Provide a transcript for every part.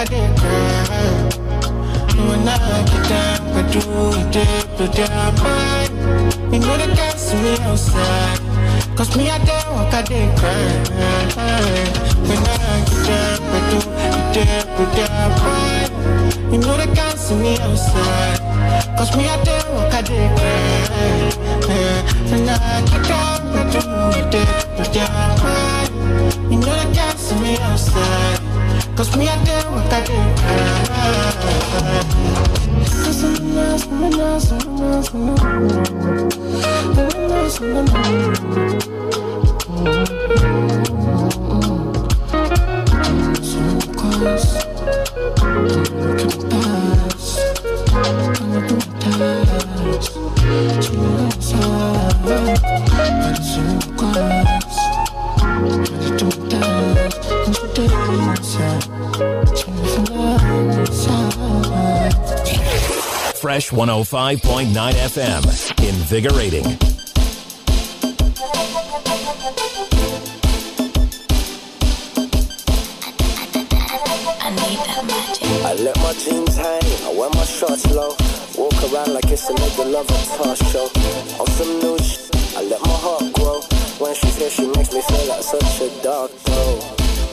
I do Cause me, I don't walk, When I get down, do You know they me outside. Cause me, I don't walk, When I get down, do You know they me outside. Cause me, I get what I get. Cause I'm nice, I'm nice, I'm nice, I'm nice, I'm nice, I'm nice. Thank you. Fresh 105.9 FM. Invigorating. I, I let my jeans hang, I wear my shorts low. Walk around like it's the love and show. On some new sh- I let my heart grow. When she's here, she makes me feel like such a dog, though.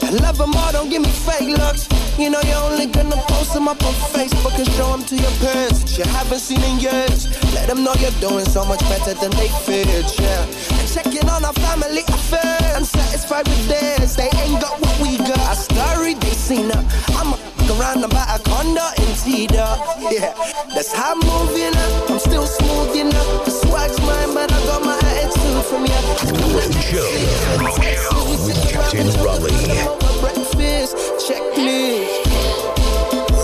I love them all, don't give me fake looks. You know you're only gonna post them up on Facebook and show them to your parents that you haven't seen in years. Let them know you're doing so much better than they feared, yeah. checking on our family affairs. I'm satisfied with theirs. They ain't got what we got. A story, they seen up. I'm a around about a condo and Tita. Yeah, that's how I'm moving up. I'm still smooth up. The swag's mine, but I got my attitude from you. Joe with Captain Raleigh checklist, checklist.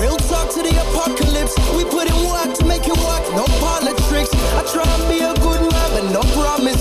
Real talk to the apocalypse. We put in work to make it work. No politics. I try and be a good man, but no promise.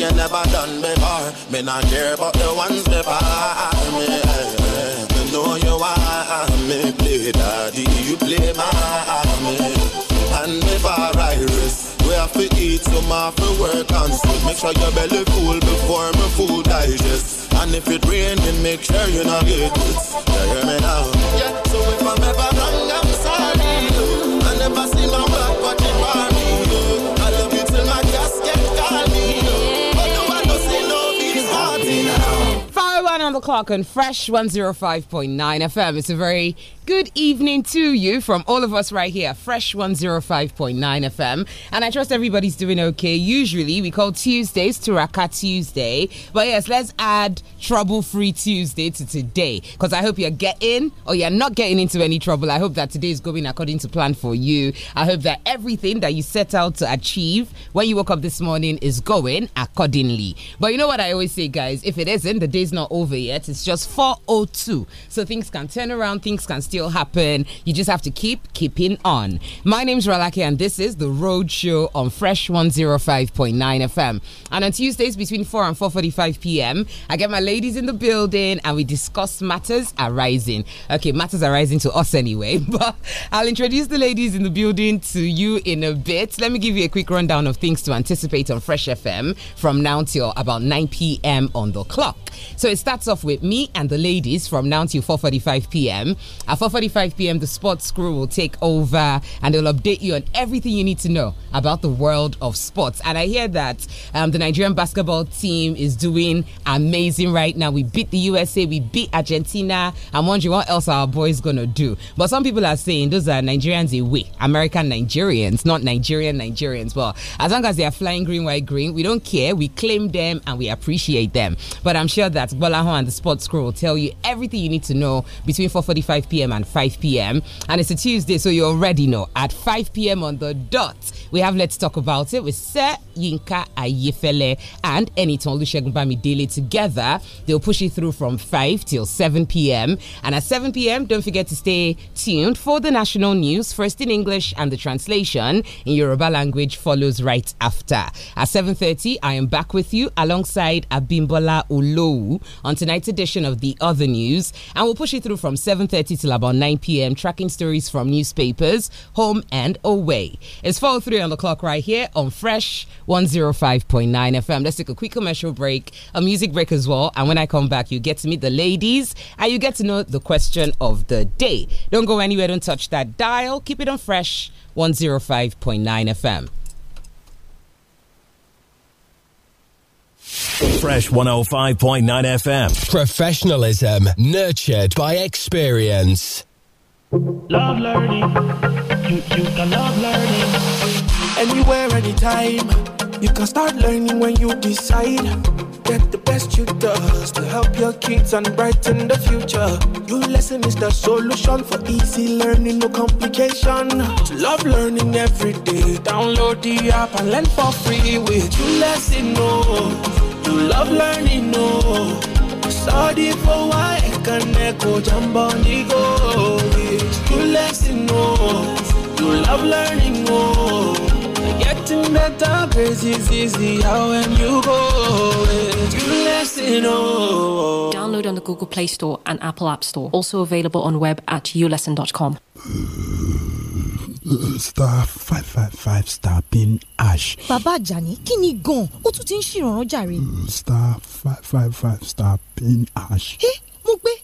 you never done before. Me not care about the ones before me. Me know you are. me play daddy, you play mommy. And before I rest, we have to eat some have to work and sleep. Make sure your belly full before my food digest. And if it rain, then make sure you not get it. You hear me now? Yeah. So if I'm ever wrong, on the clock on Fresh 105.9 FM. It's a very Good evening to you from all of us right here, Fresh 105.9 FM. And I trust everybody's doing okay. Usually we call Tuesdays Turaka Tuesday. But yes, let's add Trouble Free Tuesday to today. Because I hope you're getting or you're not getting into any trouble. I hope that today is going according to plan for you. I hope that everything that you set out to achieve when you woke up this morning is going accordingly. But you know what I always say, guys? If it isn't, the day's not over yet. It's just 4.02. So things can turn around, things can still happen. You just have to keep keeping on. My name's Ralaki, and this is the Road Show on Fresh 105.9 FM. And on Tuesdays between 4 and 4:45 p.m., I get my ladies in the building and we discuss matters arising. Okay, matters arising to us anyway, but I'll introduce the ladies in the building to you in a bit. Let me give you a quick rundown of things to anticipate on Fresh FM from now till about 9 p.m. on the clock. So it starts off with me and the ladies from now till 4:45 p.m. At 4:45 p.m., the sports crew will take over and they'll update you on everything you need to know about the world of sports. And I hear that um, the Nigerian basketball team is doing amazing right now. We beat the USA, we beat Argentina. I'm wondering what else our boys gonna do. But some people are saying those are Nigerians away, American Nigerians, not Nigerian Nigerians. Well, as long as they are flying green, white, green, we don't care. We claim them and we appreciate them. But I'm sure sure that Bolaho and the Sports Crew will tell you everything you need to know between 4:45 p.m. and 5 p.m. And it's a Tuesday, so you already know. At 5 p.m. on the dot, we have Let's Talk About It with Sir Yinka Ayefele and Eniton Olusegun Bamidele together. They'll push it through from 5 till 7 p.m. And at 7 p.m., don't forget to stay tuned for the national news, first in English and the translation in Yoruba language follows right after. At 7:30, I am back with you alongside Abimbola Ulo on tonight's edition of The Other News. And we'll push it through from 7.30 till about 9 p.m. tracking stories from newspapers, home and away. It's 4.03 on the clock right here on Fresh 105.9 FM. Let's take a quick commercial break, a music break as well. And when I come back, you get to meet the ladies and you get to know the question of the day. Don't go anywhere. Don't touch that dial. Keep it on Fresh 105.9 FM. Fresh 105.9 FM. Professionalism nurtured by experience. Love learning. You, you can love learning. Anywhere, anytime. You can start learning when you decide. Get the best you does to help your kids and brighten the future. Your lesson is the solution for easy learning, no complication. To love learning every day. Download the app and learn for free with your lesson. Oh to love learning, no. Study for why I can echo jump on the go. To lesson, no. To love learning, no. Getting better, grace is when you go. Download on the Google Play Store and Apple App Store. Also available on web at ulesson.com. star five five five star pin hash. bàbá àjàní kí ni gan-an ó tún ti ń ṣèrànràn jàre. star five five five star pin hash. ẹ eh, mo gbé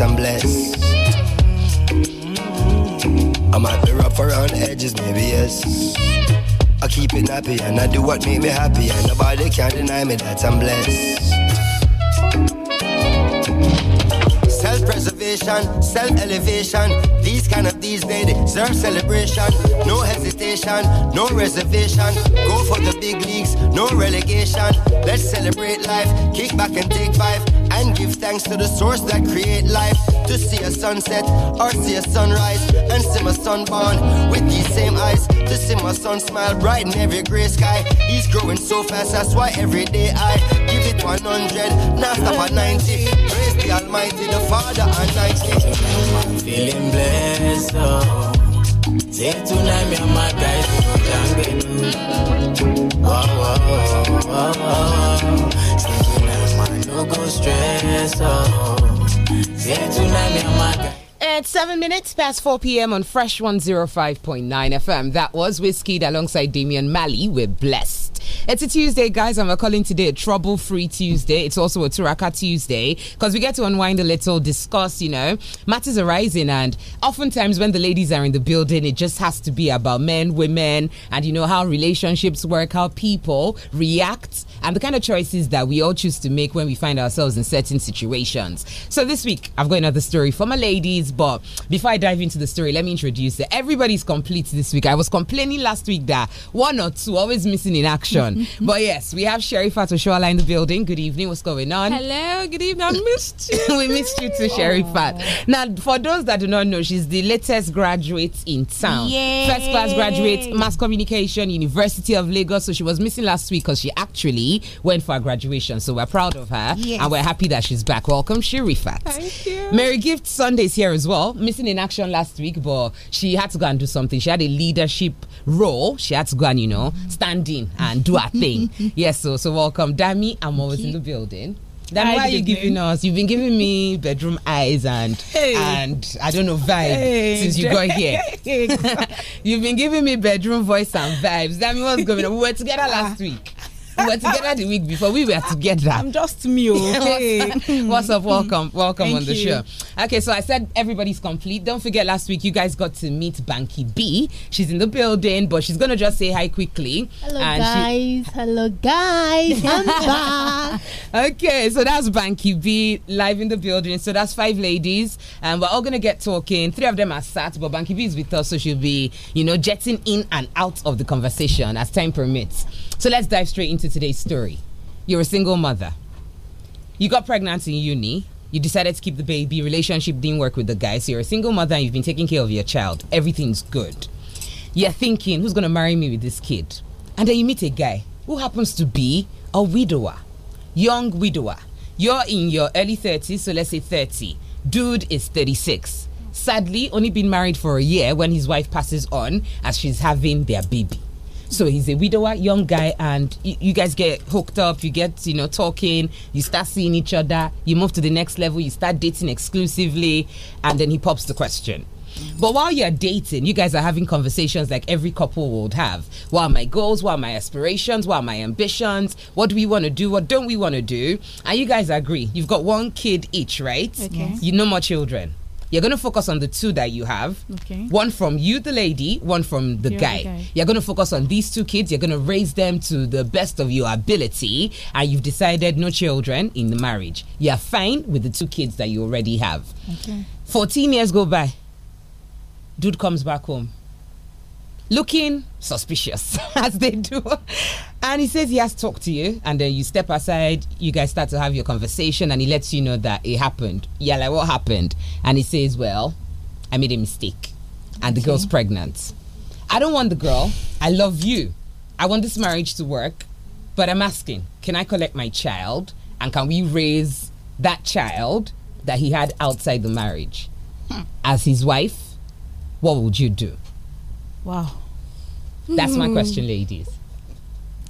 I'm blessed. I might be rough around edges, maybe yes. I keep it happy and I do what make me happy, and nobody can deny me that I'm blessed. Self preservation, self elevation, these kind of these days deserve celebration. No hesitation, no reservation. Go for the big leagues, no relegation. Let's celebrate life, kick back and take five and give thanks to the source that create life. To see a sunset or see a sunrise and see my son born with these same eyes. To see my son smile bright in every gray sky. He's growing so fast, that's why every day I give it 100, now stop at 90. Praise the Almighty, the Father and 90. I'm feeling blessed, oh. Say tonight, me and my guys will jump in. Oh, oh, oh, oh, oh never go stress. Oh, it's seven minutes past 4 p.m. on Fresh 105.9 FM. That was Whiskey alongside Damian Malley. We're blessed. It's a Tuesday, guys, and we're calling today a trouble free Tuesday. It's also a Turaka Tuesday because we get to unwind a little, discuss, you know, matters arising. And oftentimes, when the ladies are in the building, it just has to be about men, women, and you know, how relationships work, how people react, and the kind of choices that we all choose to make when we find ourselves in certain situations. So this week, I've got another story for my ladies, but before I dive into the story, let me introduce Everybody's complete this week. I was complaining last week that one or two always missing in action on. Mm-hmm. but yes, we have Sherry Fatoshola in the building. Good evening. What's going on? Hello. Good evening. I missed you. we missed you too, Sherry oh. Fat. Now, for those that do not know, she's the latest graduate in town. Yay. First class graduate, Mass Communication, University of Lagos. So she was missing last week because she actually went for her graduation. So we're proud of her. Yes. And we're happy that she's back. Welcome, Sherry Fat. Thank you. Mary Gift Sunday is here as well. Missing in action last week, but she had to go and do something. She had a leadership role, she had to go and, you know, stand in and do her thing. yes, so so welcome, Dami. I'm always in the building. Then why are you giving us? You've been giving me bedroom eyes and hey. and I don't know vibe hey. since you got here. You've been giving me bedroom voice and vibes. That means what's going on? We were together ah. last week we were together the week before. We were together. I'm just me. Okay. Oh. What's up? Welcome. Welcome Thank on the you. show. Okay, so I said everybody's complete. Don't forget last week you guys got to meet Banky B. She's in the building, but she's gonna just say hi quickly. Hello guys. She... Hello guys. I'm back. okay, so that's Banky B live in the building. So that's five ladies, and we're all gonna get talking. Three of them are sat, but Banky B is with us, so she'll be, you know, jetting in and out of the conversation as time permits. So let's dive straight into today's story. You're a single mother. You got pregnant in uni. You decided to keep the baby. Relationship didn't work with the guy. So you're a single mother and you've been taking care of your child. Everything's good. You're thinking, who's going to marry me with this kid? And then you meet a guy who happens to be a widower, young widower. You're in your early 30s, so let's say 30. Dude is 36. Sadly, only been married for a year when his wife passes on as she's having their baby. So he's a widower, young guy, and you, guys get hooked up. You get you know talking. You start seeing each other. You move to the next level. You start dating exclusively, and then he pops the question. But while you're dating, you guys are having conversations like every couple would have. What are my goals? What are my aspirations? What are my ambitions? What do we want to do? What don't we want to do? And you guys agree. You've got one kid each, right? Okay. You no more children. You're going to focus on the two that you have. Okay. One from you, the lady, one from the, guy. guy. You're going to focus on these two kids. You're going to raise them to the best of your ability. And you've decided no children in the marriage. You're fine with the two kids that you already have. Okay. 14 years go by. Dude comes back home looking suspicious as they do. And he says he has talked to you, and then you step aside, you guys start to have your conversation, and he lets you know that it happened. Yeah, like what happened? And he says, Well, I made a mistake, and okay. the girl's pregnant. I don't want the girl. I love you. I want this marriage to work, but I'm asking, can I collect my child? And can we raise that child that he had outside the marriage? Hmm. As his wife, what would you do? Wow. That's my mm-hmm. question, ladies.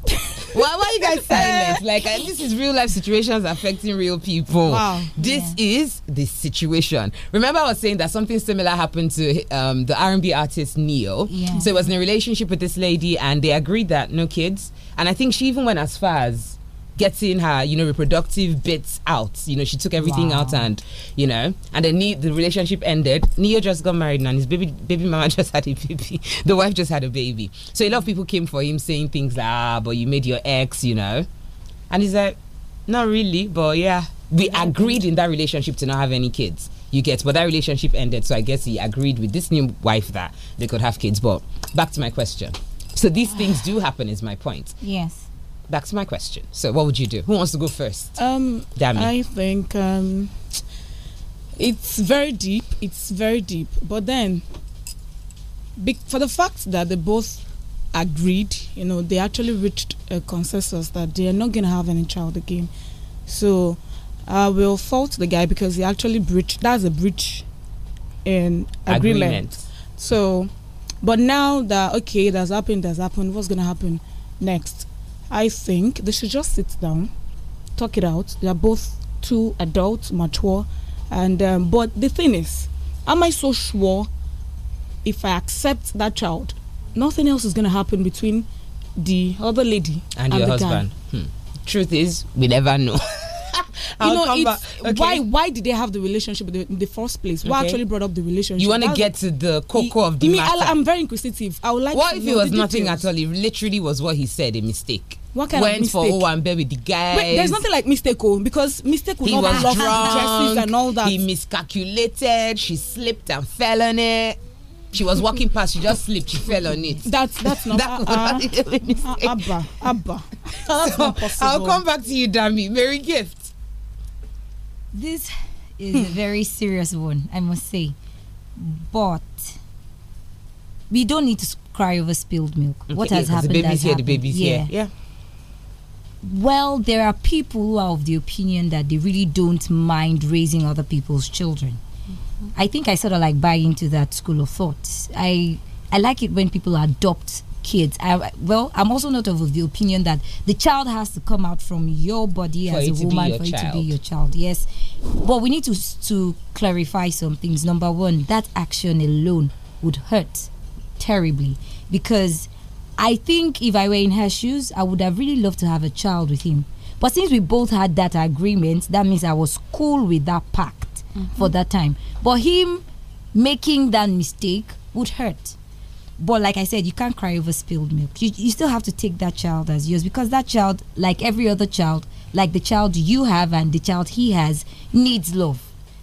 why, why are you guys silent? Like, uh, this is real life situations affecting real people. Wow. This yeah. is the situation. Remember, I was saying that something similar happened to um, the R&B artist Neil. Yeah. So it was in a relationship with this lady, and they agreed that no kids. And I think she even went as far as getting her, you know, reproductive bits out. You know, she took everything wow. out and, you know, and then the relationship ended. Neo just got married and his baby baby mama just had a baby. The wife just had a baby. So a lot of people came for him saying things like, ah, but you made your ex, you know. And he's like, not really, but yeah. We agreed in that relationship to not have any kids. You get, but that relationship ended. So I guess he agreed with this new wife that they could have kids. But back to my question. So these things do happen, is my point. Yes back to my question. So, what would you do? Who wants to go first? Um, I think um, it's very deep. It's very deep. But then, for the fact that they both agreed, you know, they actually reached a consensus that they are not going to have any child again. So, I will fault the guy because he actually breached. That's a breach in agreement. agreement. So, but now that okay, that's happened. That's happened. What's going to happen next? I think they should just sit down, talk it out. They are both two adults, mature, and um, but the thing is, am I so sure if I accept that child, nothing else is going to happen between the other lady and, and your the husband? Hmm. Truth is, we never know. you know, it's, okay. why why did they have the relationship in the first place? What actually brought up the relationship? You want to get to the cocoa of the me, matter. I, am very inquisitive. I would like. What if it was nothing details. at all? It literally was what he said, a mistake. What kind went of mistake? for with the guy. Wait, there's nothing like mistake, oh, because mistake would he not was drunk, dresses and all that. He miscalculated. She slipped and fell on it. She was walking past. She just slipped. She fell on it. That's that's not that uh, uh, uh, Abba Abba. That's so, not I'll come back to you, Dami. Merry gift. This is a very serious one, I must say, but we don't need to cry over spilled milk. Okay, what has yeah, happened? The baby's has here. Happened. The baby's yeah. here. Yeah well, there are people who are of the opinion that they really don't mind raising other people's children. Mm-hmm. I think I sort of like buy into that school of thought. I I like it when people adopt kids. I, well, I'm also not of the opinion that the child has to come out from your body for as a woman for child. it to be your child. Yes, but we need to to clarify some things. Number one, that action alone would hurt terribly because I think if I were in her shoes, I would have really loved to have a child with him. But since we both had that agreement, that means I was cool with that pact mm -hmm. for mm-hmm. that time. But him making that mistake would hurt. But like I said, you can't cry over spilled milk. You, you still have to take that child as yours because that child, like every other child, like the child you have and the child he has, needs love.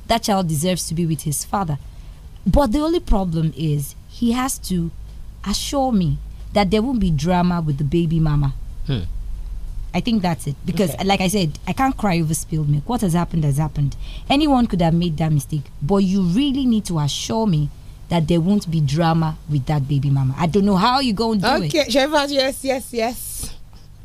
That child deserves to be with his father. But the only problem is he has to assure me that there won't be drama with the baby mama. Hmm. I think that's it. Because, okay. like I said, I can't cry over spilled milk. What has happened has happened. Anyone could have made that mistake. But you really need to assure me that there won't be drama with that baby mama. I don't know how you're going to do okay. it. Okay, yes, yes, yes.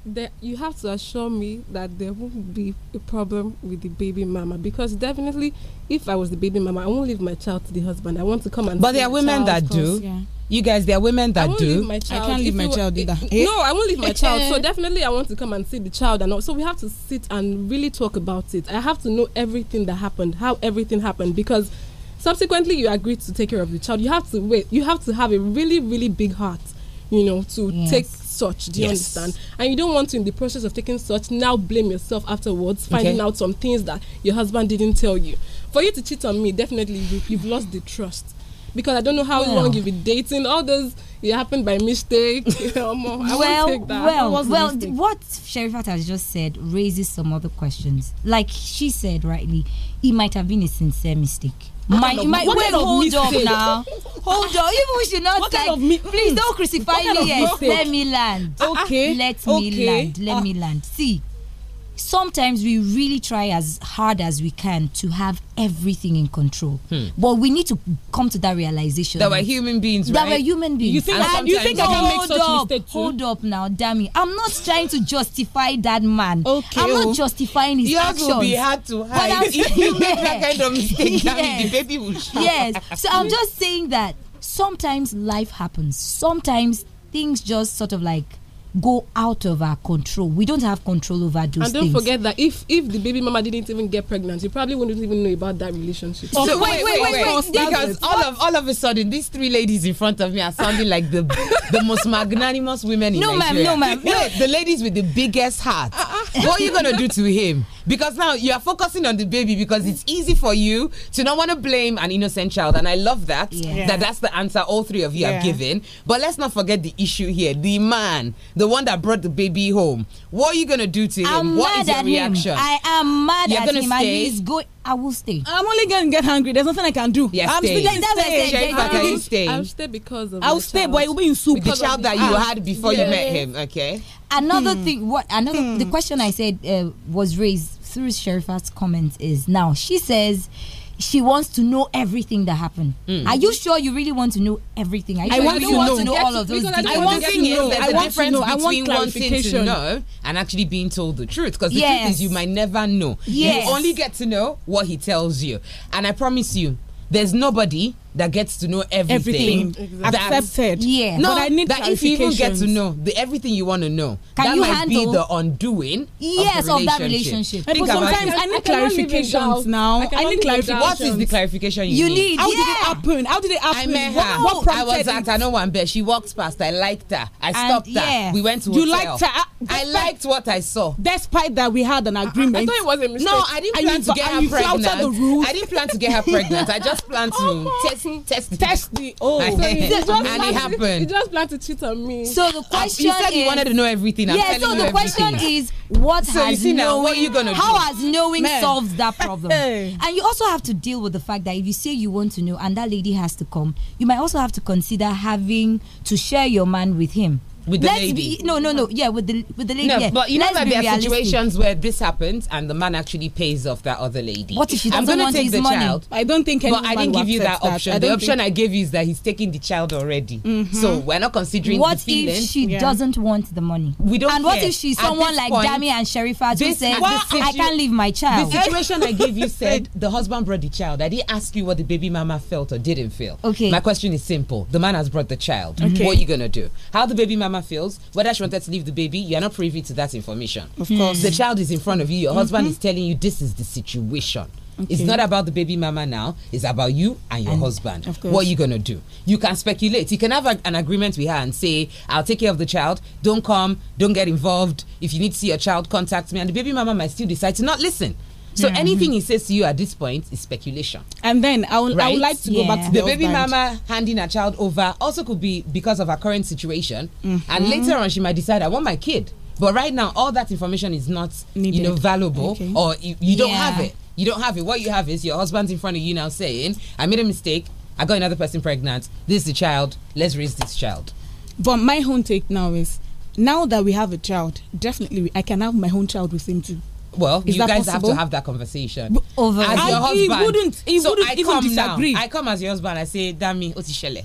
The, you have to assure me that there won't be a problem with the baby mama because definitely, if I was the baby mama, I won't leave my child to the husband. I want to come and. But there are women that do. Yeah you guys, there are women that I do. I can't leave my child either. No, eh? I won't leave my child. So definitely, I want to come and see the child, and also we have to sit and really talk about it. I have to know everything that happened, how everything happened, because subsequently you agreed to take care of the child. You have to wait. You have to have a really, really big heart, you know, to yes. take such. Do you yes. understand? And you don't want to, in the process of taking such, now blame yourself afterwards, finding okay. out some things that your husband didn't tell you. For you to cheat on me, definitely you, have lost the trust because I don't know how yeah. long you've been dating. All those it happened by mistake. well, well, well. Mistake. What Sherifat has just said raises some other questions. Like she said rightly, it might have been a sincere mistake. My, kind of, my, wait, hold mistake? up now. hold on. Even we should not what like. Kind of please don't crucify me. Yes, let me land. Okay. Let okay. me land. Let uh, me ah. land. See, sometimes we really try as hard as we can to have everything in control. Hmm. But we need to come to that realization that we're human beings. That right? we're human beings. You think, and you think I can make such mistake too? Hold up now, damn it! I'm not trying to justify that man. Okay, I'm not oh. justifying his you actions. You will be hard to hide if you make that kind of mistake. Yes. the baby will shout. Yes. So I'm just saying that sometimes life happens. Sometimes things just sort of like go out of our control. We don't have control over those And don't things. forget that if if the baby mama didn't even get pregnant, you probably wouldn't even know about that relationship. so wait, wait, wait, wait, because all of all of a sudden these three ladies in front of me are sounding like the the most magnanimous women in no, Nigeria. No ma'am, no ma'am. No, the ladies with the biggest heart. Ah, ah. what are you gonna do to him? because now you are focusing on the baby because it's easy for you to not want to blame an innocent child and i love that yeah. that that's the answer all three of you yeah. have given but let's not forget the issue here the man the one that brought the baby home what are you going to do to him I'm What is your reaction him. i am mad You're at gonna him stay? and he's going I will stay. I'm only going to get hungry. There's nothing I can do. Yes, I'm stay. that's stay. Stay. Stay. I'll stay. I'll stay because of I'll stay, child. but it will be in soup. With the child that you had before you met him. Okay. Another hmm. thing. What another? Hmm. The question I said uh, was raised through Sherifa's comments is now she says she wants to know everything that happened. Mm. Are you sure you really want to know everything? Are you I sure want, you to, want know. to know all of those details? I want to know. There's I a want difference know. between wanting to know and actually being told the truth. Because the yes. truth is you might never know. Yes. You only get to know what he tells you. And I promise you, there's nobody that gets to know everything. Everything exactly. accepted. Yeah. No, but I need that if you even get to know the everything you want to know, Can that you might handle? be the undoing. Yes, of, that relationship. Because sometimes I need clarifications now. I, need clarifications. What is the clarification you, you need? need? How yeah. did it happen? How did it happen? I met what, her. I was at Anowambe. She walked past. I liked her. I stopped and, her. Yeah. We went to you liked her. I liked what I saw. Despite that, we had an agreement. I, thought it was a mistake. No, I didn't plan to get her pregnant. I didn't plan to get her pregnant. I just planned to oh test person. Test, test the oh, so just, and it happened. You just plan to cheat on me. So the question you said is, you wanted to know everything. I'm So the question is, what so has knowing? Now, what you gonna how do? has knowing Man. solved that problem? and you also have to deal with the fact that if you say you want to know and that lady has to come, you might also have to consider having to share your man with him with the Let's lady. Be, no, no, no. Yeah, with the with the lady. No, yeah. but you Let's know there are situations where this happens and the man actually pays off that other lady. What if she doesn't I'm gonna want take his the money? child. I don't think. But I didn't give you that, that option. The option I gave you is that he's taking the child already. Mm -hmm. So we're not considering. What if she yeah. doesn't want the money? We don't. And care. what if she's someone like point, Dami and Sherifa who said, "I can't leave my child." The situation I gave you said the husband brought the child. I didn't ask you what the baby mama felt or didn't feel. Okay. My question is simple. The man has brought the child. Okay. What are you gonna do? How the baby mama mama feels, whether she wanted to leave the baby, you are not privy to that information. Of course. Mm. The child is in front of you, your mm-hmm. husband is telling you this is the situation. Okay. It's not about the baby mama now. It's about you and your and husband. What are you going to do? You can speculate. You can have a, an agreement with her and say, I'll take care of the child. Don't come. Don't get involved. If you need to see your child, contact me. And the baby mama might still decide to not listen. So yeah. anything he says to you at this point is speculation. And then I would, right? I would like to yeah. go back to the, the baby mama handing her child over also could be because of her current situation, mm -hmm. and later on she might decide I want my kid. But right now, all that information is not Needed. you know valuable, okay. or you, you don't yeah. have it. You don't have it. What you have is your husband's in front of you now saying, "I made a mistake. I got another person pregnant. This is the child. Let's raise this child." But my own take now is, now that we have a child, definitely I can have my own child with him too. Well, Is you guys possible? have to have that conversation. over oh, as your husband, he wouldn't. He so wouldn't I even disagree. Now, I come as your husband. I say, "Dami, ó ti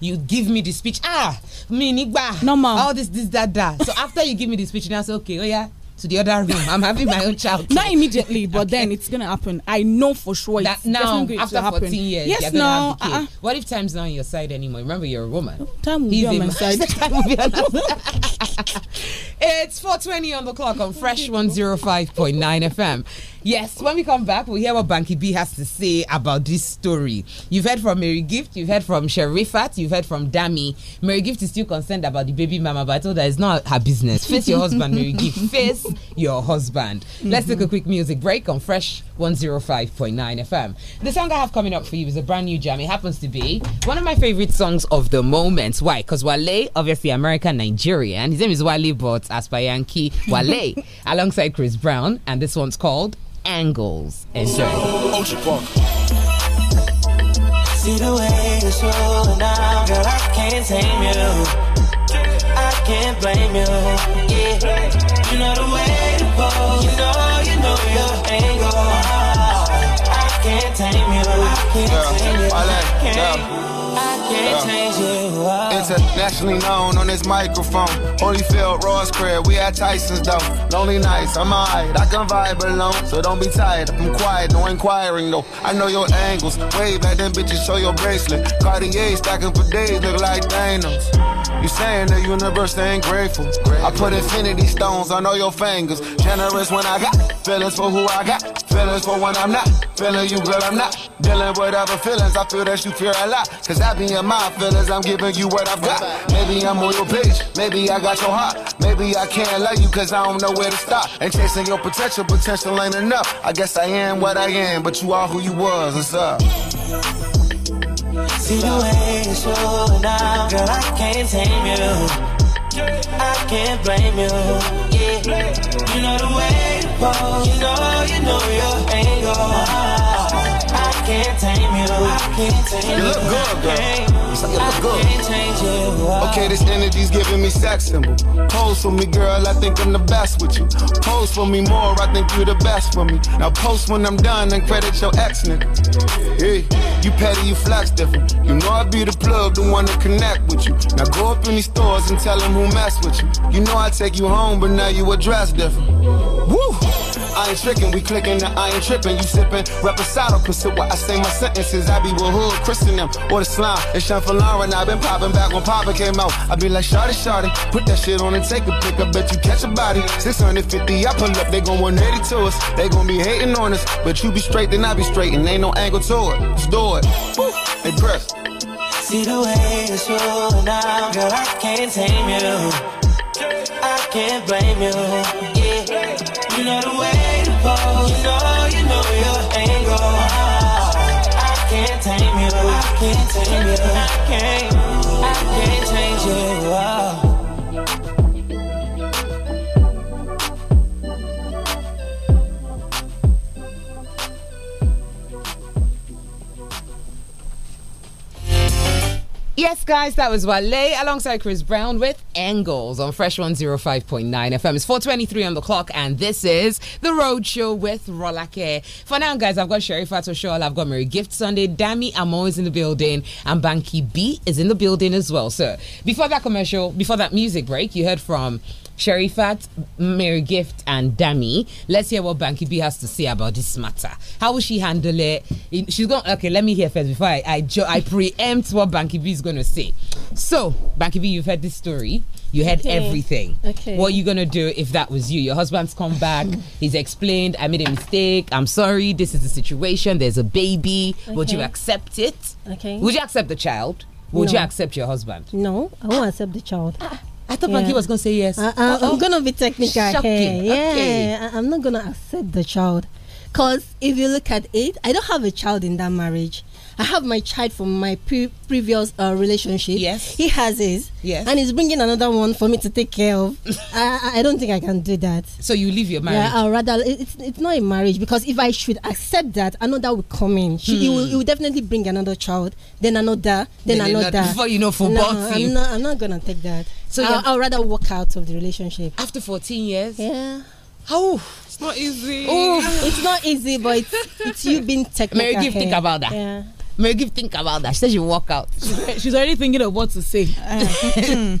You give me the speech. Ah, me nigba. Normal. All this, this, that, that. So after you give me the speech, now I say, "Okay, oh yeah." to the other room. I'm having my own child. Not immediately, but okay. then it's gonna happen. I know for sure. That now after 14 years, yes, now. Uh -uh. What if time's not on your side anymore? Remember, you're a woman. Time will He's be on my side. it's 4:20 on the clock on Fresh 105.9 FM. Yes, when we come back, we'll hear what Banky B has to say about this story. You've heard from Mary Gift, you've heard from Sherifat, you've heard from Dami. Mary Gift is still concerned about the baby mama, but I told her it's not her business. Face your husband, Mary Gift. Face your husband. Mm -hmm. Let's take a quick music break on Fresh 105.9 FM. The song I have coming up for you is a brand new jam. It happens to be one of my favorite songs of the moment. Why? Because Wale, obviously American Nigerian, his name is Wale, but Aspayanki Wale, alongside Chris Brown, and this one's called angles. and Ocean oh, oh, See the way you now, girl, I can't tame you. I can't blame you. Yeah, you know the way to You know, you know your angle. I can't I can't. change Internationally known on this microphone. Holyfield, Ross Craig, we at Tyson's though. Lonely nights, I'm alright. I can vibe alone, so don't be tired. I'm quiet, no inquiring though. I know your angles. Wave at them bitches, show your bracelet. Cartier stacking for days, look like Thanos. You saying the universe ain't grateful. I put infinity stones on all your fingers. Generous when I got feelings for who I got. Feelings for when I'm not feeling you, girl. I'm not dealing with other feelings. I feel that you fear a lot. Cause I be in my feelings. I'm giving you what I've got. Maybe I'm on your page. Maybe I got your heart. Maybe I can't love you cause I don't know where to stop. And chasing your potential, potential ain't enough. I guess I am what I am, but you are who you was. What's up? See the way you're slowing down, girl, I can't tame you. I can't blame you. Yeah. You know the way you pose, you know, you know your angle. Oh, can't tame you look good, girl. you look good. Oh, okay, this energy's giving me sex symbol. Pose for me, girl. I think I'm the best with you. Pose for me more. I think you are the best for me. Now post when I'm done and credit your ex nigga. Hey, you petty, you flex different. You know I be the plug, the one to connect with you. Now go up in these stores and tell them who mess with you. You know I take you home, but now you address different. Woo! I ain't tricking. We clicking, now I ain't tripping. You sipping reposado, consider what I say my sentences. I be with hood, christening them, or the slime. It's Sean Falara, and I been popping back when Papa came out. I be like, Shorty, Shorty, put that shit on and take a pic. I bet you catch a body. 650, I pull up, they gon' 180 to us. They gon' be hating on us, but you be straight, then I be straight, and ain't no angle to it. Let's do it. Woo, they press. See the way it's rolling now, girl, I can't tame you. I can't blame you. You know the way to pose. You know, you know your angle. I can't tame you. I can't tame you. I can't. I can't change you. Oh. Yes, guys, that was Wale alongside Chris Brown with Angles on Fresh 105.9 FM. It's 423 on the clock, and this is The Road Show with Rolake. For now, guys, I've got Sherry Show, I've got Mary Gift Sunday, Dami Amo is in the building, and Banky B is in the building as well. So, before that commercial, before that music break, you heard from Sherifat, Mary Gift, and Dami. Let's hear what Banky B has to say about this matter. How will she handle it? She's going. Okay, let me hear first before I I, I preempt what Banky B is going to say. So, Banky B, you've heard this story. You heard okay. everything. Okay. What are you gonna do if that was you? Your husband's come back. He's explained. I made a mistake. I'm sorry. This is the situation. There's a baby. Okay. Would you accept it? Okay. Would you accept the child? Would no. you accept your husband? No, I won't accept the child. Ah. I thought yeah. was going to say yes. I, am oh, going to be technical. Shocking. Yeah, okay. I, I'm not going to accept the child. Because if you look at it, I don't have a child in that marriage. I have my child from my pre previous uh, relationship. Yes. He has his. Yes. And he's bringing another one for me to take care of. I, I don't think I can do that. So you leave your marriage? Yeah, i would rather. It's, it's not a marriage because if I should accept that, another will come in. She, hmm. he, will, he hmm. will definitely bring another child, then another, then, then another. Not, before you know, for no, I'm not, I'm not going to take that. So I'll, i rather walk out of the relationship. After 14 years? Yeah. How? Oh, it's not easy. Oh, it's not easy, but it's, it's you being technical. Mary, give think about that. Yeah. May think about that. She said she will walk out. She's already thinking of what to say.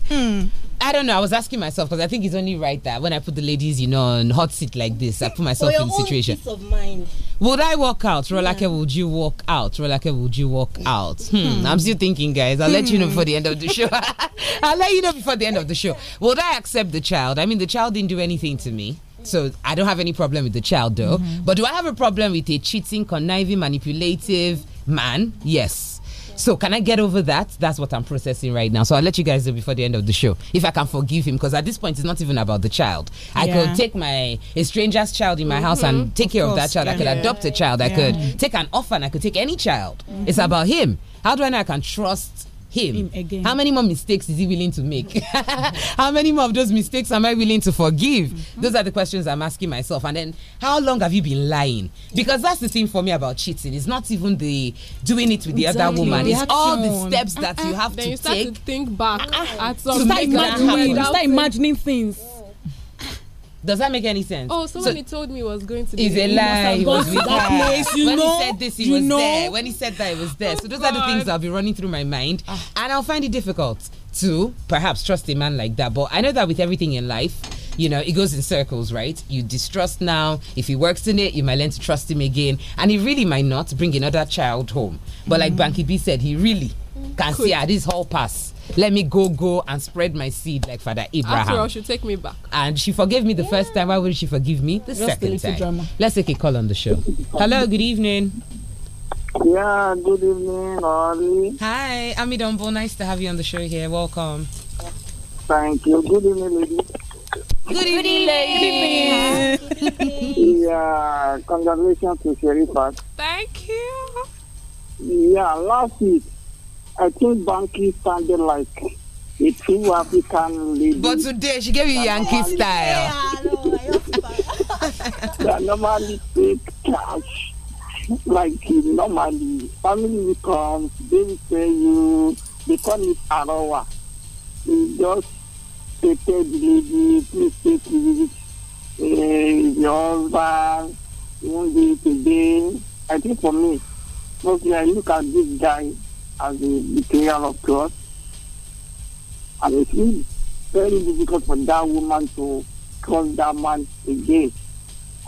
Hmm. I don't know. I was asking myself because I think it's only right that when I put the ladies, you know, on hot seat like this, I put myself in the situation. Peace of mind. Would I walk out? Rolake, yeah. would you walk out? Rolake, would you walk hmm. out? Hmm. Hmm. I'm still thinking, guys. I'll let you know hmm. before the end of the show. I'll let you know before the end of the show. Would I accept the child? I mean, the child didn't do anything to me. So I don't have any problem with the child, though. Mm-hmm. But do I have a problem with a cheating, conniving, manipulative? man, yes. So can I get over that? That's what I'm processing right now. So I'll let you guys know before the end of the show. If I can forgive him, because at this point it's not even about the child. I yeah. could take my a stranger's child in my mm -hmm. house and mm-hmm. take of care course, of that child. Yeah. I could adopt a child. Yeah. I could take an orphan. I could take any child. Mm -hmm. It's mm-hmm. about him. How do I know I can trust him, him again. How many more mistakes is he willing to make? how many more of those mistakes am I willing to forgive? Mm -hmm. Those are the questions I'm asking myself. And then, how long have you been lying? Because that's the thing for me about cheating. It's not even the doing it with the exactly. other woman. It's all the steps that uh -uh. you uh-uh. have then to you start take. To think back uh at some You start imagining, start imagining things. Does that make any sense? Oh, someone so he told me was going to is a lie. He was with that place, you when know. he said this, he you was know? there. When he said that, he was there. Oh, so those God. are the oh, things that'll be running through my mind, ah. and I'll find it difficult to perhaps trust a man like that. But I know that with everything in life, you know, it goes in circles, right? You distrust now. If he works in it, you might learn to trust him again, and he really might not bring another child home. But like mm. Banky B said, he really mm. can Could. see at this whole pass let me go go and spread my seed like Father Abraham. After all, she take me back. And she forgave me the yeah. first time. Why would she forgive me the Just second time? Drama. Let's take a call on the show. Hello, good evening. Yeah, good evening, Ali. Hi, Ami Dombo. Nice to have you on the show here. Welcome. Thank you. Good evening, lady. Good evening, ladies. yeah, congratulations to Sherry Park. Thank you. Yeah, last week I think Banky sounded like a true African lady. But today she gave you Yankee normally, style. Yeah, normally take cash like normally. Family comes, they pay you, they call it Arawa. You just take the lady, please take it, uh, eh, your husband, one it today. I think for me, mostly I look at this guy as a material of trust. And it's really very difficult for that woman to trust that man again.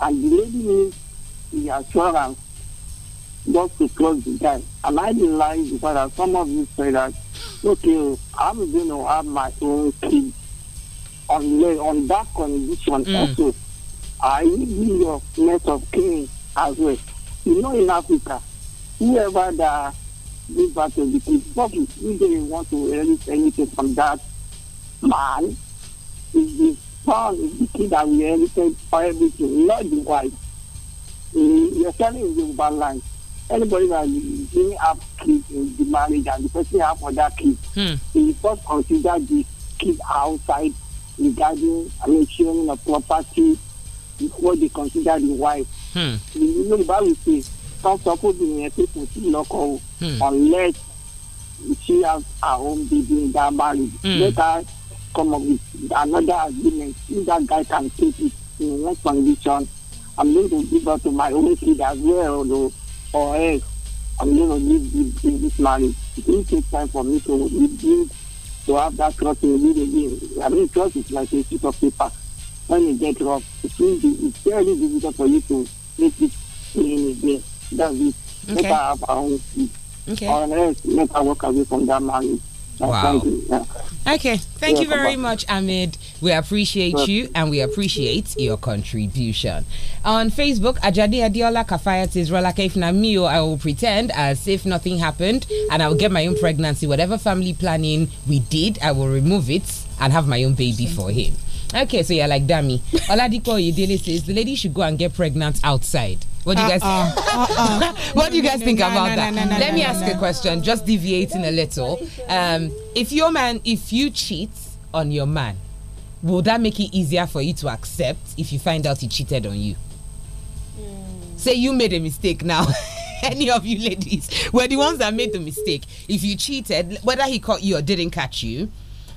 And the lady needs the assurance just to trust the guy. And I realize because some of you say that, okay, I'm going to have my own kid on, on that condition mm. also. I need your net of king as well. You know, in Africa, whoever that give back to the kids. What want to release anything from that man, is the son, is the kid that we inherited for everything, not the wife. You're telling in Yoruba land. Anybody that didn't have kids in the marriage and the person have other kids, hmm. he first consider the kid outside regarding allocation of property, before they consider the wife. Hmm. You know, the Bible says, tán sọ fóbìnrin yẹn pé kò tí ì o hmm. unless she has her own baby in that marriage hmm. later come up with another agreement if that guy can take it in one condition i'm going to give birth to my own kid as well o or else i'm going to need this, in marriage it will take time for me to leave to have that trust in me again i mean trust is like a sheet of paper when you get rough it really be it's really difficult for you to make it clean again. That's it. Okay. Let have own Okay. Or else walk away from that marriage. wow. Okay, thank you very much, Ahmed. We appreciate you and we appreciate your contribution. On Facebook, Ajadi Adiola Kafayat says, Rola Mio, I will pretend as if nothing happened and I'll get my own pregnancy. Whatever family planning we did, I will remove it and have my own baby for him. Okay, so you're like, Dami. Oladipo Yedele says, the lady should go and get pregnant outside. What do you guys? Uh, uh, uh, what do you guys think about that? Let me ask a question, just deviating a little. Um, if your man, if you cheat on your man, will that make it easier for you to accept if you find out he cheated on you? Mm. Say you made a mistake now. Any of you ladies were the ones that made the mistake. If you cheated, whether he caught you or didn't catch you,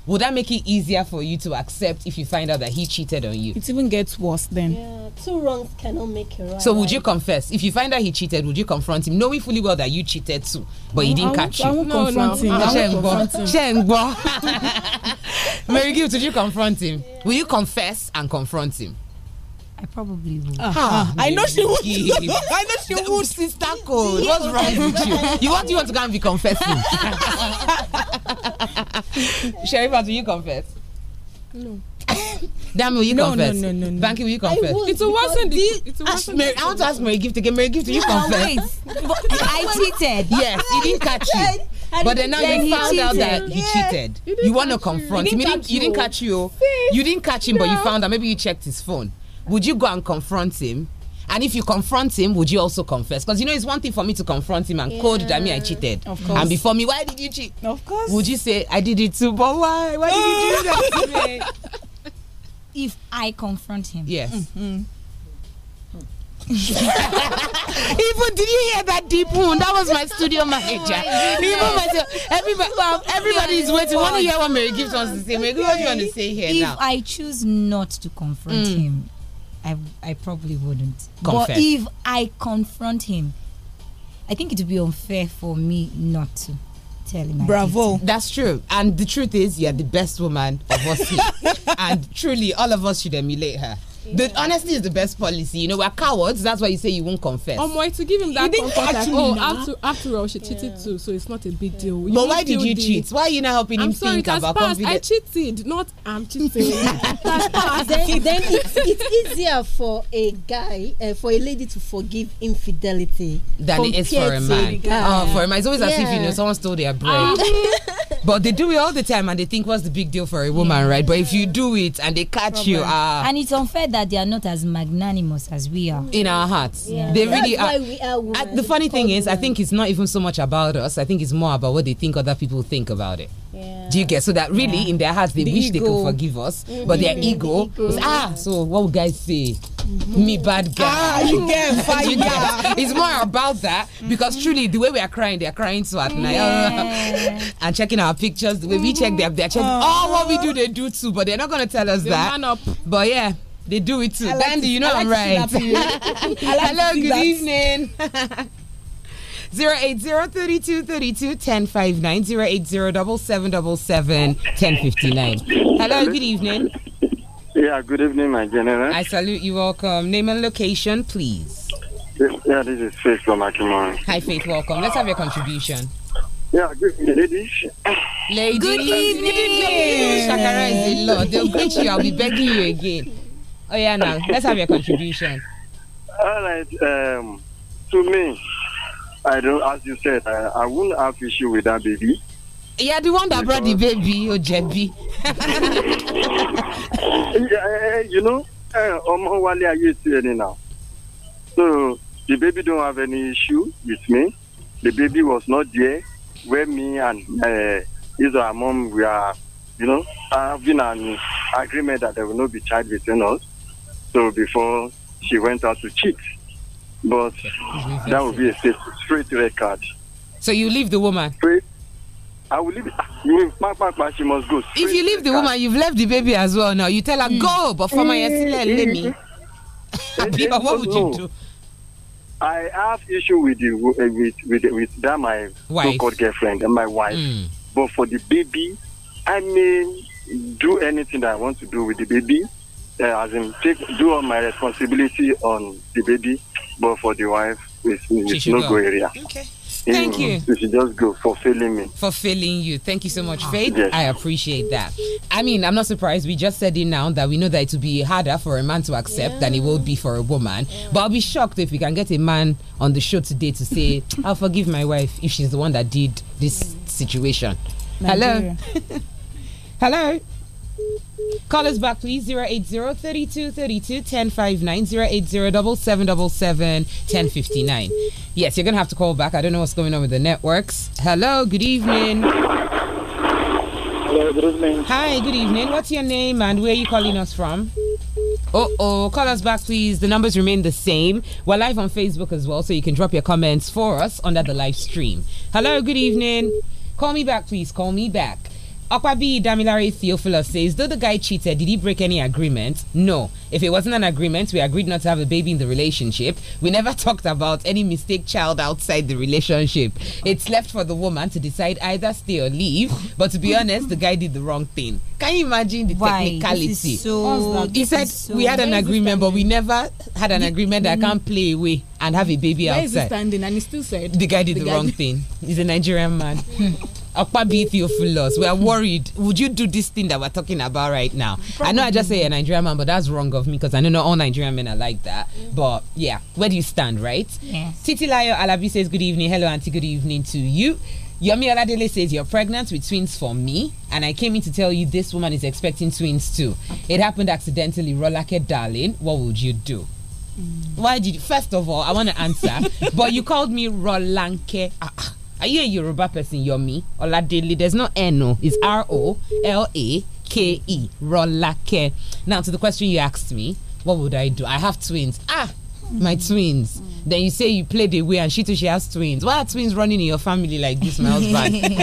would that make it easier for you to accept if you find out that he cheated on you? It even gets worse then. Yeah, two wrongs cannot make a right. So would you confess? If you find out he cheated, would you confront him, knowing fully well that you cheated too, but he mm, didn't catch you? Ah, I won't no, confront no, him. Shengbo. Mary Gibbs, would you confront him? Yeah. Will you confess and confront him? I probably would. Uh-huh. I know she would. I know she would. Sister code. What's wrong with you? You want you want to go and be confessing? Sherifa, do you confess? No. Damn, will you no, confess? No, no, no, no. Banky, will you confess? Would, it wasn't. The, it I want to ask Mary Gift again. Mary Gift, will you confess? Wait, I cheated. Yes, You didn't catch you. I but then now you found cheated. out that he yeah. cheated. You, you want to confront him. He you. you didn't catch you. You didn't catch him, no. but you found out. Maybe you checked his phone would you go and confront him? And if you confront him, would you also confess? Because you know, it's one thing for me to confront him and yeah. code that me I cheated. Of course. And before me, why did you cheat? Of course. Would you say, I did it too, but why? Why did you do that to me? If I confront him. Yes. Mm -hmm. Even did you hear that deep wound? That was my studio manager. Oh Even myself, everybody, well, everybody is waiting. Want to hear what Mary Gibbs wants to say? Mary, what do you want to say here if now? If I choose not to confront mm. him, I, I probably wouldn't. Confess. But if I confront him, I think it would be unfair for me not to tell him. Bravo. That's true. And the truth is, you're the best woman of us here. and truly, all of us should emulate her. The honesty is the best policy. You know, we're cowards. That's why you say you won't confess. I'm oh, why to give him that comfort? Like, oh, nah. after after all, she cheated yeah. too, so it's not a big deal. You but why did you cheat? Why are you not helping I'm him sorry, think about confidence? I cheated, not I'm cheating. then, then it's, it's, easier for a guy, uh, for a lady to forgive infidelity than it is for a man. A oh, for a man, it's always yeah. as if you know someone stole their bread. Um, but they do it all the time, and they think, what's the big deal for a woman, right? But if you do it and they catch Problem. you, uh, ah. and it's unfair that they are not as magnanimous as we are in our hearts. Yeah. They really That's are. are I, the funny thing women. is, I think it's not even so much about us. I think it's more about what they think other people think about it. Yeah. Do you get so that really yeah. in their hearts they the wish ego. they could forgive us, mm -hmm. but mm-hmm. their ego, the ego. ah, so what would guys say? Mm-hmm. me bad guy. Ah, you get fire. you get, it's more about that because mm-hmm. truly the way we are crying, they are crying so at night. Yeah. and checking our pictures, the way we check them, they're checking. Oh. All what we do, they do too, but they're not going to tell us they that. But yeah. They do it too. I like Dandy, you know I am like right. Hello, good that. evening. 80 Hello, good evening. Yeah, good evening, my general. I salute you. Welcome. Name and location, please. Yeah, this is Faith from Akimon. Hi, Faith. Welcome. Let's have your contribution. Yeah, good evening, ladies. Ladies, good evening. Shakara is the law. They'll greet you. I'll be begging you again. Oh yeah, now let's have your contribution. All right. Um, to me, I don't. As you said, I, I wouldn't have issue with that baby. Yeah, the one that brought the baby, or oh, Jebby. yeah, eh, eh, you know, eh, Omo Wale are you saying now? So the baby don't have any issue with me. The baby was not there when me and uh, our mom we are, you know, having an agreement that there will not be child between us. So before she went out to cheat, but that would be a straight, record. So you leave the woman. Straight, I will leave. Ah, you mean, she must go. If you leave the woman, you've left the baby as well. Now you tell her hmm. go, but for my mm. Eh, Abiba, what would you eh, eh, do? I have issue with you with with, with that my so-called girlfriend and my wife. Mm. But for the baby, I may do anything that I want to do with the baby. uh, as in take do all my responsibility on the baby, but for the wife, it's, it's no go. area. Okay. Mm, Thank you. you. should just go for failing me. For failing you. Thank you so much, Faith. Yes. I appreciate that. I mean, I'm not surprised. We just said it now that we know that it will be harder for a man to accept yeah. than it will be for a woman. Yeah. But I'll be shocked if we can get a man on the show today to say, I'll forgive my wife if she's the one that did this situation. Nigeria. Hello. Hello. Call us back, please. 080 32 1059. Yes, you're going to have to call back. I don't know what's going on with the networks. Hello, good evening. Hello, good evening. Hi, good evening. What's your name and where are you calling us from? Oh, oh, call us back, please. The numbers remain the same. We're live on Facebook as well, so you can drop your comments for us under the live stream. Hello, good evening. Call me back, please. Call me back. Okwabi Damilare Theophilus says, though the guy cheated, did he break any agreement? No. If it wasn't an agreement, we agreed not to have a baby in the relationship. We never talked about any mistake child outside the relationship. It's left for the woman to decide either stay or leave. But to be honest, the guy did the wrong thing. Can you imagine the Why? technicality? So, he said so we had an agreement, but we never had an agreement that I can't play away and have a baby Where outside. Is standing? And he still said the guy did the, the guy wrong thing. He's a Nigerian man. Okpabi Theophilus, we are worried. Would you do this thing that we're talking about right now? Probably. I know I just say a Nigerian man, but that's wrong of me because I know not all Nigerian men are like that. Mm. But yeah, where do you stand, right? Yes. Titilayo Alabi says, Good evening. Hello, Auntie. Good evening to you. Yomi Oladele says, You're pregnant with twins for me, and I came in to tell you this woman is expecting twins too. It happened accidentally. Rolake, darling, what would you do? Mm. Why did you? First of all, I want to answer, but you called me Rolanke. Ah, ah. Are you a Yoruba person, Yomi? Oladele, there's no N-O, it's R-O-L-A-K-E, Rolake. Now, to the question you asked me, what would I do? I have twins. Ah, my twins. Then you say you played away and she too, she has twins. Why are twins running in your family like this, my husband?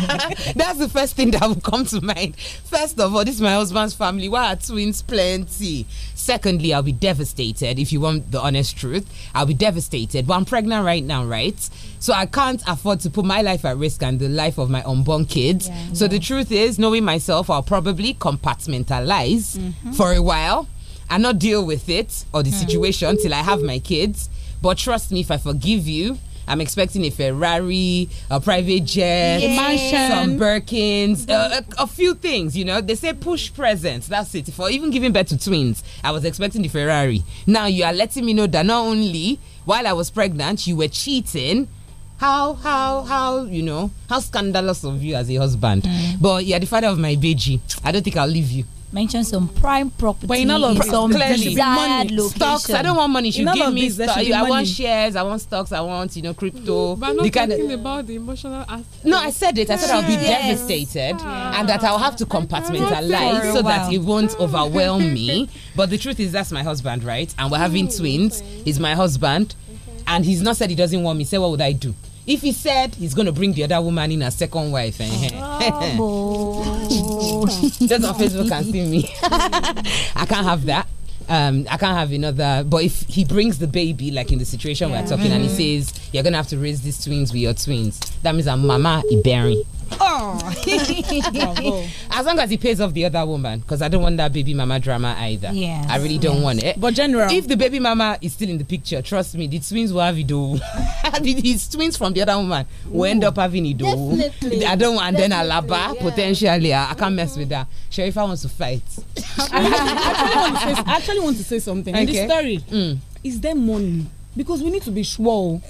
That's the first thing that will come to mind. First of all, this is my husband's family. Why are twins plenty? Secondly, I'll be devastated if you want the honest truth. I'll be devastated. But I'm pregnant right now, right? So I can't afford to put my life at risk and the life of my unborn kids. Yeah, so yeah. the truth is, knowing myself, I'll probably compartmentalize mm -hmm. for a while and not deal with it or the mm situation till I have my kids. But trust me, if I forgive you, I'm expecting a Ferrari, a private jet, mansion, some Birkins, uh, a, a, few things. You know, they say push presents. That's it. For even giving birth to twins, I was expecting the Ferrari. Now you are letting me know that not only while I was pregnant you were cheating. How how how you know how scandalous of you as a husband, mm. but you are the father of my baby. I don't think I'll leave you mention some prime property, but in all of some clearly, money. Stocks. I don't want money. You give me I money. want shares. I want stocks. I want you know crypto. But I'm not thinking of, about the emotional aspect. No, I said it. I said yes. I'll be yes. devastated ah. and that I'll have to compartmentalize so that it won't overwhelm me. But the truth is, that's my husband, right? And we're having oh, twins. He's my husband, and he's not said he doesn't want me. Say, so what would I do? if he said he's going to bring the other woman in as second wife. Eh? Oh, Just on Facebook can see me. I can't have that. Um, I can't have another. But if he brings the baby, like in the situation yeah. we're talking, mm -hmm. and he says, You're going to have to raise these twins with your twins, that means I'm Mama Iberi. Oh, as long as he pays off the other woman, because I don't want that baby mama drama either. Yeah, I really don't yes. want it. But general, if the baby mama is still in the picture, trust me, the twins will have it. His twins from the other woman will Ooh, end up having it. Definitely, I don't want. And then Alaba yeah. potentially, I, I can't mess with that. Sherifa wants to fight. I, actually to say, I actually want to say something. Okay. In this story, mm. is there money? Because we need to be sure.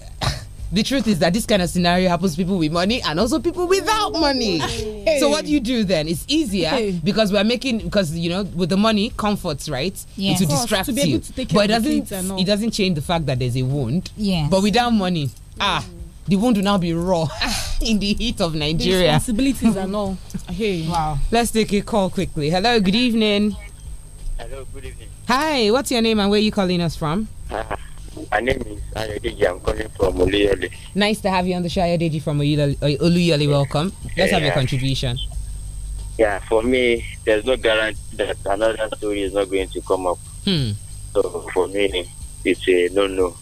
the truth is that this kind of scenario happens to people with money and also people without money. Hey. So what do you do then? It's easier hey. because we're making because you know with the money comforts right yeah. to distract to you, but it doesn't it doesn't change the fact that there's a wound. Yeah. But without money, mm. ah, the wound will now be raw in the heat of Nigeria. The responsibilities no. all. Hey. Wow. Let's take a call quickly. Hello. Good evening. Hello. Good evening. Hi. What's your name and where are you calling us from? Ah, my name is Ayodeji. I'm calling from Oluyole. Nice to have you on the show, Ayodeji from Oluyole. Welcome. Let's yeah. have your contribution. Yeah, for me, there's no guarantee that another story is not going to come up. Hmm. So for me, it's a no-no.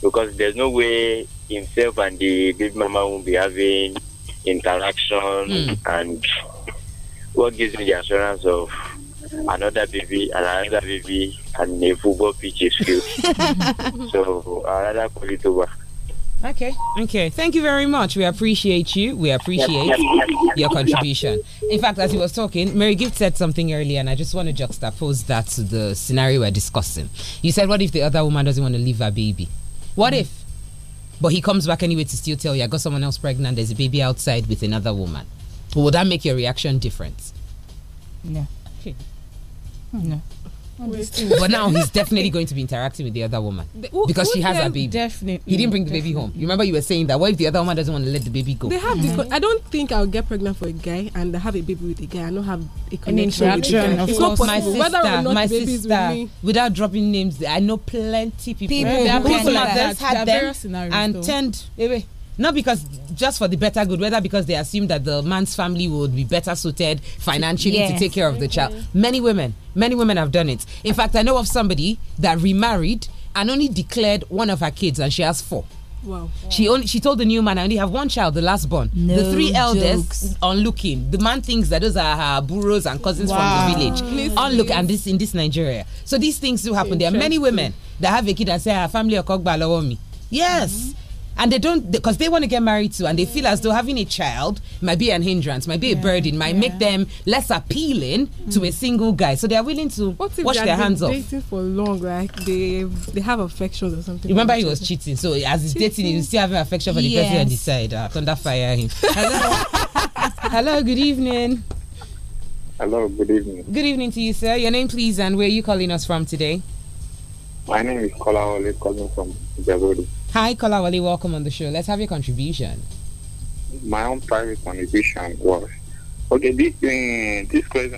Because there's no way himself and the big mama will be having interaction hmm. and what gives me the assurance of another baby and another baby and a football pitch is filled. so I rather call it over. Okay. Okay. Thank you very much. We appreciate you. We appreciate your contribution. In fact, as he was talking, Mary Gift said something earlier, and I just want to juxtapose that to the scenario we're discussing. You said, What if the other woman doesn't want to leave her baby? What if? But he comes back anyway to still tell you, I got someone else pregnant, there's a baby outside with another woman. Would that make your reaction different? No. Hmm. No. but now he's definitely going to be interacting with the other woman because she has a baby. Definitely, he didn't bring the baby home. You remember you were saying that. What if the other woman doesn't want to let the baby go? They have mm -hmm. I don't think I'll get pregnant for a guy and have a baby with a guy. I don't have a connection An with a guy. Of it's course, not my sister, my sister, without dropping names, I know plenty people, people, people, have that, that, had them and tend. turned away. Eh, not because just for the better good, whether because they assume that the man's family would be better suited financially yes. to take care of the child. Mm-hmm. Many women, many women have done it. In fact, I know of somebody that remarried and only declared one of her kids, and she has four. Wow. She only she told the new man I only have one child, the last born. No the three eldest on looking. The man thinks that those are her burros and cousins wow. from the village. on look and this in this Nigeria. So these things do happen. There are many women that have a kid and say her ah, family okogba me. Yes. Mm -hmm and they don't because they, they want to get married too, and they feel as though having a child might be an hindrance, might be yeah. a burden, might yeah. make them less appealing mm. to a mm. single guy. So they are willing to wash their hands off. Dating for long, like they they have affections or something. Remember, he was cheating. So as he's dating, he's still having affection for the yes. person on the side. Uh, ah, thunder fire him. Hello. Hello. Good evening. Hello, good evening. Good evening to you, sir. Your name, please, and where are you calling us from today? My name is Kola Ole, calling from Jagodi. Hi, Kolawale, welcome on the show. Let's have your contribution. My own private contribution was okay. This uh, this question.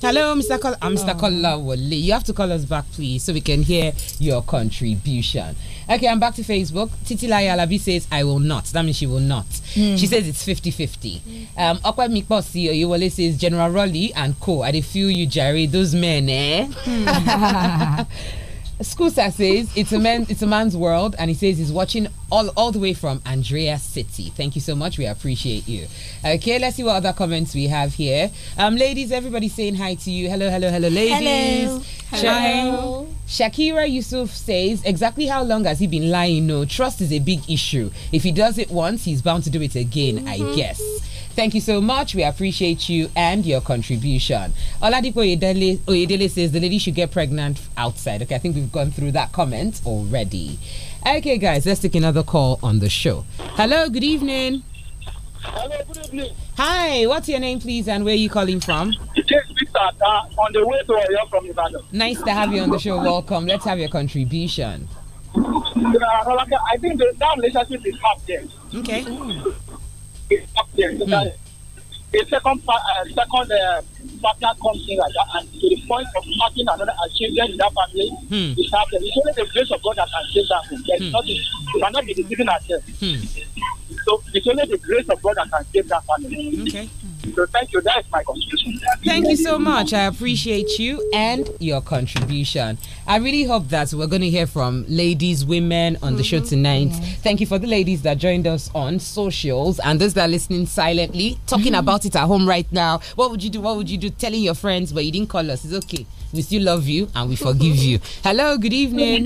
Hello, Mr. I'm Mr. Kolawale. You have to call us back, please, so we can hear your contribution. Okay, I'm back to Facebook. Titi Alabi says, I will not. That means she will not. Mm. She says it's 50 50. Um, Okwa Mikpo Oyewole says, General Raleigh and Co. I feel you, Jerry. Those men, eh? Mm. Scusa says it's a man it's a man's world and he says he's watching all, all the way from Andrea City. Thank you so much. We appreciate you. Okay, let's see what other comments we have here. Um ladies, everybody saying hi to you. Hello, hello, hello, ladies. Hello. hello. Shakira Yusuf says, exactly how long has he been lying? No, trust is a big issue. If he does it once, he's bound to do it again, mm -hmm. I mm-hmm. guess. Thank you so much. We appreciate you and your contribution. Oladipo Oyedele, says the lady should get pregnant outside. Okay, I think we've gone through that comment already. Okay, guys, let's take another call on the show. Hello, good evening. Hello, good evening. Hi, what's your name, please, and where are you calling from? Uh, on the way to from Ibadan. Nice to have you on the show. Welcome. Let's have your contribution. Uh, I think that relationship is half dead. Okay. Mm. It's mm. The second, uh, second uh, partner comes in like that, and to the point of having another achievement in that family mm. is happening. It's only the grace of God that can change that home. There is mm. nothing, you cannot be deceiving ourselves. Mm. So it's only the grace of God that can save that family. Okay. So thank you. That's my contribution. Thank you so much. I appreciate you and your contribution. I really hope that we're going to hear from ladies, women on the mm -hmm. show mm-hmm. tonight. Thank you for the ladies that joined us on socials and those that are listening silently, talking mm -hmm. about it at home right now. What would you do? What would you do? Telling your friends, but you didn't call us. It's okay. We still love you and we forgive you. Hello, good evening.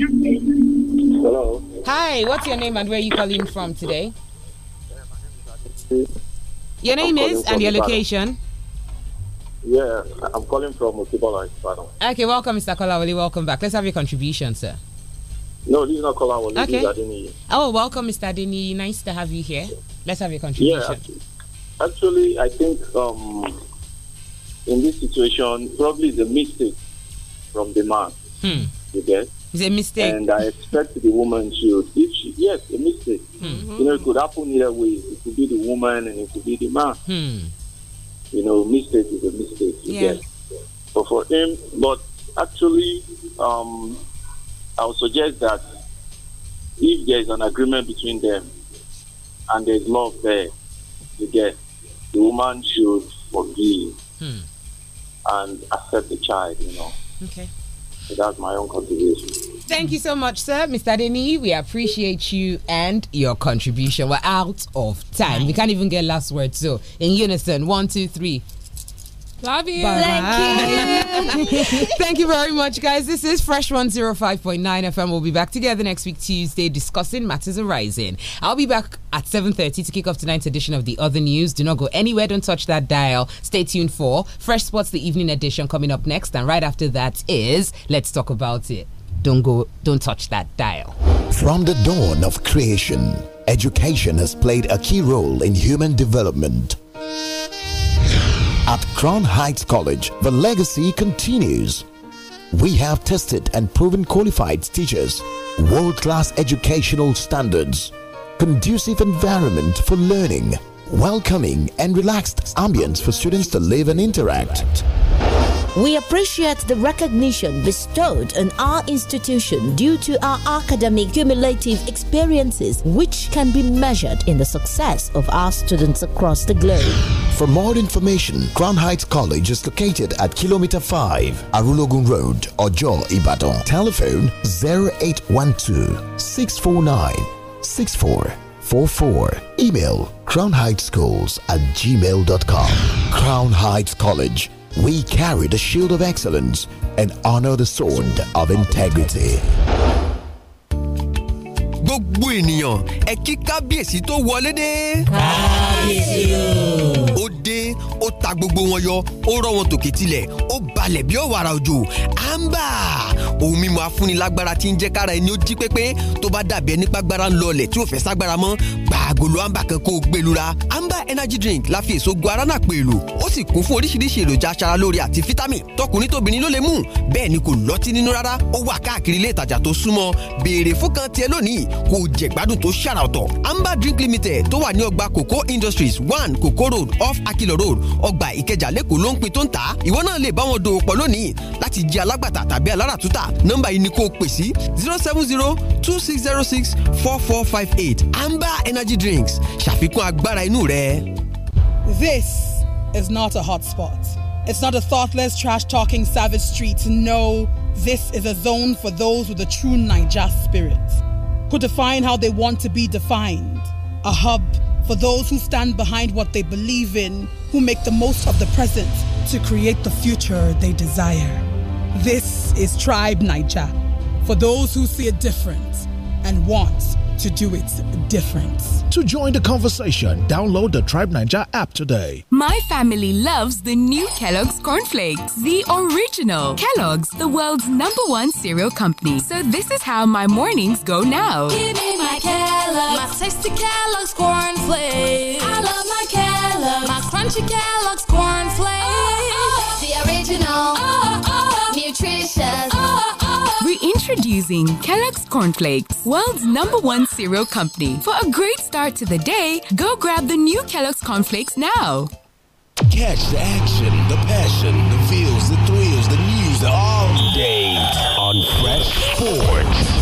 Hello. Hi, what's your name and where are you calling from today? Your name is and your location? Yeah, I'm calling from Okibola, Okay, welcome, Mr. Kolawole. Welcome back. Let's have your contribution, sir. No, this is not Kolawole. Okay. This is Adini. Oh, welcome, Mr. Adini. Nice to have you here. Let's have your contribution. Yeah, actually, I think um, in this situation, probably the mistake from the man. Hmm. You get? It's a mistake. And I expect the woman to, if she, yes, a mistake. Mm. You know, it could happen either way. It could be the woman and it could be the man. Mm. You know, mistake is a mistake. Yeah. Yes. But for him, but actually, um, I would suggest that if there is an agreement between them and there's love there, you get the woman should forgive hmm. and accept the child, you know. Okay that's my own contribution. Thank you so much, sir. Mr. Denny, we appreciate you and your contribution. We're out of time. We can't even get last word. So, in unison, one, two, three. Love you. Bye Thank you. Thank you very much, guys. This is Fresh 105.9 FM. We'll be back together next week, Tuesday, discussing matters arising. I'll be back at 7.30 to kick off tonight's edition of The Other News. Do not go anywhere. Don't touch that dial. Stay tuned for Fresh Sports, the evening edition coming up next. And right after that is Let's Talk About It. Don't go, don't touch that dial. From the dawn of creation, education has played a key role in human development at Crown Heights College, the legacy continues. We have tested and proven qualified teachers, world class educational standards, conducive environment for learning, welcoming and relaxed ambience for students to live and interact. We appreciate the recognition bestowed on our institution due to our academic cumulative experiences, which can be measured in the success of our students across the globe. For more information, Crown Heights College is located at Kilometer 5, Arulogun Road, Ojo, Ibadan. Telephone 0812 649 6444. Email crownheightschools at gmail.com. Crown Heights College we carry the shield of excellence and honor the sword of integrity. gbogbo ènìyàn ẹ kí kábíyèsí tó wọlé dé. kábíyèsí o. ó dé ó ta gbogbo wọn yọ ó rọ wọn tòkè tilẹ̀ ó balẹ̀ bí ọ̀wàrà òjò àǹbà ohun mímu afúnilágbára tí ń jẹ́ kára ẹni ó jí pépé tó bá dàbí ẹni pàgbára ń lọlẹ̀ tí ò fẹ́ ságbára mọ́ gbàgòlò àǹbà kan kó o gbẹlura àǹbà energy drink la fi èso guarana pèlò ó sì kún fún oríṣiríṣi èròjà aṣaralóore àti fítámì tọkùnrin tóbìnrin ló lè mú bẹ́ẹ̀ ni kò lọ́tí nínú rárá ó wà káàkiri ilé ìtajà tó súnmọ́ béèrè fún kan tiẹ̀ lónìí kó o jẹ̀gbádùn tó ṣàrà ọ̀tọ̀ amber drink limited tó wà ní ọgbà coco industries one coco road off akilo road ọgbà ìkẹjà lẹ́kọ̀ọ́ ló ń pin tó ń tà ìwọ náà lè bá wọn dòwò pọ̀ lónìí láti jẹ́ alágbàtà tàbí aláràtúntà nọ́mbà yìí ni kó pè sí zero seven zero two six zero six four four five eight amber energy drinks ṣàfikún agbára inú rẹ. This is not a hot spot. It's not a thoughtless, trash talking, savage street. No, this is a zone for those with a true Niger spirit. could define how they want to be defined. A hub for those who stand behind what they believe in, who make the most of the present to create the future they desire. This is Tribe Niger, for those who see a difference and want to do it different. To join the conversation, download the Tribe Ninja app today. My family loves the new Kellogg's cornflakes, the original. Kellogg's, the world's number one cereal company. So this is how my mornings go now. Give me my Kellogg's, my tasty Kellogg's cornflakes. I love my Kellogg's, my crunchy Kellogg's cornflakes. Oh, oh, oh. the original. Oh, oh, oh. Introducing Kellogg's Cornflakes, world's number one cereal company. For a great start to the day, go grab the new Kellogg's Cornflakes now. Catch the action, the passion, the feels, the thrills, the news all day on Fresh Sports.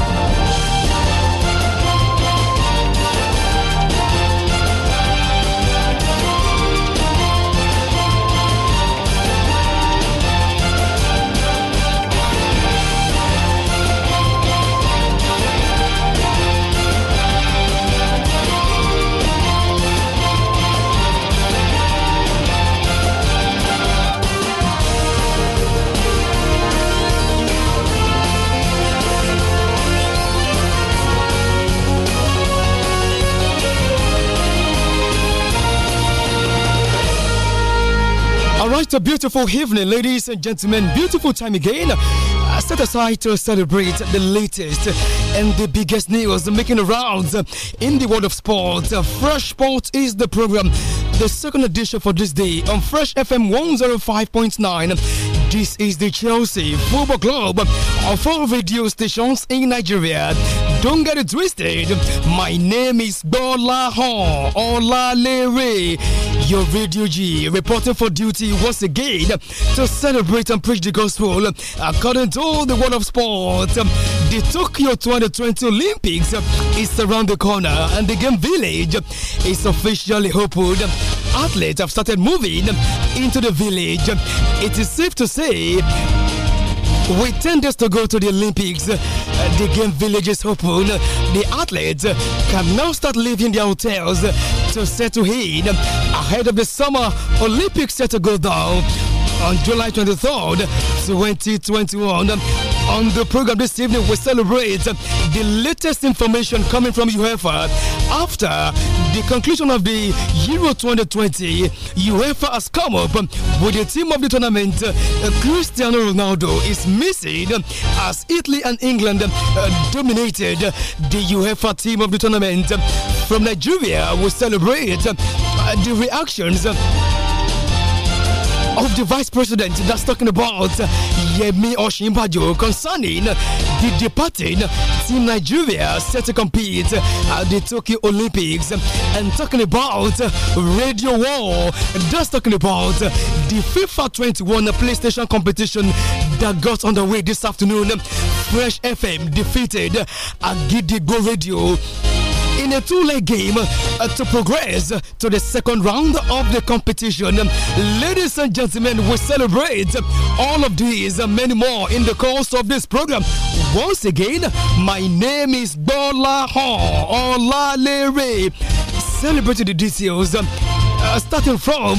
It's a beautiful evening, ladies and gentlemen. Beautiful time again. I uh, set aside to celebrate the latest and the biggest news making rounds in the world of sports. Uh, Fresh Sports is the program, the second edition for this day on Fresh FM 105.9 this is the Chelsea Football Club of all radio stations in Nigeria. Don't get it twisted. My name is Bola Hon Olalere, your radio G, reporting for duty once again to celebrate and preach the gospel according to the world of sport. The Tokyo 2020 Olympics is around the corner and the game village is officially opened. Athletes have started moving into the village. It is safe to say we tend to go to the Olympics. Uh, the game village is open. The athletes can now start leaving their hotels to settle in ahead of the summer Olympics set to go down on July 23rd, 2021. On the program this evening, we celebrate the latest information coming from UEFA after the conclusion of the Euro 2020. UEFA has come up with the team of the tournament. Uh, Cristiano Ronaldo is missing as Italy and England uh, dominated the UEFA team of the tournament. From Nigeria, we celebrate uh, the reactions of the vice president that's talking about uh, Yemi Osinbajo concerning the departing Team Nigeria set to compete at the Tokyo Olympics and talking about Radio War. That's talking about the FIFA 21 PlayStation competition that got underway this afternoon. Fresh FM defeated Agidigo Radio in a two-leg game uh, to progress to the second round of the competition. Ladies and gentlemen, we celebrate all of these and many more in the course of this program. Once again, my name is Bola Hon Olalere. Celebrating the details. Uh, starting from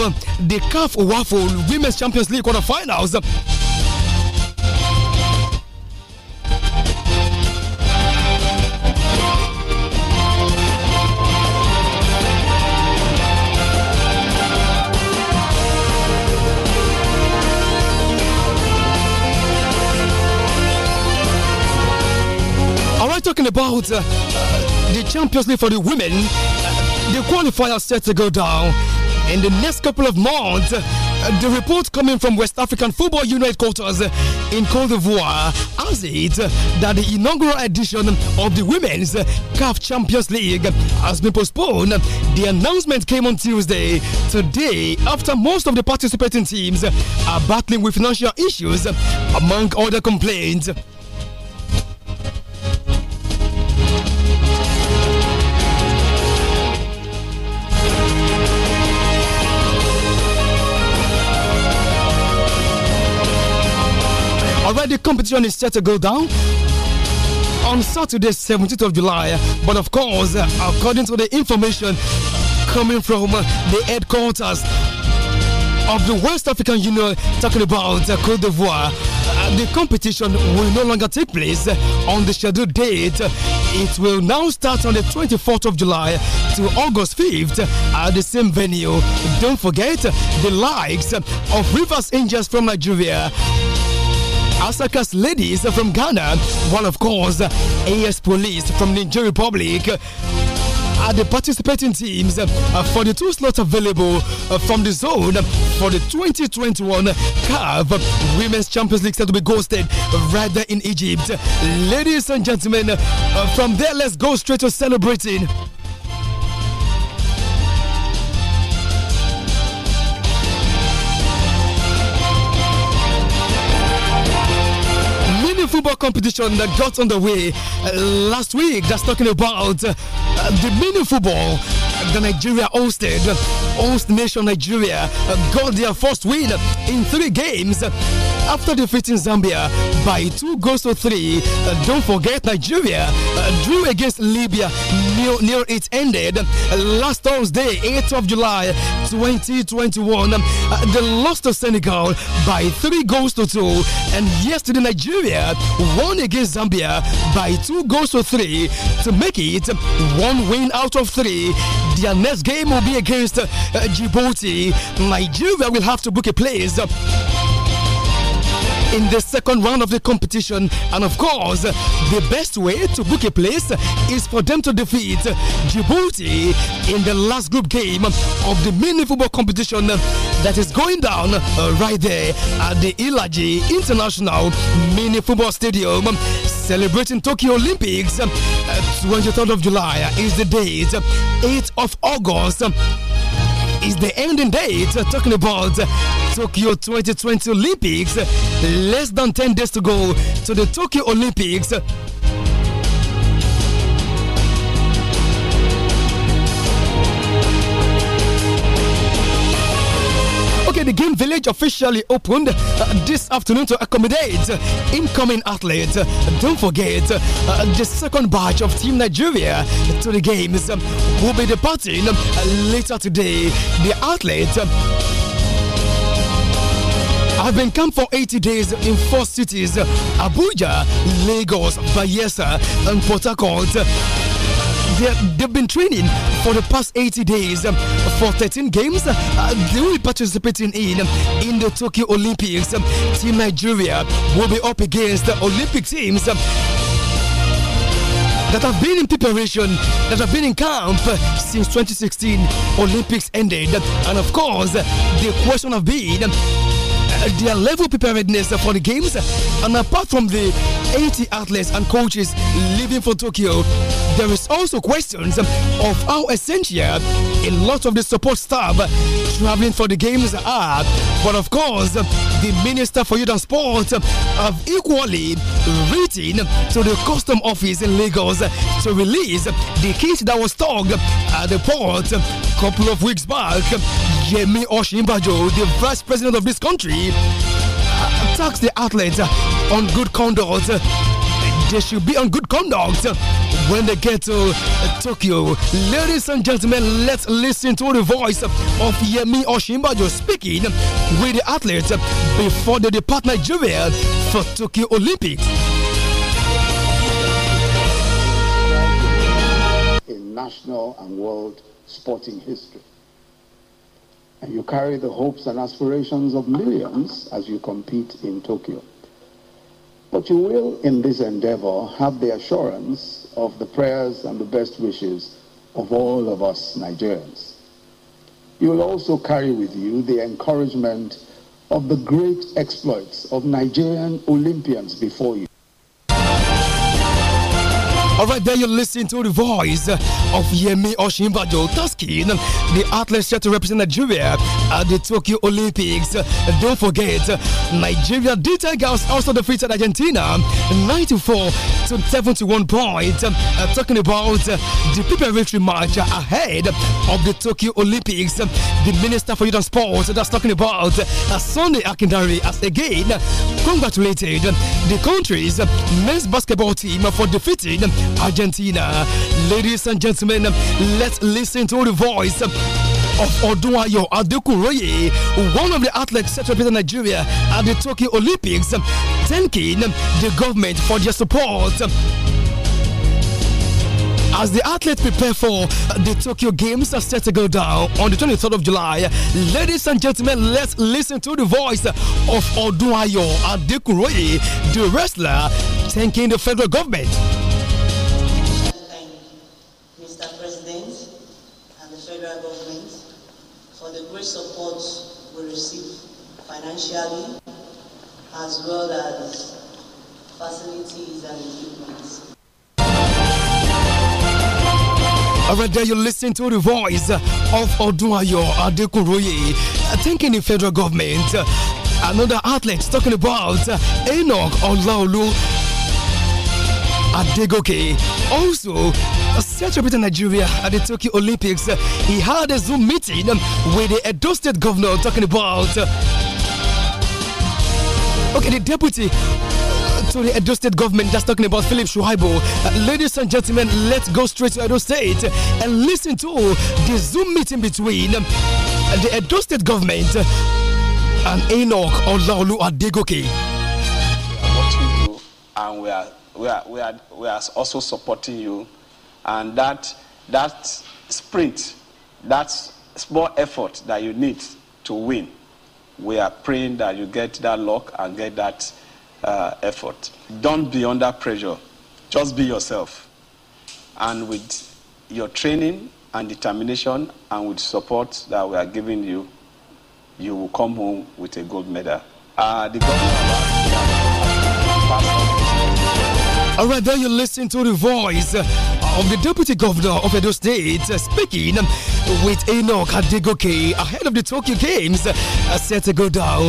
the CAF Waffle Women's Champions League quarterfinals. talking about uh, the Champions League for the women. Uh, the qualifiers set to go down in the next couple of months. Uh, the report coming from West African Football Union quarters uh, in Cote d'Ivoire has it that the inaugural edition of the Women's CAF Champions League has been postponed. The announcement came on Tuesday. Today, after most of the participating teams are battling with financial issues, among other complaints. Already competition is set to go down on Saturday, 17th of July. But of course, according to the information coming from the headquarters of the West African Union talking about Cote d'Ivoire, uh, the competition will no longer take place on the scheduled date. It will now start on the 24th of July to August 5th at the same venue. Don't forget the likes of Rivers Angels from Nigeria Asaka's ladies from Ghana, while of course AS Police from Niger Republic are the participating teams for the two slots available from the zone for the 2021 CAV Women's Champions League set to be hosted right there in Egypt. Ladies and gentlemen, from there, let's go straight to celebrating. competition that got underway uh, last week. That's talking about uh, the mini football Nigeria, Nigeria hosted, host nation Nigeria got their first win in three games after defeating Zambia by two goals to three. don't forget Nigeria uh, drew against Libya near, near it ended last Thursday, 8th of July 2021. Uh, they lost to Senegal by three goals to two, and yesterday Nigeria won against Zambia by two goals to three to make it one win out of three. They their next game will be against uh, Djibouti. Nigeria will have to book a place in the second round of the competition. And of course, the best way to book a place is for them to defeat Djibouti in the last group game of the mini football competition that is going down uh, right there at the Ilaji International Mini Football Stadium celebrating Tokyo Olympics. 23rd uh, of July is the date, 8th of August is the ending date. Uh, talking about Tokyo 2020 Olympics, less than 10 days to go to the Tokyo Olympics. the game village officially opened uh, this afternoon to accommodate uh, incoming athletes. Don't forget, uh, the second batch of Team Nigeria to the games um, will be departing um, later today. The athletes. I've um, been camped for 80 days in four cities uh, Abuja, Lagos, Bayelsa, and Port Harcourt they have been training for the past 80 days um, for 13 games. Uh, they will be participating in in the Tokyo Olympics. Um, Team Nigeria will be up against the Olympic teams um, that have been in preparation, that have been in camp uh, since 2016 Olympics ended. And of course, the question of being uh, their level preparedness for the games. And apart from the 80 athletes and coaches leaving for Tokyo, there is also questions of how essential a lot of the support staff traveling for the games are. But of course, the Minister for Youth and Sport have equally written to the Custom Office in Lagos to release the kit that was stored at the port a couple of weeks back Yemi Osinbajo, the vice president of this country, talks the athletes on good conduct. they should be on good conduct when they get to Tokyo. Ladies and gentlemen, let's listen to the voice of Yemi Osinbajo speaking with the athletes before they depart Nigeria for Tokyo Olympics. In national and world sporting history and you carry the hopes and aspirations of millions as you compete in Tokyo. But you will, in this endeavor, have the assurance of the prayers and the best wishes of all of us Nigerians. You will also carry with you the encouragement of the great exploits of Nigerian Olympians before you. All right, there you listen to the voice of Yemi Oshimbajo Tuskin, the athlete set to represent Nigeria at the Tokyo Olympics. Don't forget, Nigeria detail Girls also defeated Argentina 94 to 71 points. Uh, talking about uh, the preparatory match ahead of the Tokyo Olympics, the Minister for Youth and Sports that's talking about uh, Sunday Akindari has again congratulated the country's men's basketball team for defeating Argentina. Ladies and gentlemen, let's listen to the voice of Odunayo Adekunroye, one of the athletes set to represent Nigeria at the Tokyo Olympics, thanking the government for their support. As the athletes prepare for the Tokyo Games are set to go down on the 23rd of July, ladies and gentlemen, let's listen to the voice of Odunayo Adekunroye, the wrestler, thanking the federal government. support we receive financially as well as facilities and equipment. Alright, there you listen to the voice of Odunayo Adekunroye, thanking the federal government. Another athlete talking about Enoch Olaolu Adegoke. Also, Central representing Nigeria at the Tokyo Olympics, he had a Zoom meeting with the Edo State governor talking about. Okay, the deputy uh, to the Edo State government just talking about Philip Shuaibo. Uh, ladies and gentlemen, let's go straight to Edo State and listen to the Zoom meeting between uh, the Edo State government and Enoch Olaolu Adegoke. We are watching you and we are, we are, we are, we are also supporting you and that, that sprint, that small effort that you need to win, we are praying that you get that luck and get that uh, effort. Don't be under pressure. Just be yourself. And with your training and determination and with support that we are giving you, you will come home with a gold medal. Uh, All right, there you listen to the voice of the Deputy Governor of Edo State uh, speaking with Enoch Adegoke ahead of the Tokyo Games uh, set to go down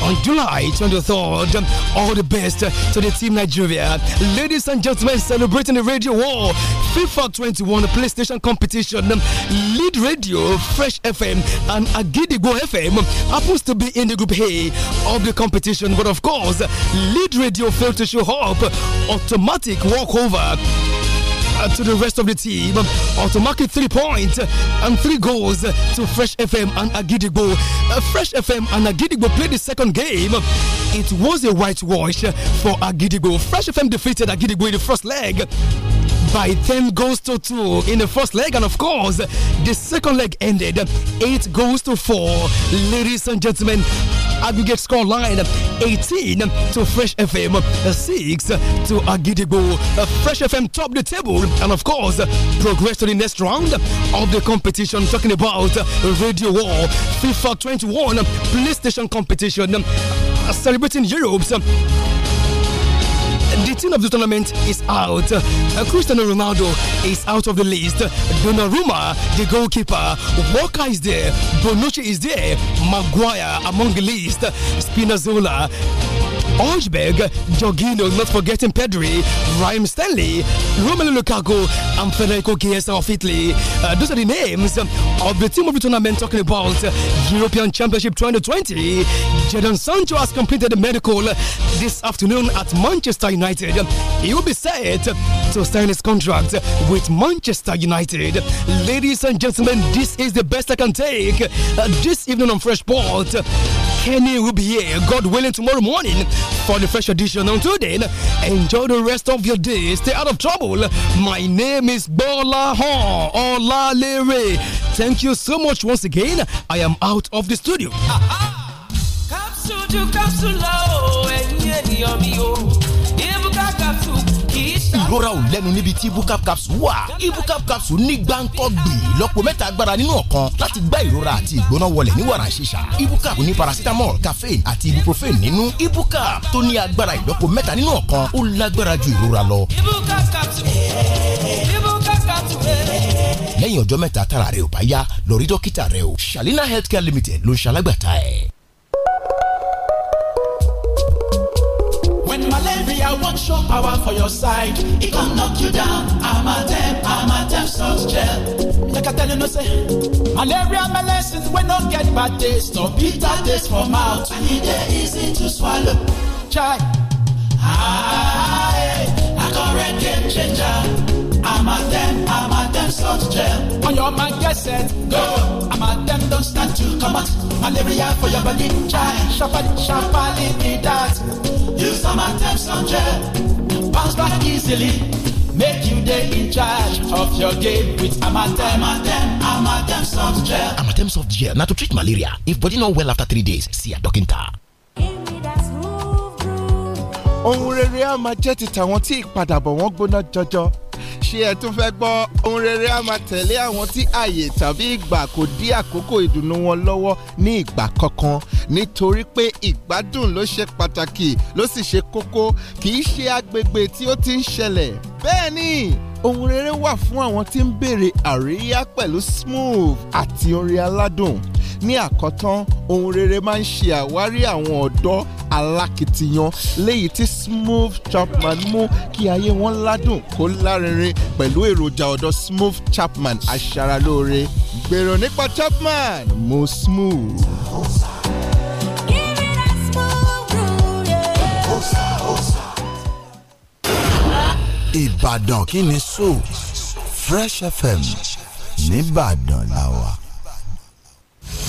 on July 23rd. All the best to the Team Nigeria. Ladies and gentlemen, celebrating the radio war, FIFA 21 PlayStation competition, Lead Radio, Fresh FM, and Agidigbo FM happens to be in the group A of the competition. But of course, Lead Radio failed to show up. Automatic walkover uh, to the rest of the team or uh, to mark it three points and three goals to Fresh FM and Agidigbo. Uh, Fresh FM and Agidigbo played the second game. It was a whitewash for Agidigbo. Fresh FM defeated Agidigbo in the first leg by 10 goals to 2 in the first leg, and of course, the second leg ended 8 goals to 4. Ladies and gentlemen, aggregate score line 18 to Fresh FM, 6 to Agidigbo. Fresh FM top the table and, of course, progress to the next round of the competition. Talking about Radio War, FIFA 21 PlayStation competition, celebrating Europe's. The team of the tournament is out. Uh, Cristiano Ronaldo is out of the list. Donnarumma, the goalkeeper. Walker is there. Bonucci is there. Maguire among the list. Spinazzola. Oshberg, Jorginho, not forgetting Pedri, Ryan, Stanley, Romelu Lukaku, and Federico Chiesa of Italy. Uh, those are the names of the team of the tournament talking about European Championship 2020. Jadon Sancho has completed the medical this afternoon at Manchester United. He will be set to sign his contract with Manchester United. Ladies and gentlemen, this is the best I can take uh, this evening on Fresh Port. Kenny will be here, God willing, tomorrow morning for the fresh edition. Until then, enjoy the rest of your day. Stay out of trouble. My name is Bola Hon Ola Lere. Thank you so much once again. I am out of the studio. ìrora ò lẹ́nu níbi tí ibucap capsule wà ibucap capsule ní gbáǹkọ́gbì ìlọ́po mẹ́ta agbára nínú ọ̀kan láti gbá ìrora àti ìgbóná wọlẹ̀ ní wàrà ṣíṣà ibucap ní paracetamol caffeine àti ibuprofen nínú ibucap tó ní agbára ìlọ́po mẹ́ta nínú ọ̀kan ó lágbára ju ìrora lọ. ibucap capsule eh, eh, ibucap capsule eh, lẹ́yìn ọjọ́ mẹ́ta tára rẹ̀ ò bá yá lọ rí dókítà rẹ̀ o Shalina Healthcare Limited ló ń ṣalágbàtà ẹ̀. show power for your side It can knock you down I'm I'm a dem. a amatem salt gel like i tell you no say malaria medicine wey no get bad taste or bitter taste for mouth I need it easy to swallow chai aye i come red game changer amatem amatem dem salt gel. on your man get set go I'm a dem don't stand to come out malaria for your body try sharply sharply be that. use amatem salt gel bounce back easily make you day in charge of your game with amatem amatem amatem soft gel. amatem soft gel Now to treat malaria if body not well after three days see a doctor. ohun rere á máa jẹ́ ti tàwọn tí ìpadàbọ̀ wọn gbóná jọjọ ṣé ẹ tún fẹ́ gbọ́ ohun rere á máa tẹ̀lé àwọn tí àyè tàbí ìgbà kò dí àkókò ìdùnnú wọn lọ́wọ́ ní ìgbà kankan nítorí pé ìgbádùn ló ṣe pàtàkì ló sì ṣe kókó kì í ṣe agbègbè tí ó ti ń ṣẹlẹ̀ bẹ́ẹ̀ ni ohun rere wà fún àwọn tí ń béèrè àríyá pẹ̀lú smooth àti orin aládùn ní àkọ́tán ohun rere máa ń ṣe àwárí àwọn ọ̀dọ́ alákìtiyan léyìí tí Smooth Chapman mú kí ayé wọn ládùn kó lárinrin pẹ̀lú èròjà ọ̀dọ̀ Smooth Chapman aṣaralóore gbèrò nípa Chapman mo smooth. Ìbàdàn kí ni so Fresh FM nìbàdàn làwà.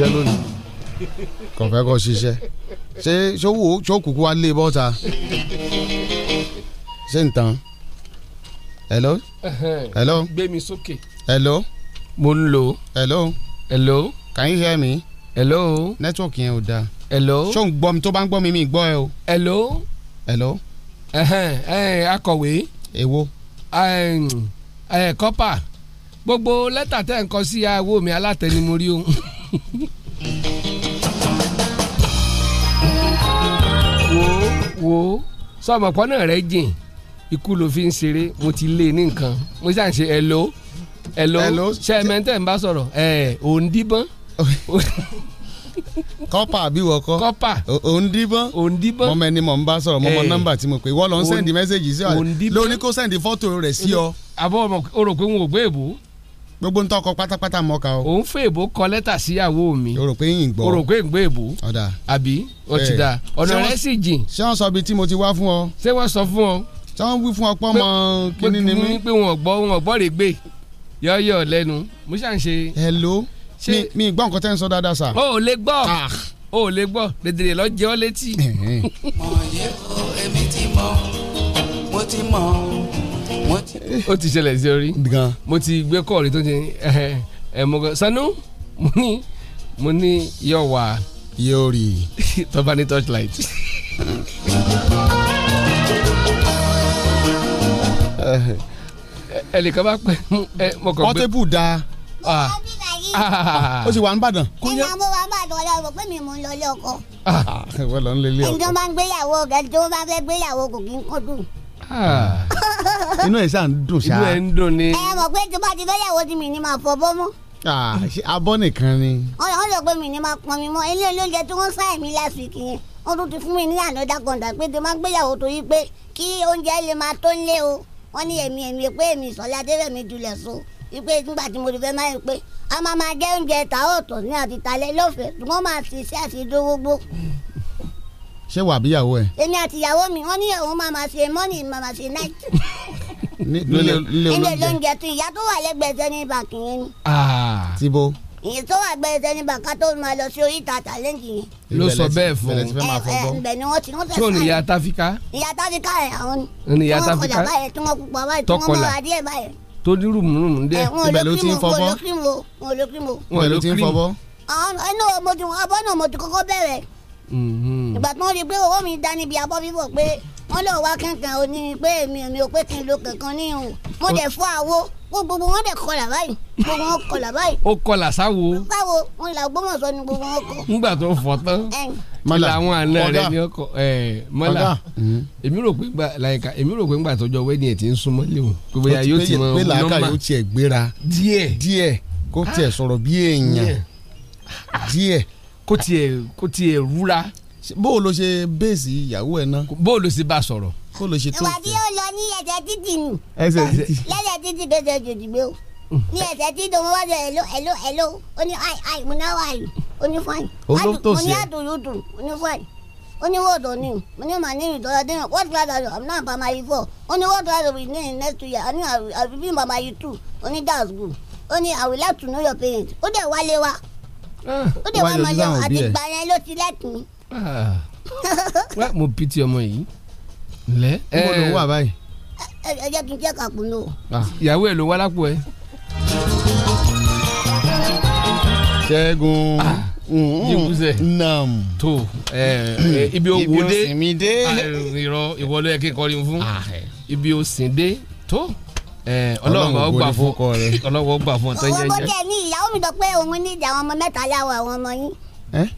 ṣiṣẹ́ lónìí kò fẹ́ kó ṣiṣẹ́ ṣé ṣówó ṣókùkù wa lé bọ́ta ṣé n hello hello gbé mi sókè hello mo ń lò hello hello can you hear me hello network yẹn ò dáa hello ṣó ń gbọ́ mi tó bá ń gbọ́ mi mi gbọ́ ẹ o hello hello akọ̀wé èwo kọ́pà gbogbo lẹ́tà tẹ̀ ń kọ sí àwo mi alátẹnumọ́ rí o wo wo sọmọpọ náà rẹ jìn ikú ló fi ń ṣeré mo ti lé e ní nǹkan mo ṣàn ṣe ẹ̀lò ẹ̀lò ṣẹ́mẹ́ntẹ́ ń bá sọ̀rọ̀ ẹ̀ òǹdíbọn. kọ́pà àbí wọ́kọ́ kọ́pà òǹdíbọn òǹdíbọn mọ́mọ ẹni mọ̀ ń bá sọ̀rọ̀ mọ́mọ nọ́mbà tí mo pè wọ́n lọ ń sẹ́ndì mẹ́sẹ̀gì sí ọ lóní kó sẹ́ndì fọ́tò rẹ̀ sí ọ. àbọ̀ o rò pé n ò gbé èbó gbogbo ntọ́ kọ pátápátá mọ́ o. òun fún èbó kọ lẹ́tà síyàwó mi. o rò pé yín gbọ́ o rò pé yín gbọ́ èbó. ọ̀dà àbí o ti da ọ̀nà rẹ̀ sì jìn. ṣé wọ́n sọ ibi tí mo ti wá fún ọ. ṣé wọ́n sọ fún ọ. ṣé wọ́n wí fún ọ pọ́ mọ kíní ni mí. pé wọn gbọ́ wọn gbọ́ rè gbé yọ̀ọ́yọ̀ lẹ́nu mo ṣàn ṣe. hello mi gbọ́ nǹkan tẹ́ ń sọ dáadáa sà. o ò lè gbọ́ ah. o ò lè gbọ́ dèdèrè lọ jẹ́ ọ létí. mọ̀ ó ti ṣẹlẹ̀ sí orí mo ti gbé kọ́ọ̀rì tó ti ẹ ẹ mọ̀gàn sanu mo ní mo ní yọ wà. yóò rí i. tọ́ba ní torchlight. ẹnìkan bá pẹ mọkàn gbé. pọ́tébù da ah. ó sì wà nìbàdàn. ẹnì àwọn wa bá àtọ̀ ọ̀la rò pé mi mò ń lọ ilé ọkọ. Ah. ẹnì tó bá ń gbéyàwó ẹnì tó bá fẹ́ gbéyàwó kò kí ń kọ́ dùn. Ah. inú ẹ̀ sá ń dùn ṣá inú ẹ̀ ń dùn ni. ẹ mọ̀ pé tí bá ti fẹ́yàwó ti mi ni màá fọ bọ́ mọ́. abọ́ nìkan ni. wọ́n yọ̀ ọ́ pé mi ni máa pọn mi mọ́ ilé olóúnjẹ tí wọ́n sáì mi last week yẹn wọ́n tún ti fún mi ní ànọ́dá kọ̀ǹdà pé tí máa gbéyàwó torí pé kí oúnjẹ lè máa tó lé o wọ́n ní èmi èmi pé èmi Sọlá Adérẹ̀mí jùlẹ̀ so ipe nígbà tí mo ti fẹ́ máa ń pe a máa máa jẹ oúnjẹ ta ọ̀tọ̀ ní àti talẹ́ lọ́fẹ̀ẹ́ ṣùgbọ́n máa ti iṣẹ́ àti dó gbogbo ṣé wà bíyàwó ẹ. èmi àti ìyàwó mi wọn ní òun máa ma ṣe mọ́nì máa ma ṣe náìtì. nílé olóúnjẹ tún ìyá tó wà lẹ́gbẹ̀ẹ́ sẹ́ni bàkì yẹn ni. Ah. tíbo. ìyẹn tó wà lẹ́gbẹ̀ẹ́ sẹ́ni bàkì ká tó máa lọ sí oríta tàlẹ́ǹtì yẹn. ló sọ bẹ́ẹ̀ fún un ẹ eh, eh, ẹ ni wọ́n ti wọ́n fẹ́ sọ. tó ní ìyá táfíkà. ìyá táfíkà ẹ àwọn ni. ní ìyá táfíkà tọkọlà tó ní rùmùrùmù dé. Eh, ibẹ̀ ló ti ń fọbọ́. wọn ló ti ń fọbọ́. ẹnu mo ti kọ́kọ́ bẹ̀rẹ̀ hmm ìgbà tí wọ́n rí i pé owó mi dá níbi abọ́ bíbọ̀ pé wọ́n lọ wá kankan o ní pé èmi èmi ò pé kí n lo kankan ní ìhùn mo dẹ̀ fọ́ àwo gbogbo wọn dẹ̀ kọlà báyìí gbogbo wọn kọlà bàyìí. ó kọlà sáwo. sáwo wọn là Ògbómọ̀ṣọ́ ni gbogbo wọn kọ. nígbà tó fọ́ tán mọ́là àwọn àna rẹ ni ọkọ mọ́là hmm. èmi rò pé gba láyìíká èmi rò pé gba àtọ́jọ́ wẹ́ẹ̀dì ẹ̀ ti ń súnmọ́ léwu. tó bá yóò ti mọ nọ́mbà pé làákà yóò tiẹ̀ gbéra. díẹ̀ díẹ̀ kó tiẹ̀ sọ̀rọ̀ bí èèyàn díẹ̀ kó tiẹ̀ kó tiẹ̀ rúra bó o lo ṣe bẹ́ẹ̀sì ìyàwó ẹ̀ náà. bó o lo ṣe bá a sọ̀rọ̀. bó o lo ṣe tó. ìwà tí ó lọ ní ẹsẹ̀ títì nù. ẹsẹ̀ títì. lẹ́sẹ̀ títì bẹ́sẹ̀ jòjì gbé o. ní ẹsẹ̀ títì mo wá sọ hello hello hello ó ní hi hi mo náà wà ó ní fine. olóòótọ́ sí ẹ mo ní àdùrúdù ó ní fine ó ní wọ́ọ̀dù ó mo ní màá ní ìdọ́lá dínà what class are you Ah. wá mo piti ọmọ yìí lẹ. mo lò wà báyìí. ẹ jẹ́ kí n jẹ́ kàkùn náà. Ah, ìyàwó ẹ̀ ló wá lápò ẹ. ṣẹ́gun ah, mm-hmm. yíkúsẹ̀ nam tó eh, eh, ibi owó dé ìrọ̀ ìwọlé ẹ̀ kí n kọrin fún eh. ibi òsìn dé tó ọlọ́run ó gbà fún ọlọ́run ó gbà fún ọ̀tọ́ yẹn jẹ́. owó bó tẹ̀ ní ìyàwó mi dọ̀ pé òun ní ìjà àwọn ọmọ mẹ́ta yàwó àwọn ọmọ yín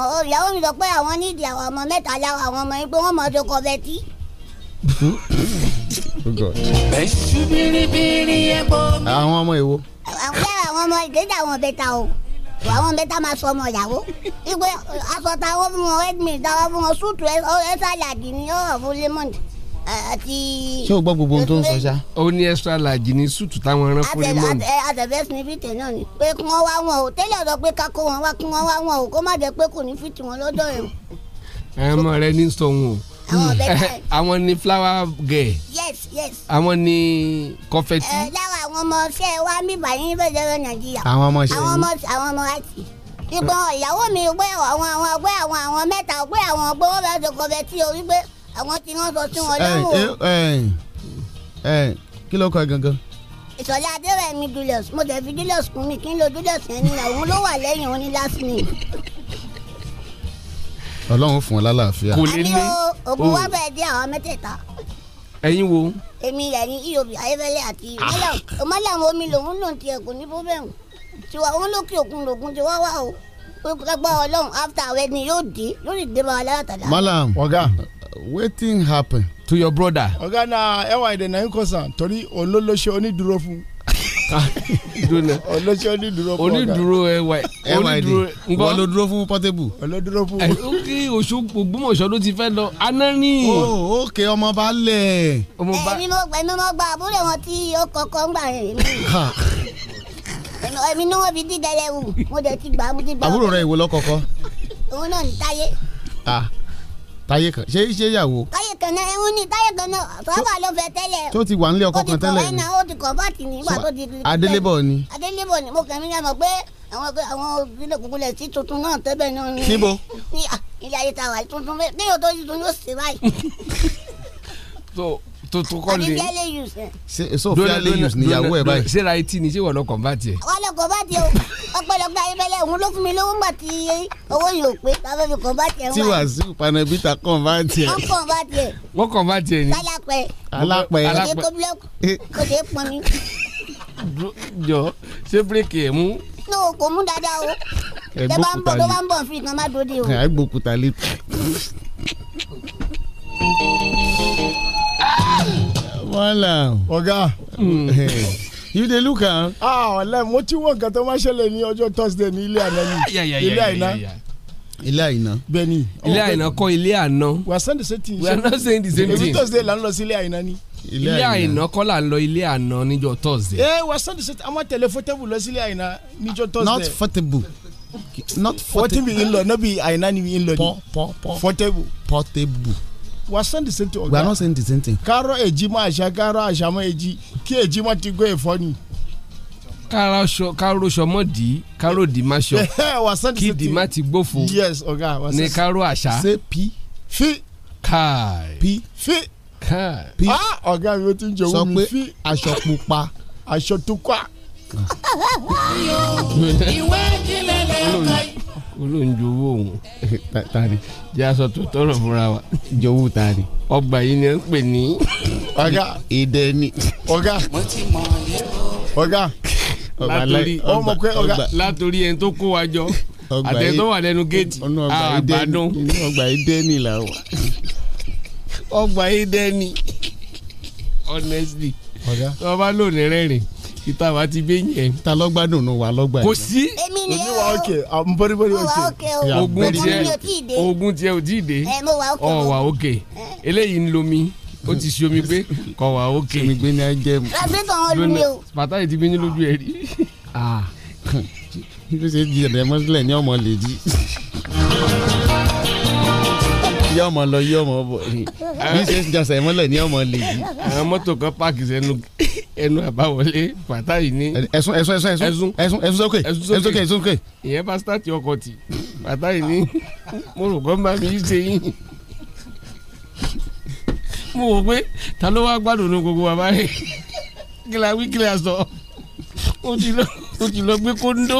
àwọn ìyàwó mi sọ pé àwọn nídìí àwọn ọmọ mẹ́ta láwọn àwọn ọmọ yín pé wọ́n mọ̀ ọ́ tó kọ bẹ́tí. bẹ́sù bìrìbìrì ẹ̀kọ́ mi. àwọn ọmọ èwo. àwọn àwọn ọmọ ìgbésẹ̀ àwọn bẹ́ta o àwọn bẹ́ta máa sọ ọmọ ìyàwó wípé aṣọ táwọn fún wọn edmund táwọn fún wọn súùtù ẹsẹ àlàdì ni ó wà fún lemond àti. ṣé o gbọ́ gbogbo ohun tó ń sọ ṣá. ó ní extra large ní súùtù táwọn ẹran fún lemon. àtẹ̀bẹ́ sin fìtẹ̀ náà ni pé kí wọ́n wá wọn o tẹ́lẹ̀ ọ̀dọ̀ pé ká wọn wá kí wọ́n wá wọn o kó má jẹ́ pé kò ní fìtì wọn lọ́dọ̀ ẹ̀. ẹmọ rẹ ní sọ wọn o eh, àwọn ni flower girl. yes yes. àwọn ni confetti. ẹ eh, lára àwọn ọmọ wa mi bàyí ní nàìjíríà. àwọn ọmọ ṣe àwọn ọmọ ìyàwó mi gbé àwọn àwọn gbé àwọn àwọn mẹ́ta gbé àwọn gbé wọn bẹ́ẹ̀ tó kọ́ bẹ́ẹ̀ gbé àwọn tí wọ́n sọ sí wọn lẹ́wọ̀n. kí ló kọ ẹ gangan. ìsọ̀lá adéwẹ̀mí julius mo tẹ̀ fi julius kún mi kí n lo julius yẹn nínú òun ló wà lẹ́yìn òun ní last name. ọlọ́run fún ọ lálàáfíà. kò lè ní ogun oh. wa bẹ̀ dé àwọn mẹ́tẹ̀ẹ̀ta. ẹ̀yin wo. èmi ẹ̀yin iyobi e ayéfẹ́lẹ́ àti mọ́lẹ̀ àwọn ah. omi lòun lòun ti ẹ̀kọ́ ní bóbẹ̀rù tiwa òun lókè òkun lògùn ti wá wá o lágbára ọlọ́run after awẹ ni yóò dé lórí ìdébà alátàlá. malam ọ̀gá wetin happen. to your brother. ọ̀gá na ẹwà èdè náà ń kọ sàn torí olólóṣe onídùúró fún. olóṣe onídùúró fún ọ̀gá. onídùúró ẹwà onídùúró nǹkan. wọ́n ló dúró fún portable. olódúró fún. ókè oṣù Ògbómọ̀ṣọ́ ló ti fẹ́ lọ anani. ó oh, ókè ọmọ bá lẹ̀. èmi mo gbà èmi mo gbà àbúrò wọn tí ó kọ̀ọ̀kan gbà rẹ̀ èmi ni wọn fi dídẹ lẹwu mo dẹ ti gbà mo ti gbà. àbúrò rẹ ìwo lọkọọkọ. òun náà ń táyé. Ah táyé kan ṣé ṣé yàwó. táyé kan náà ẹ̀hún ni táyé kan náà sọ́ọ́bà ló fẹ́ tẹ́lẹ̀. tó ti wà nílé ọkọ kan tẹ́lẹ̀ ni. ó ti kọ̀ báàtì ní ìgbà tó ti. adélébọ̀ ni. adélébọ̀ ni mo kàn mí yàmọ̀ pé àwọn àwọn ìpínlẹ̀ kúkúlẹ̀ sí tuntun náà tẹ́bẹ̀ náà ni. níbo. Ah, ilé ayé ta wà tuntun bẹ́ẹ̀ kéèyàn tó tuntun yóò ṣe báyìí. tuntun kọ́ ni. sofia leyus níyàwó ẹ báyìí. sera etí ni ṣé wọ́n lọ kọ̀ǹbàtì ẹ̀. wọ́n lọ kọ̀ǹbàtì o ọ̀pọ̀lọpọ̀ ayébẹ́lẹ́ òun ló fún mi lówó ńgbà tí owó yìí pé táwọn fi kọ̀ǹbàtì ẹ̀ wá. tí wàásù panabita kọ̀ǹbàtì ẹ̀. wọ́n kọ̀ǹbàtì ẹ̀. wọ́n kọ̀ǹbàtì ẹ̀ ni. alápẹ̀. alápẹ̀. alápẹ̀ kò mú dáadáa o tẹ bá ń bọ̀ tó bá ń bọ̀ fi o. ẹ gbókùtà wàhálà. ọ̀gá. Hmm. you dey look am. ah ọ̀lẹ́ mo ti wọ nǹkan tó máa ṣẹlẹ̀ ní ọjọ́ thursday ní ilé àná ni ilé àná ilé àyìnà. bẹ́ẹ̀ni ilé àyìnà kọ́ ilé àná. we are saying the same thing. we are not saying the same thing. every thursday la ń lọ sí ilé àyìnà ni. ilé àyìnà kọ́ la ń lọ ilé àná níjọ́ thursday. ee eh, we are saying the same thing a máa tẹ̀lé fọ́tẹ́bù lọ sí ilé àyìnà níjọ́ thursday. not fọ́tẹ́bù not fọ́tẹ́bù. fọ́tẹ́bù ń lọ no be àyìnà ni ń lọ ni. pọ́ pọ́ we are saying the same thing. we are not saying the same thing. kárọ̀ èjì máa ṣá kárọ̀ àṣà máa èjì kí èjì máa ti gbé ẹ̀fọ́ ni. karo ṣọ kárọ̀ ṣọ mọ̀ dì í kárọ̀ dì má ti gbófo yes, okay, ní kárọ̀ àṣà. ṣe p fi kai pi fi kai p ah ọ̀gá mi ó ti ń jẹun so fi. sọ pé aṣọ pupa. aṣọ tó kọ́. Ah. ìwé ìjìnlẹ̀ lẹ́ẹ̀kan yìí olóhùn jowó òun. tani. jẹ́ aṣọ tó tọrọ fúnra wa. jowó tani. ọgbà yìí ni ẹ ń pè ní. ọ̀gá èdè ni. ọ̀gá. ọ̀gá. ọmọ pé ọ̀gá. látòrí ẹni tó kó wa jọ àtẹ̀tò wà lẹ́nu géètì àgbàdùn. ọgbà ìdẹ́ni là wà. ọgbà ìdẹ́ni honestly. ọ̀gá. tọ́ ọ bá lò ní rẹ́rìn ìta wa ti bẹ yẹn ta lọ́gbàdùn nù wa lọ́gbà yẹn. kò sí. èmi ni o wa ok i'm very very ogun tiẹ ogun tiẹ o ti de. ẹ wa ok. ọ wa ok eléyìí ń lomi ó ti ṣomi gbé kọ wa ok. ṣomi gbé ní ẹjẹ mu. lásìkò ọ̀hún mi o. bàtà yìí ti bí ní lójú ẹ rí. Ah. bí ṣe di ẹ̀dẹ̀ mọ́sílẹ̀ ní ọmọ lè jí. yọ ọmọ lọ yọ ọmọ bọ bí ṣe ń jọsẹ mọlẹ ní ọmọ lè yí. àwọn mọ́tò kan páàkì sẹ́nu ẹnu àbáwọlé pàtà yìí ní. ẹ̀sùn ẹ̀sùn ẹ̀sùn ẹ̀sùn ẹ̀sùn ẹ̀sùn sókè ẹ̀sùn sókè ẹ̀sùn sókè. ìyẹn bá sítáàtì ọkọ̀ tì pàtà yìí ní mo rò kán bá mi yí ṣe yín. mo wò pé ta ló wá gbádùn ní gbogbo bàbá rẹ̀ kí la wí kí la sọ ó ti lọ gbé kóńdó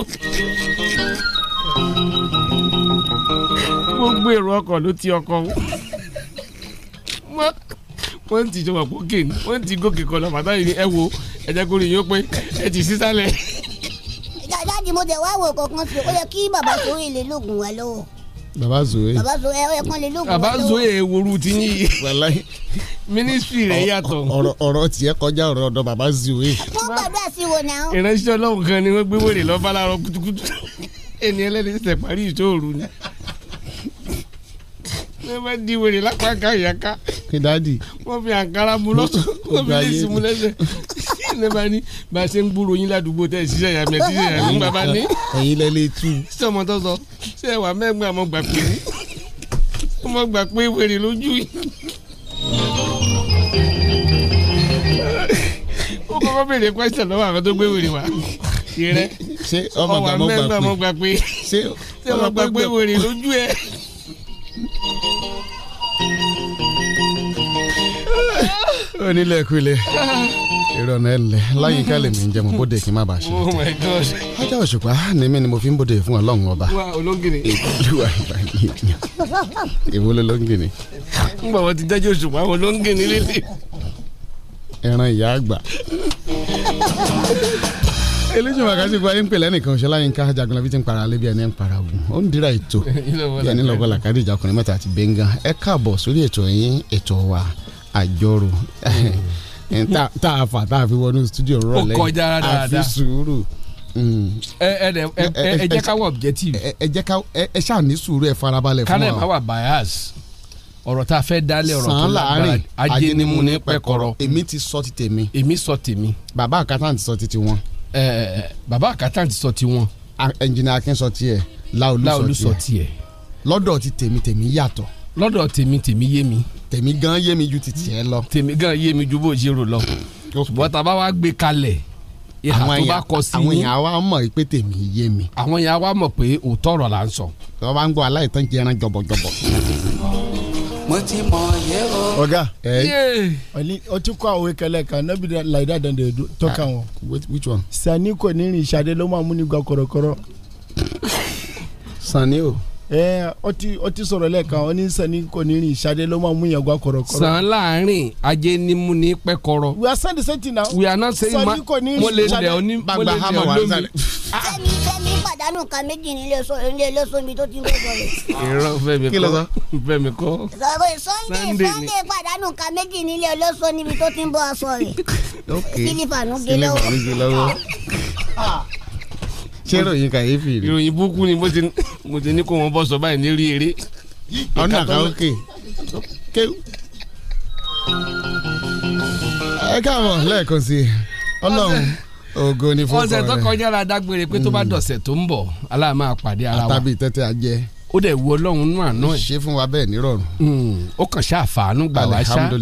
gbogbo èrò ọkọ̀ ló ti ọkọ̀ wọ́n wọ́n ti jọba gòkè wọ́n ti gòkè kọ̀ lọ bàtà yìí ẹ wo ẹ̀jẹ̀ kò lè yín ó pé ẹ ti sísàlẹ̀. jáde mo tẹ̀ wá wò kankan sí ó yẹ kí bàbá sórí lè lóògùn wa lọ́wọ́. bàbá zoe bàbá zoe ẹ kàn lè lóògùn wa lọ́wọ́. bàbá zoe ewuru ti yín yìí mínísírì rẹ̀ yàtọ̀. ọ̀rọ̀ tiẹ̀ kọjá ọ̀rọ̀ ọ̀dọ̀ bàbá zoe. wọ́n gbàdúrà sí wo náà. ìránṣẹ́ ọlọ́run kan ni wọ́n gbé wèrè lọ́ bẹ́ẹ̀ bá di wèrè lápá ká ìyàká wọ́n fi àǹkárá mu lọ́sọ̀ wọ́n fi lè sinmi lẹ́sẹ̀ ne bá ní bá a ṣe ń gbúrò yín ládùúgbò tẹ ṣiṣẹ́ yà mẹ ṣiṣẹ́ yà mí bàbá ní. ẹ̀yin lẹ lè tú. sọmọ tó sọ ṣe wà mẹgbẹ àmọ́ gbà pé ọmọ gbà pé wèrè lójú yìí. ó kọ́kọ́ béèrè question lọ́wọ́ àwọn tó gbé wèrè wá yẹrẹ ọmọ gbà mọ́ gbà pé ṣé ọmọ gbà pé wèrè lójú ẹ. onílẹ̀ kulẹ̀ ìrọ̀nà ẹlẹ̀ láyìíká lèmi ń jẹun bóde kí n má bàa ṣe. oh my god. ajá òṣùpá ni mí ni mo fi ń bóde fún ọlọ́run ọba. wa olóngìní. ìlúwa ìgbà yìí ìwọ lolóngìní. ń bọ̀ wọ́n ti jẹ́jọ́ òṣùpá àwọn olóngìní lílì. ẹran ìyá àgbà. eléjìmọ̀ àkàtì gba yín pèlẹ́ nìkan ṣọlá yín ká jagunlá bí ti ń para alẹ́ bí ẹni ń para ogun ó ń dira ètò bí ẹni lọ́gọ́ làkàdé ìjà ọkùnrin mẹ́ta àti bẹ́ngàn ẹ káàbọ̀ sórí ètò yín ètò wa àjọrò mm. tá a fà tá a fi wọnú studio rọlẹ́ a fi sùúrù mm. ẹ jẹ́ ká wọ objective. ẹ jẹ́ ká ẹ ṣáà ní sùúrù ẹ farabalẹ̀ fún wa. kálẹ̀ má wà bias ọ̀rọ̀ tá a fẹ́ dálẹ̀ ọ̀rọ̀ tó lágbára ajénimu ní pẹ́kọ̀rọ̀. èmi ti sọ ti tèmi. èmi sọ tèmi. bàbá àkátà ti sọ ti tiwọn. bàbá àkátà ti sọ tiwọn. ẹnjìnìà Akin sọ tiẹ̀ Láolú sọ tiẹ̀ lọ́dọ̀ ti tèmi tèmi yàtọ̀. lọ́dọ̀ tèmi tèmi yé mi tèmi gan yé mi ju ti tiẹ̀ lọ. tèmi gan yé mi ju bó ṣe rò lọ ṣùgbọ́n tá a bá wá gbé kalẹ̀ ìhà tó bá kọ sí yín. àwọn èèyàn wa mọ̀ pé tèmi yé mi. àwọn èèyàn wa mọ̀ pé òótọ́ ọ̀rọ̀ là ń sọ. tó bá ń gbọ́ aláìtàn jẹ́ ẹran jọ̀bọ̀jọ̀bọ̀. mo ti mọ yẹ o. ọ̀gá ọ ti kọ àwọn ìkẹlẹ kan nọbi laida dande tọ́ka wọn. which one. sani kò ní rìn ṣadé ló máa mú ní gba kọ̀rọ̀kọ̀rọ̀. sani o. ó ti sọrọ lẹ́ẹ̀kan ó ní kò ní rìn ìṣadé ló máa mú gba san laarin ajé ni mu we are saying the same thing now. we are not saying ma mo le lẹ ọ ní mo le lẹ ọ lómi. Ah. fẹ́mi fẹ́mi pàdánù nǹkan méjì nílé tó ti ṣé ìròyìn kàyéfì rè. ìròyìn búkú ni mo ti ní kó wọn bọ́ sọ báyìí ní rí eré. ọ̀nà àkàókè kéwù. ẹ káàbọ̀ lẹ́ẹ̀kan sí i ọlọ́run ògo ni fún ọ̀rẹ́. ọ̀sẹ̀ tó kọjá la dágbére pé tó bá hmm. dọ̀sẹ̀ tó ń bọ̀ aláàmà pàdé ara wa. àtàbí tẹ́tẹ́ ajẹ́ ó dẹ̀ wú ọlọ́run nú àná ẹ̀. ṣe fún wa bẹ́ẹ̀ nírọ̀rùn. Hmm. ó kàn ṣàfàánú gbà wá ṣá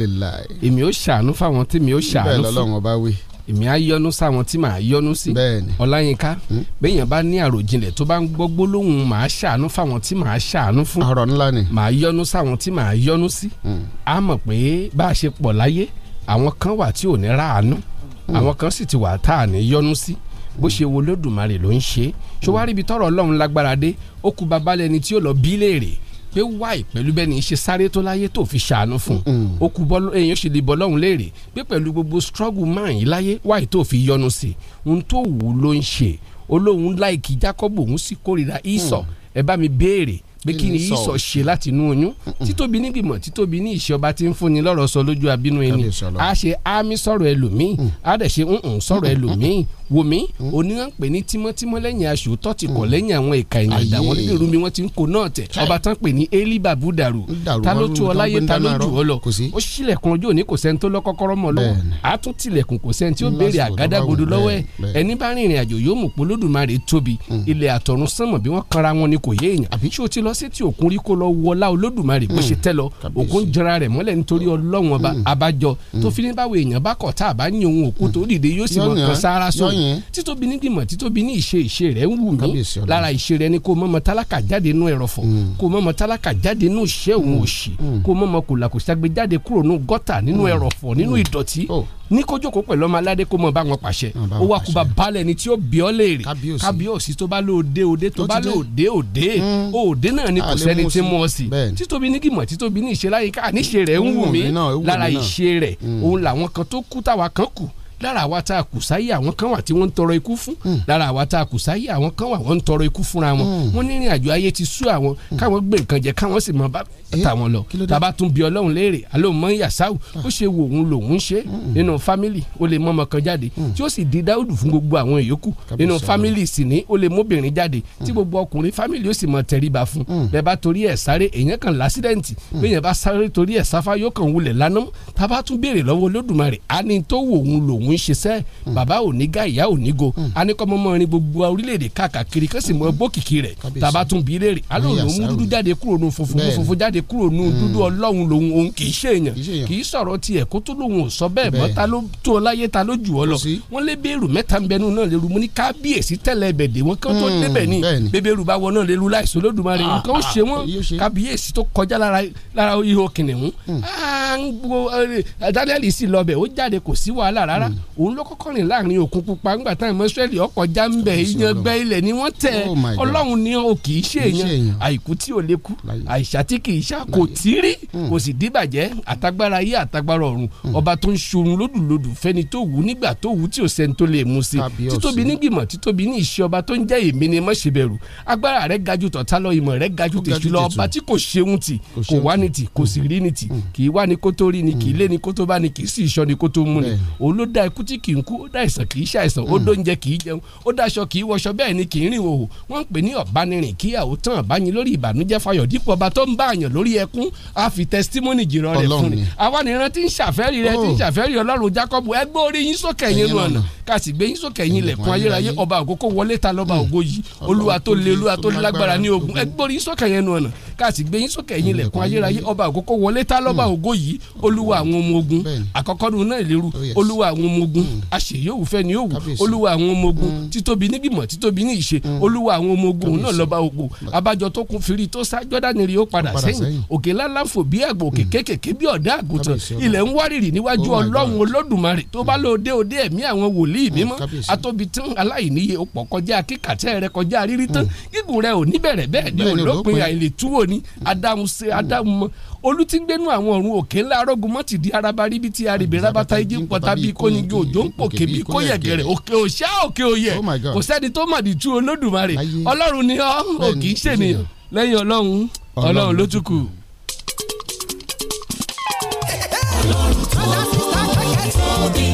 èmi ó ṣàánú fáwọn tí mi ó ṣàánú fún. bẹ́ẹ̀ lọ́lọ́run ọba wí èmi á yọnu sáwọn tí màá yọnu sí ọláyínká hmm? béèyàn bá ní àròjinlẹ̀ tó bá ń gbọ́ gbólóhùn màá ṣàánú fáwọn tí màá ṣàánú fún ọ̀rọ̀ ńlá ni màá yọnu sáwọn tí màá yọnu sí hmm. a mọ̀ pé bá a ṣe pọ̀ láyé àwọn kan wà tí ò ní ráàánú hmm. àwọn kan sì ti wà tá à ní yọnu sí bó ṣe wo lódùmarè ló ń ṣe ṣọwárí ibi tọ́rọ̀ Ọlọ́run lágbára dé ó kú babalẹni tí ó lọ bí léèrè pé wáì pẹ̀lú bẹ́ẹ̀ ni ṣe sáré tó láyé tó fi ṣàánú fún un ó kú bọ́ èèyàn ṣe lè bọ́ lọ́hùn léèrè pé pẹ̀lú gbogbo struggle máa yín láyé wáì tó fi yọnu sí ohun tó wù ú ló ń ṣe olóhùn láìkí Jacob òun sì kórìíra ìsọ̀ mm. ẹ bá mi béèrè bí kí ni ìsọ̀ ṣe láti inú oyún títóbi nígbìmọ̀ títóbi ní ìṣọba tí ń fúnni lọ́rọ̀ sọ lójú abínú ẹni a ṣe àmì sọ̀rọ̀ ẹlòmíì mm. a dẹ̀ ṣe nǹkan sọ̀rọ̀ ẹlòmíì wòmí oníhànpẹ̀ mm. ní tímọ́tímọ́ lẹ́yìn aṣọ tọ́tì kọ̀ mm. lẹ́yìn àwọn ìka ẹ̀yìn àdá wọn nílẹ̀ rúmi wọn ti ń kó náà tẹ̀ ọba tán pè ní eli babu dàrú ta ló tú ọ láyé ta ló jù ọ lọ ó ṣílẹ̀kùn ọjọ́ òní kò sẹ́ni tó lọ mọ́ lọ́wọ́ a tún tilẹ̀kùn kò sẹ́ni tí ó béèrè àgádágodo lọ́wọ́ ẹ̀ ẹni bá rìnrìn àjò yóò mú polódùmarè tóbi ilẹ̀ àtọ̀run sánmọ̀ ni kò yé èèyàn lọ sétí òkun rí kó lọ wọlá olódùmarè bó ṣe tẹ́ lọ òkun jẹra rẹ̀ mọ́lẹ̀ nítorí mm. ọlọ́wọ́n ọba mm. abájọ mm. tó fi ní báwo èèyàn bá kọ̀ tá a bá ní ohun òkú tó dìde yóò sì mọ̀ kan sára sọ títóbi ní gbìmọ̀ títóbi ní ìṣe ìṣe rẹ̀ ń wù mí lára ìṣe rẹ̀ ni kó mọ́mọ́ tálákà jáde nú ẹ̀rọ̀fọ̀ kó mọ́mọ́ tálákà jáde nú iṣẹ́ òun òṣì kó mọ́mọ́ kòlàkòṣàgbé jáde kúrò nú gọ́tà nínú ẹ̀rọ̀fọ̀ nínú ìdọ̀tí oh ní kó jókòó pẹ̀lú ọmọ aládé kó mọ̀ bá wọn pàṣẹ ó wá kúba balẹ̀ ni tí ó bí ọ́ léèrè kábíyèsí tó bá lóde òde tó bá lóde òde mm. òde náà ni kò sẹ́ni tí mọ̀ ọ́ sí títóbi ní gìmọ̀ títóbi ní ìṣe láyé ká níṣe rẹ̀ ń wù mí lára ìṣe rẹ̀ mm. òun làwọn kan tó kú táwa kan kù lára àwa tá a kù sáyé àwọn kan wà tí wọ́n ń tọrọ ikú fún hmm. lára àwa tá a kù sáyé àwọn kan wà wọ́n ń tọrọ ikú fúnra wọn hmm. wọ́n ní ìrìn àjò ayé ti sú àwọn hmm. káwọn gbé nǹkan jẹ káwọn sì mọ bàtà eh, wọn lọ tàbá tún bí ọlọ́run léèrè àló mọ yasau ó ṣe wo òun lòun ṣe nínú fámìlì ó lè mọ́mọ kan jáde tí ó sì di dáúdù fún gbogbo àwọn ìyókù nínú fámìlì sì ní ó lè móbìnrin jáde tí gbogbo ọkùnrin fámìlì ó sì mọ tẹríba fún bẹ́ẹ̀ bá torí ẹ̀ sáré èèyàn kan lásídẹ̀ǹtì bẹ́ẹ̀ yẹn bá sáré torí ẹ̀ sáfá yóò kàn wulẹ̀ lánàá tàbá tún béèrè lọ́wọ́ olódùmarè á ní tó wò òun lòun ń ṣiṣẹ́ bàbá ò ní ga ìyá ò ní go hmm. a ní kọ́ mọ́mọ́ rin gbogbo orílẹ̀-èdè káàkiri kí sì mọ hmm. bókìkí rẹ̀ tàbá tún bí léèrè alóòlù mú dúdú jáde kúrò nù funfun mú funfun jáde kúrò nù hmm. dúdú ọlọ́run lòun òun kì í ṣe èèyàn kì í sọ̀rọ̀ tiẹ̀ kó tó lòun ò sọ bẹ́ẹ̀ mọ́ ta ló tó láyé ta ló jù ọ lọ wọ́n lé béèrù mẹ́ta ń bẹnu náà léru mo ní kábíyèsí tẹ́lẹ̀ ẹ̀bẹ̀ wọ́n tó ni bébèrù bá wọ náà léru láìsọ lódùmarè ah, nǹkan ó ah, ṣe wọ́n kábíyèsí tó kọjá lára ihò kìnìún ah, eh, dáníẹ́lì sì lọ bẹ̀ ó jáde kò sí òun ló kọ́kọ́ rìn láàrin òkun pupa ńgbà táwọn ọmọ Ísírẹ́lì ọkọ̀ já ń gbẹ́ ilẹ̀ ni wọ́n tẹ̀ oh ọlọ́run ni o kì í ṣe èèyàn àìkú tí ò lè kú àìsà tí kì í ṣá kò tí rí hmm. kò sì díbàjẹ́ àtagbára ayé àtagbára ọ̀run hmm. ọba tó ń ṣorun lódùlódù fẹ́ni tó wù nígbà tó wù tí ò sẹ́ni tó lè mú sí títóbi nígbìmọ̀ títóbi ní ìṣe ọba tó ń jẹ́ èmi ni mọ̀ bẹ̀rù agbára dá ikú tí kì í kú ó dá ìsàn kì í ṣàìsàn ó hmm. dóúnjẹ kì í jẹun ó dáṣọ kì í wọṣọ bẹ́ẹ̀ ni kì í rìn òhò wọ́n ń pè ní ọ̀bánirin kíyàwó tán àbáyin lórí ìbànújẹ́ fayọ̀ dípò ọba tó ń bá àyàn lórí ẹkún a fi testimony jìrọ rẹ̀ fún ni àwa nìran tí ń ṣàfẹ́rí rẹ̀ tí ń oh. ṣàfẹ́rí ọlọ́run Jacob ẹ gbé orí yín sókè yín nu ọ̀nà ká sì gbé yín sókè yín lẹ̀kùn ayérayé ọba ògókó wọlé ta lọ́ba ògo yìí olúwa tó le olúwa tó lágbára ní ogun ẹ orí yín sókè yín nu ọ̀nà ká sì hmm. gbé yín sókè yín lẹ̀kùn ayérayé ọba ògókó wọlé ta lọ́ba ògo yìí olúwa àwọn ọmọ ogun àkọ́kọ́ nu náà ìléru oh, olúwa àwọn ọmọ ogun àṣeyọ̀wù mm. fẹ́ ni yóò wù olúwa àwọn ọmọ ogun mm. títóbi nígbìmọ̀ títóbi ní ìṣe mm. olúwa àwọn ọmọ ogun òun náà lọ́ba ògbò abájọ tó kun firi tó sá jọ́dánì rí ó padà sẹ́yìn òkè lálàfò bí àgbò òkè kékèké bí ọ̀dà àgùntàn ilẹ̀ ń wárìrì níwájú oh ọlọ́run olódùmarè tó bá lóde òde ẹ̀mí àwọn wòlíì mímọ́ atóbi tán aláìníye ó pọ̀ kọjá kíkàtẹ́ rẹ kọjá rírí tán gígùn rẹ ò níbẹ̀rẹ̀ bẹ́ẹ̀ ni ò lópin àìlè túwò ni adáhùn olùtíngbẹ́nu àwọn ọ̀run òkè ńlá arógunmọ́ ti di araba ríbi tí arìbẹ̀ rabata igi ń pọ̀tà bíi kóyingi òjò ń pòkè bíi kóyẹ̀gẹ̀rẹ̀ òkè òṣà òkè òyẹ̀ oh kò sẹ́ni tó mọ̀dí tú olódùmarè ọlọ́run ni ọ́ ò kì í ṣènìyàn lẹ́yìn ọlọ́run ọlọ́run ló tún kù. ọlọ́run tó lásìkò kẹ́kẹ́ tó bí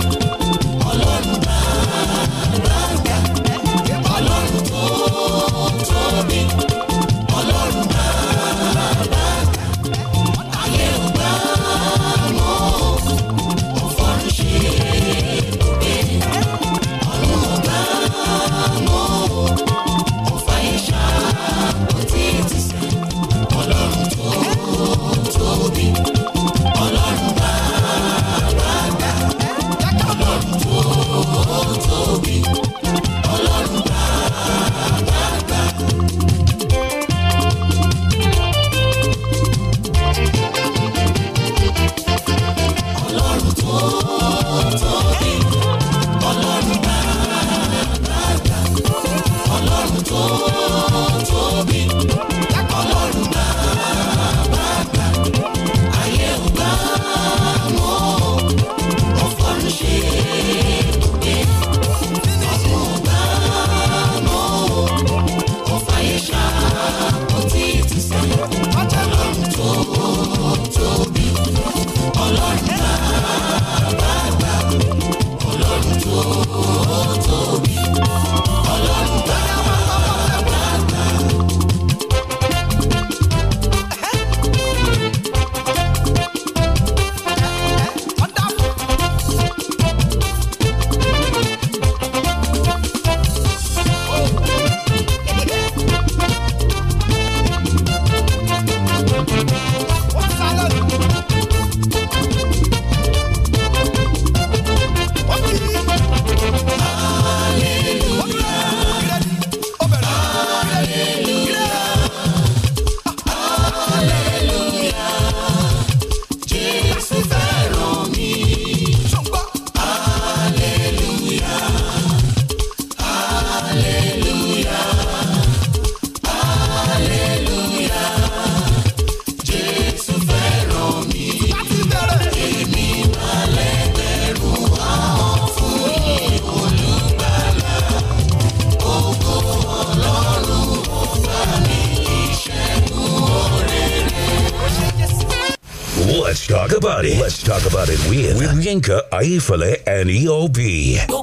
Ginka, Aifale, and EOB.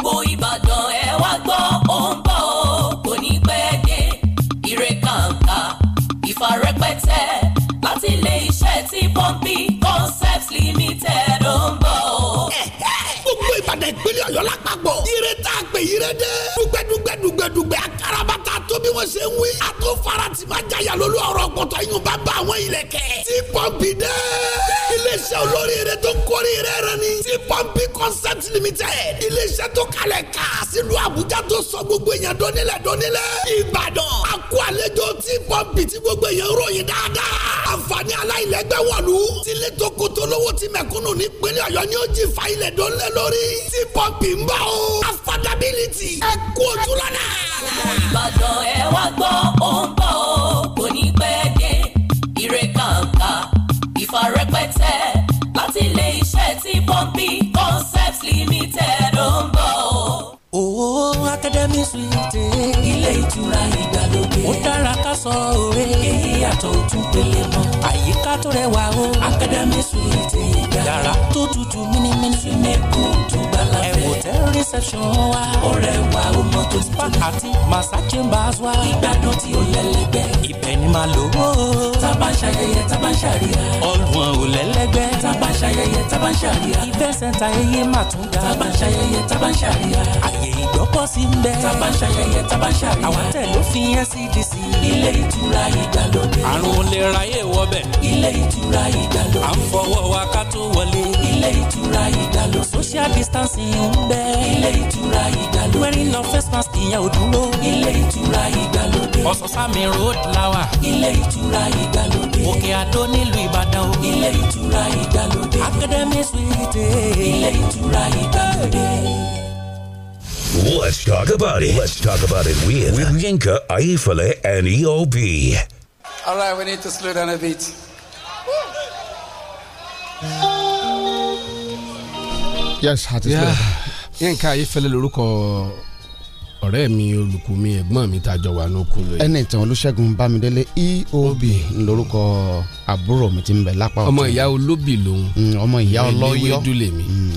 limited iléeṣẹ́ tó kalẹ̀ ká sílùú àbújá tó sọ gbogbo èèyàn dọ́nílẹ̀ dọ́nílẹ̀ ìbàdàn àkó àlejò tí pọ́ǹpì tí gbogbo èèyàn ròyìn dáadáa àǹfààní aláìlẹ́gbẹ́ wọ̀lú tílé tó kótó lówó ti mẹ̀kúnnù nípínlẹ̀ ọ̀yọ́ ni ó jì fa ilẹ̀ dọ́nílẹ̀ lórí tí pọ́ǹpì ń bọ̀ o affordability ẹ kú tábà ń ṣàríyá. ìfẹsẹ̀ta ẹyẹ mà tún ga. tábà ń ṣayẹyẹ tábà ń ṣàríyá. àyè ìgbọ́kọ̀ sí ń bẹ. tábà ń ṣayẹyẹ tábà ń ṣàríyá. àwọn tẹ̀ ló fi NCDC. E ilé ìtura ìgbàlódé. àrùn olè ráyè wọbẹ̀. ilé ìtura ìgbàlódé. à ń fọwọ́ wa ká tó wọlé ìtura social distancing ń bẹ. ilé ìtura wearing face mask ìyẹn ò dúró. ilé road ilé ìtura òkè àdó nílùú ìbàdàn o. ilé ìtura academy ilé ìdàlódé. Let's talk about it. Let's talk about it with, with Yinka, Aifale, and EOB. All right, we need to slow down a bit. yes àti sílẹ̀ Yínká Ayéfẹ́lẹ́ lórúkọ ọ̀rẹ́ mi olùkú mi ẹ̀gbọ́n mi tàjọ wà lóko lóye. ẹni ìtàn Olúṣẹ́gun Bámidélé EOB e lórúkọ àbúrò mi ti ń bẹ lápá ọ̀tún. ọmọ ìyá olóbì lòun. Mm, ọmọ ìyá ọlọ́yọ́ mm,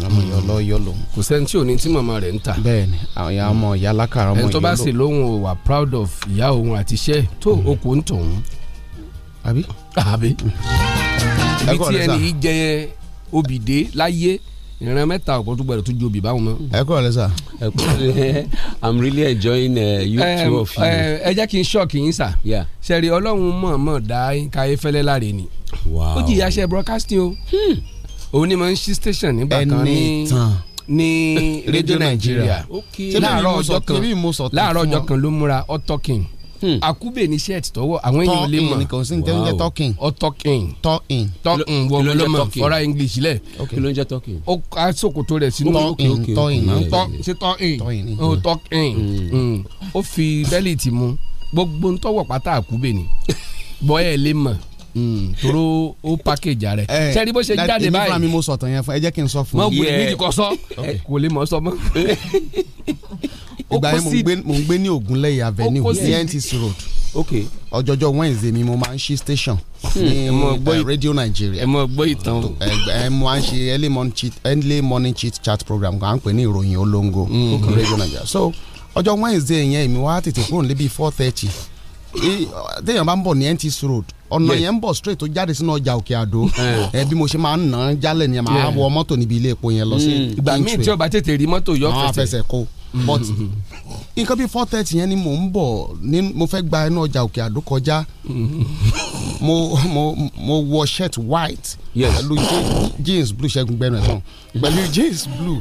ọmọ ìyá mm. ọlọ́yọ́ lòun. kò sẹ́ni tí ò ní tí màmá rẹ̀ ń tà. bẹ́ẹ̀ni àwọn ìyá ọmọ ìyá lákàrà ọmọ ìyá lòun. ẹni tó bá sì lóhùn o wà proud of ìyá òun àti iṣẹ́ tó okò ń tòun. àbí. àbí. ibi tí ẹni yìí ìran mẹ́ta ọ̀pọ̀ tó gbọ́dọ̀ tó ju obì báwọn mọ́. ẹ kúrò lẹ́sà. ẹ kúrò lẹ́ i'm really enjoying uh, you two of you. ẹ jẹ́ kí n ṣọ́ọ̀kì yín sà. sẹ́rí ọlọ́run mọ̀ọ́mọ̀ dá káyé fẹ́lẹ́ láre ni. ó jìyà ṣe broadcasting o. Hmm. òun ni mo ń ṣí station nígbà kan ní ní Nigeria. nàìjíríà láàárọ̀ ọjọ́ kan láàárọ̀ ọjọ́ kan ló múra hot talking Hmm. akube ni shirt tọwọ àwọn èèyàn lè mọ nìkan sí nítorí oúnjẹ talking ọ talking talking mm, talking wọ ọlọmọ fọra english lẹ kí ló ń jẹ talking ó ká ṣòkòtò rẹ̀ sínú talking talking ṣe talking ó talking mm, hmm. Hmm. ó fi bẹ́lí ti mu gbogbo ntọ́wọ̀ pátá akube ni bọ́ ẹ lè mọ̀ toro o package rẹ sẹ́ni eh, bó ṣe jáde báyìí èmi fúnra mi mo sọ̀tàn yẹn fún ẹ jẹ́ kí n sọ fún un. mọ̀ wúlò nídìí kọ sọ kò lè mọ̀ sọ mọ́. ìgbà yẹn mo ń gbé ní Ògúnlẹ̀yẹ avenue ní NTC road ọjọjọ Wednesday mi mo máa ń ṣí station hmm. ní eh, Radio Nigeria ẹ mọ gbọ́ ìtàn o ẹ mọ à ń ṣe early morning chit chat program kan à ń pè ní ìròyìn olóńgó hmm. Radio Nigeria so ọjọ́ Wednesday yẹn èmi wá tètè kúrò níbi four thirty téèyàn bá ń bọ̀ ní entis road ọ̀nà yẹn ń bọ̀ straight tó jáde sínú ọjà òkè àdó eh. ẹ bí mo ṣe máa ń nà án jálẹ̀ ni màá wọ mọ́tò níbi ilé epo yẹn lọ sí. Hmm. ìgbà míì tí o bá tètè rí mọ́tò yọ fẹsẹ̀ kó hmm. but nǹkan bíi four thirty yẹn ni mò ń bọ̀ mo fẹ́ gba inú ọjà òkè àdó kọjá hmm. mo wọ shirt white pẹ̀lú jeans blue ṣẹ́gun gbẹ́nu ẹ̀ pẹ̀lú jeans blue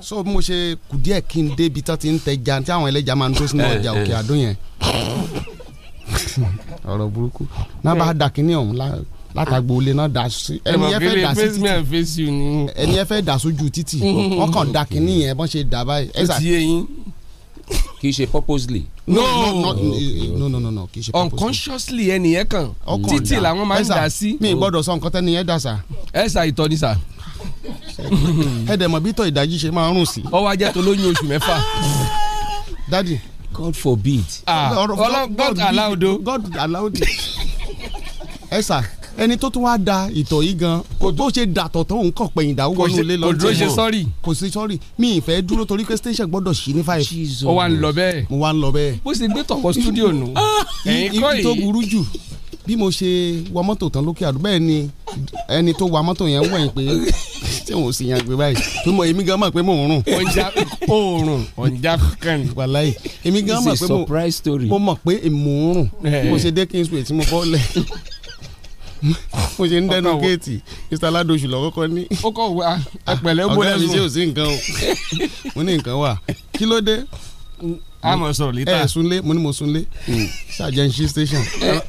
so mo ṣe kù díẹ̀ kí n débi tó ti ń tẹja tí àwọn ẹlẹ́ja máa ń tó sínú ọjà òkè àdó yẹn ọ̀rọ̀ burúkú náà bá dà kínní ọ̀hún látàgbò olè náà dà sí ẹni ẹ fẹ́ dà sí títì ẹni ẹ fẹ́ dà sójú títì wọ́n kàn dà kínní yẹn bọ́n ṣe dà báyìí. ó ti yé yín kì í ṣe purposely. no no no no no no kì í ṣe purposely. unconsciously ẹnìyẹn kan títì làwọn máa ń dà sí. mi gbọ́dọ̀ sọ nǹkan tẹ́niyẹn dà sá. ẹ sà ìtọ́ni sà ẹ dẹ̀ mọ̀ bí tọ́ ìdájí ṣe máa ń rùn sí. ọwọ́ ajẹ́ tó lóyún oṣù mẹ́fà. dadi. God forbid. ah, ah God allowed o. God allowed it. ẹ sà ẹni tó tún wá da ìtọ̀ yìí gan bó ṣe dàtọ̀ tó ń kàn pẹ̀yìn dàrú wọnú ilé lọ́dún kò dúró ṣe sọ́ọ̀rì kò sí sọ́ọ̀rì mi ìfẹ́ dúró torí pé station gbọ́dọ̀ ṣí ní five. ó wà ń lọ bẹ́ẹ̀. mo wà ń lọ bẹ́ẹ̀. bó ṣe gbé tọ̀wọ̀ studio nù. Ah, ẹ̀yin kọ́ yìí ìtò burú jù bí mo ṣe wa mọ́tò tán lókè àdó bẹ́ẹ̀ ni ẹni tó wa mọ́tò yẹn wẹ̀yìn pé ṣé wọn sì yan gbé báyìí tó mọ èmi gan mọ̀ pé mò ń rùn oòrùn ọ̀njà kan wàláyé èmi gan mọ̀ pé mo mọ̀ pé mò ń rùn eh. mo ṣe dé Kingsway tí mo bọ́ lẹ̀ mo ṣe ń dẹnu géètì Mr. Aladosu lọ́kọ́kọ́ ní. ó kọ̀ wá ah, ẹ̀pẹ̀lẹ́ ó bọ́lẹ̀ sùn ọ̀gá mi ṣe ò sí nǹkan o mo ní nǹkan wà kí ló dé a mọ̀ sọ̀rọ̀ lítà. ẹ sunlé mo ní mo sunlé hmm. ṣàjẹ́ ń ṣí station eh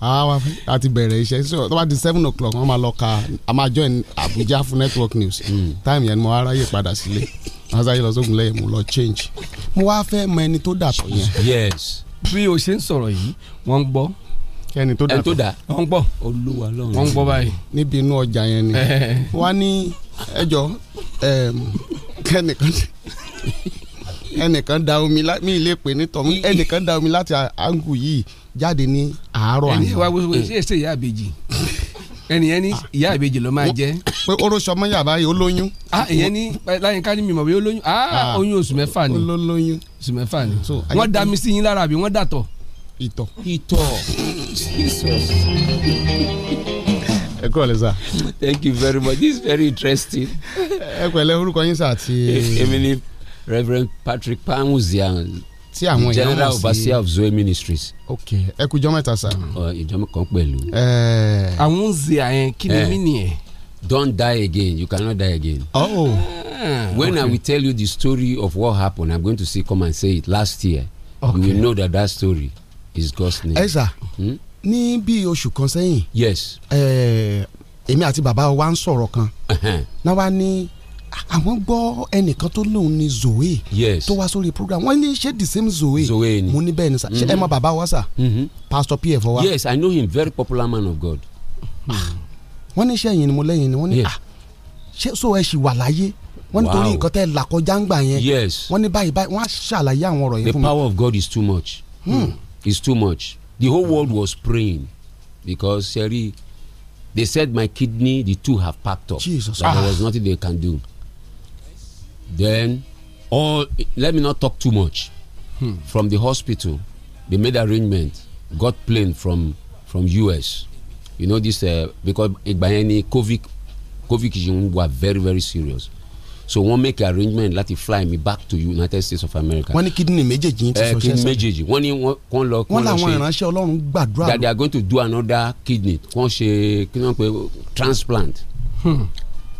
a ti bẹ̀rẹ̀ iṣẹ́ so tó bá di seven o'clock wọ́n máa lọ ka a máa join Abuja fún network news hmm. time yẹn ni mo aráyè padà sílé wọ́n sáré lọ sógun lẹ́yìn mo lọ change mo wá fẹ́ mọ ẹni tó dàtọ̀ yẹn. yes bí o ṣe ń sọ̀rọ̀ yìí wọ́n ń gbọ́ ẹni tó dàtọ̀ ẹni tó dà wọ́n ń gbọ́ olúwa lọ́run wọ́n ń gbọ́ báyìí. níbi inú ọjà yẹn ni wọ́n á ní ẹjọ́ kẹ́nìkan ẹnìkan da omi mi ilé pè ní tọ̀hún ẹnìkan da omi láti àǹgù yìí jáde ní àárọ̀ àná. ẹni wá wo hmm. ṣe é ṣe ìyá àbèjì ẹnìyẹn ní ah. ìyá àbèjì ló máa jẹ. pé oróṣọ mọ yàrá yìí ó lóyún. ah ìyẹn ní láyé ká ní mímọ bí ó lóyún ah, ah oyún oṣù mẹ́fà ni olóyún oṣù mẹ́fà ni wọ́n da mi sí yín lára àbí wọ́n dàtọ̀. ìtọ̀. ìtọ̀ Jesus. ẹ kúrò lẹ́sà. thank you very much this is very interesting. ẹ pẹ̀lẹ́ orúkọ yín sà e-, èmi ni Reverend Patrick Panwuzia uh, tí àwọn èèyàn sí general overseer of Zoe Ministries. ok ẹ kú ìjọ mẹ́ta sá. Uh, ìjọ kan pẹ̀lú. àwọn zia yẹn kí ni eh, mí nìyẹn. don't die again you cannot die again. oh. Uh, when okay. I will tell you the story of what happened I'm going to see. come and say it last year. okay you will know that that story is God's name. ẹ eh, sà hmm? ní bí oṣù kan sẹ́yìn. yes. èmi àti bàbá wa ń sọ̀rọ̀ kan. náà wá ní àwọn gbọ́ ẹnìkan tó lóun ni zoe. yes tó wá sórí program wọ́n ní ṣé the same zoe. zoe ni mo ní bẹ́ẹ̀ ni sà ṣé ẹ mm-hmm. mọ bàbá wa sà. Mm-hmm. pastor pf wa. yes i know him very popular man of god. Hmm. wọ́n ní ṣé ẹ̀yin ni mo lẹ́yìn ni wọ́n ní ah, ṣé so ẹ ṣì wà láyé wọ́n ní torí nǹkan tẹ́ là kọjá ń gbà yẹn. yes wọ́n ní báyìí báyìí wọ́n á ṣàlàyé àwọn ọ̀rọ̀ yẹn fún mi. the power of god is too much. Hmm. hmm. is too much the whole world was praying because sherry they said my kidney the two have packed up Jesus. ah. there was ah. nothing they can do Then, all let me not talk too much. Hmm. From the hospital, they made arrangement. Got plane from from US. You know this uh, because by any COVID COVID kìí were very very serious so wọ́n make arrangement láti fly me back to united states of america. wọ́n ní kidney méjèèjì yín ti eh, sọ ṣẹ́sẹ́. kidney méjèèjì wọ́n ní wọ́n lọ. wọ́n làwọn ìránṣẹ́ ọlọ́run gbàdúrà. that they are going to do another kidney wọ́n ṣe kí wọ́n pe transplant. Hmm.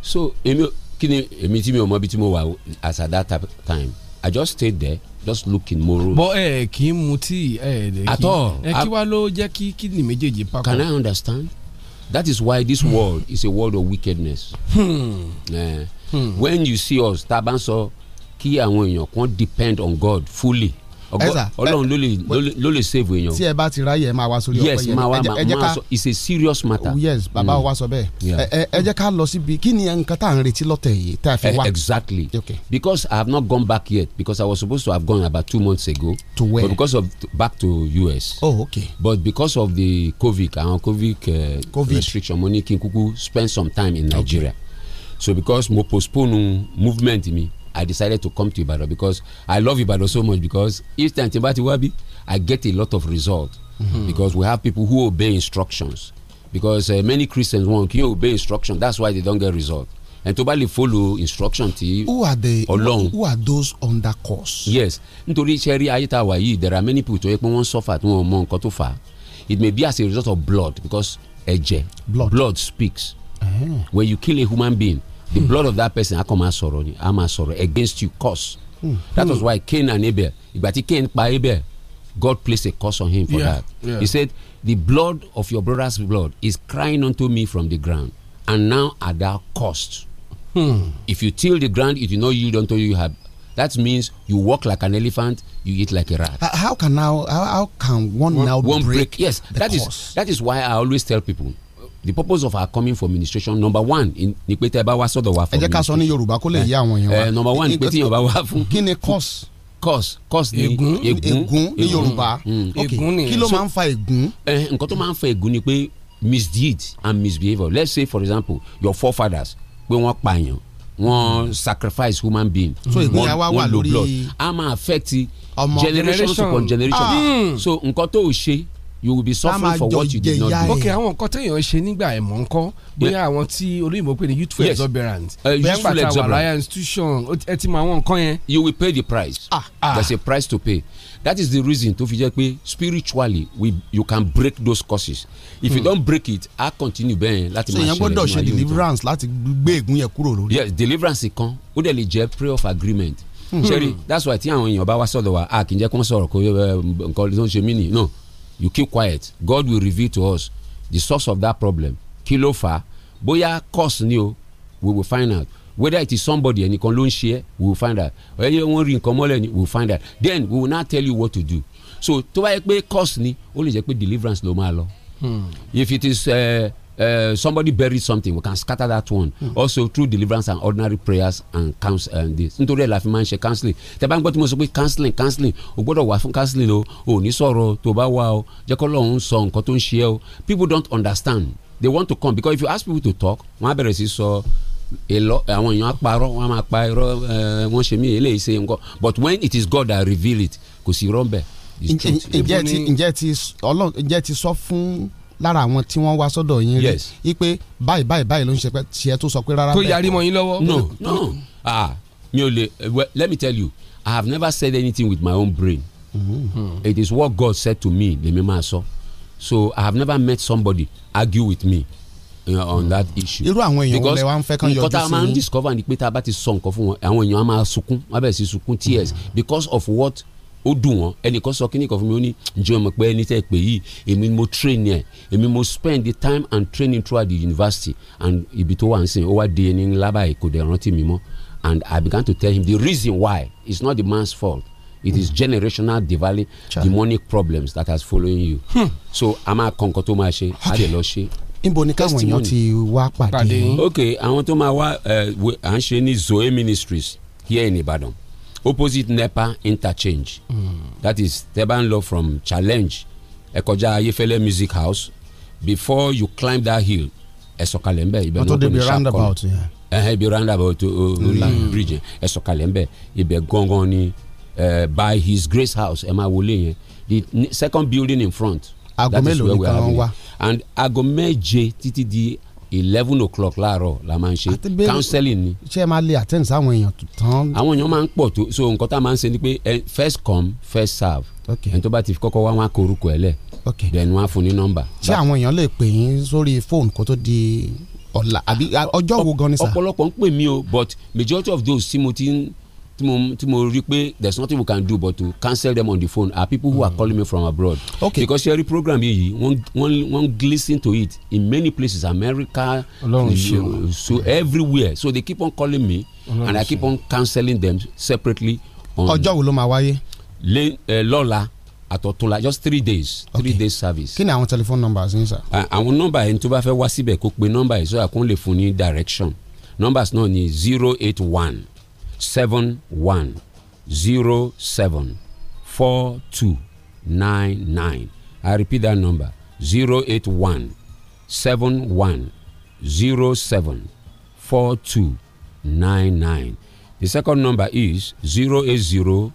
so èmi kí èmi tí mi ò mọ ibi tí mo wà as at that time i just stayed there just looking more bọ ẹ eh, kì í mutí ẹ ẹ àtọ ẹ kí wàá ló jẹ kí kidney méjèèjì papọ̀. can i understand that is why this world is a world of wickedness. Hmm. Uh, hmm. when you see us tá a bá ń kí àwọn èèyàn kan depend on God fully Ọlọ́run ló lè save èèyàn. tí ẹ bá ti ráyè ẹ máa wá sórí ọpẹ́ yẹn yes máa wá máa sọ it's a serious matter. Oh, yes bàbá mm. wa sọ bẹ́ẹ̀ ẹ jẹ́ ká lọ síbi kí ni nǹkan tá à ń retí lọ́tẹ̀ yìí tá a fi eh, wá. exactly okay. because I have not gone back yet because I was supposed to have gone about two months ago. to where but because of back to US. oh okay. but because of the COVID àwọn COVID, uh, COVID restriction mo ní kí n kúkú spend some time in Nigeria okay. so because mo postpone movement mi I decided to come to Ibadan because I love Ibadan so much because each time tí n bá I get a lot of result mm -hmm. because we have people who obey instructions because uh, many Christians want kì obey instruction that's why they don't get result and to bá follow instruction to Ọlọ́run. who are they? Ọlọ́run. who are those on that course. yes nítorí iṣẹ́ rí ayé there are many people tó yẹ pé wọ́n suffer tí wọ́n mọ nǹkan it may be as a result of blood because ẹ̀jẹ̀ blood. blood speaks uh -huh. when you kill a human being the blood of that person á kàn máa sọ̀rọ̀ ni á sọ̀rọ̀ against you curse that was why Cain and Abel ìgbà tí Cain pa Abel God placed a curse on him for yeah, that yeah. he said the blood of your brother's blood is crying unto me from the ground and now at that cost. Hmm. If you till the ground, it will not yield until you have. That means you walk like an elephant, you eat like a rat. how can now? How, how can one, one now one break? break yes, that course. is that is why I always tell people the purpose of our coming for administration number one ni pé tẹ́ ẹ bá wá sọ́dọ̀ wa for ministration. ẹ jẹ́ ká sọ ní yorùbá kó lè yé àwọn èèyàn wa. Eh, eh, number one ni pé tí èèyàn bá wá fún. kí ni course. course course ni ègún egun. ní yorùbá. Hmm. ègún ni kí ló máa ń fa ègún. Eh, nǹkan tó máa ń fa ègún ni pé misdeed and misbehaviour let's say for example your forefathers pé wọ́n pààyàn wọ́n sacrifice human being. so ìgbéyà wa wà lórí. a máa affect generation upon generation. Ah. so nǹkan tó o ṣe you will be suffering for what you did not do. ok àwọn nǹkan téèyàn ṣe nígbà ẹ̀mọ́ ńkọ́ bóyá àwọn tí olóyìnbó pè ní youthful exuberant uh, bóyá pàtàkì àwọn àlàyé institution ẹ ti mọ àwọn nǹkan yẹn. you will pay the price ah, ah. there is a price to pay that is the reason To fi jẹ́ pé spiritually we you can break those curses if hmm. you don break it i continue bẹ́ẹ̀ láti máa ṣẹlẹ̀ ní ayé ìtàn. so èèyàn gbọ́dọ̀ ṣe deliverance láti gbé ègún yẹn kúrò lórí. yes deliverance kan ó dẹ̀ lè jẹ́ prayer of agreement. sẹ́rí hmm. that's why tí àwọn èèyàn bá wá sọ̀dọ̀ wa a kì í jẹ́ kó ń sọ̀rọ̀ kó eh, nǹkan tó ń ṣe mí nì no you keep quiet god will reveal to us the source of that problem Kilofa, bóyá cause ni o we will find out whether it is somebody ẹnìkan ló ń ṣe ẹ we will find out ẹyẹ wọn ring nǹkan mọ́lẹ̀ ni we will find out then we will now tell you what to do so tó bá yẹ pé cause ni ó lè jẹ́ pé deliverance ló máa lọ hmm. if it is. Uh, Eh, somebody buried something we can scatter that one mm. also through deliverance and ordinary prayers and counsel and eh, this nítorí ẹ̀ la fi máa ń ṣe counseling tẹ bá ń gbọ́ tí mo sọ pé counseling counseling o gbọ́dọ̀ wà fún counseling o ò ní sọ̀rọ̀ tó bá wà o jẹ́ kọ́ sọ nǹkan tó ń ṣe o people don't understand they want to come because if you ask people to talk wọ́n á bẹ̀rẹ̀ sí sọ èlò àwọn èèyàn á parọ́ wọ́n á máa pa irọ́ eh, wọ́n ṣe mí eléyìí ṣe nǹkan but when it is God that reveal it kò sí irọ́ ń bẹ̀. ǹjẹ́ ti ǹjẹ́ ti ọlọ́run ǹjẹ́ ti sọ fún lára àwọn tí wọ́n wá sọ́dọ̀ yín rí i pé báyìí báyìí báyìí ló ń ṣe pé tiẹ̀ tó sọ pé rárá. tó yarí mọ́ yín lọ́wọ́. no no ah mi ò lè well let me tell you i have never said anything with my own brain mm-hmm. it is what God said to me lèmi máa sọ so i have never met somebody argue with me you uh, know, on mm. that issue. irú àwọn èèyàn wọlé wa ń fẹ́ kán yọjú sí mi. because nǹkan tá a máa ń discover ni pé tá a bá ti sọ nǹkan fún wọn àwọn èèyàn á máa sunkún wọ́n á bẹ̀rẹ̀ sí sunkún tears mm. because of what ó dùn wọ́n ẹnìkan sọ kí nìkan fún mi ó ní ǹjẹ́ o mọ̀ pé ẹni tẹ́ ẹ yìí èmi mo train ẹ̀ èmi mo spend the time and training throughout the university and ibi tó wà ń sìn ó wá di ẹni ńlá báyìí kò dẹ̀ rántí mi mọ́ and I began to tell him the reason why it's not the man's fault it is generational devali demonic problems that has following you hmm. so a máa kọ nǹkan tó máa ṣe a lè lọ ṣe. níbo ni káwọn èèyàn ti wá pàdé. ok àwọn tó máa wá eh, à ń ṣe ní Zoe Ministries here in Ibadan opposite nepa interchange mm. that is tẹ́ bá from challenge Ekoja kọjá music house before you climb that hill ẹ sọ̀kalẹ̀ ń bẹ̀ ibẹ̀ náà kò ní sàkọ́ ẹ̀hẹ́n ibi roundabout ola hmm. bridge yẹn ẹ sọ̀kalẹ̀ ń bẹ̀ gangan ni by his grace house ẹ máa wọlé the second building in front. aago mélòó ni kí wọ́n wá. and aago méje títí di eleven o'clock láàárọ̀ la máa ń ṣe counseling ni. ṣé ẹ máa lè attend sáwọn èèyàn tán. àwọn èèyàn máa ń pọ̀ tó so nǹkan tá a máa ń ṣe ni pé first come first serve ẹni tó bá ti kọ́kọ́ wá wọn á ẹ lẹ̀ then wọn á fún ní nọ́mbà. ṣé àwọn èèyàn lè pè yín sórí fóònù kó tó di ọ̀la àbí ọjọ́ wo gan ni sà. ọ̀pọ̀lọpọ̀ ń pè mí o but majority of those tí mo ti ń tí mo tí mo rí pé there is nothing we can do but to cancel them on the phone are people who mm. are calling me from abroad. okay because ṣe rí program one, one, one, wọ́n listen to it in many places America Olorun so everywhere so they keep on calling me Olorun and I keep on cancelling them separately. ọjọ́ wo ló máa wáyé. Eh, lọ́la àtọ̀túnla just three days three days service. kí ni àwọn telephone numbers ń sà. àwọn nọ́mbà yẹn tó bá fẹ́ wá síbẹ̀ kó pe nọ́mbà yìí so àkóńlè fún ní direction numbers náà ni zero eight one. seven one zero seven four two nine nine. I repeat that number zero eight one seven one zero seven four two nine nine. The second number is zero eight zero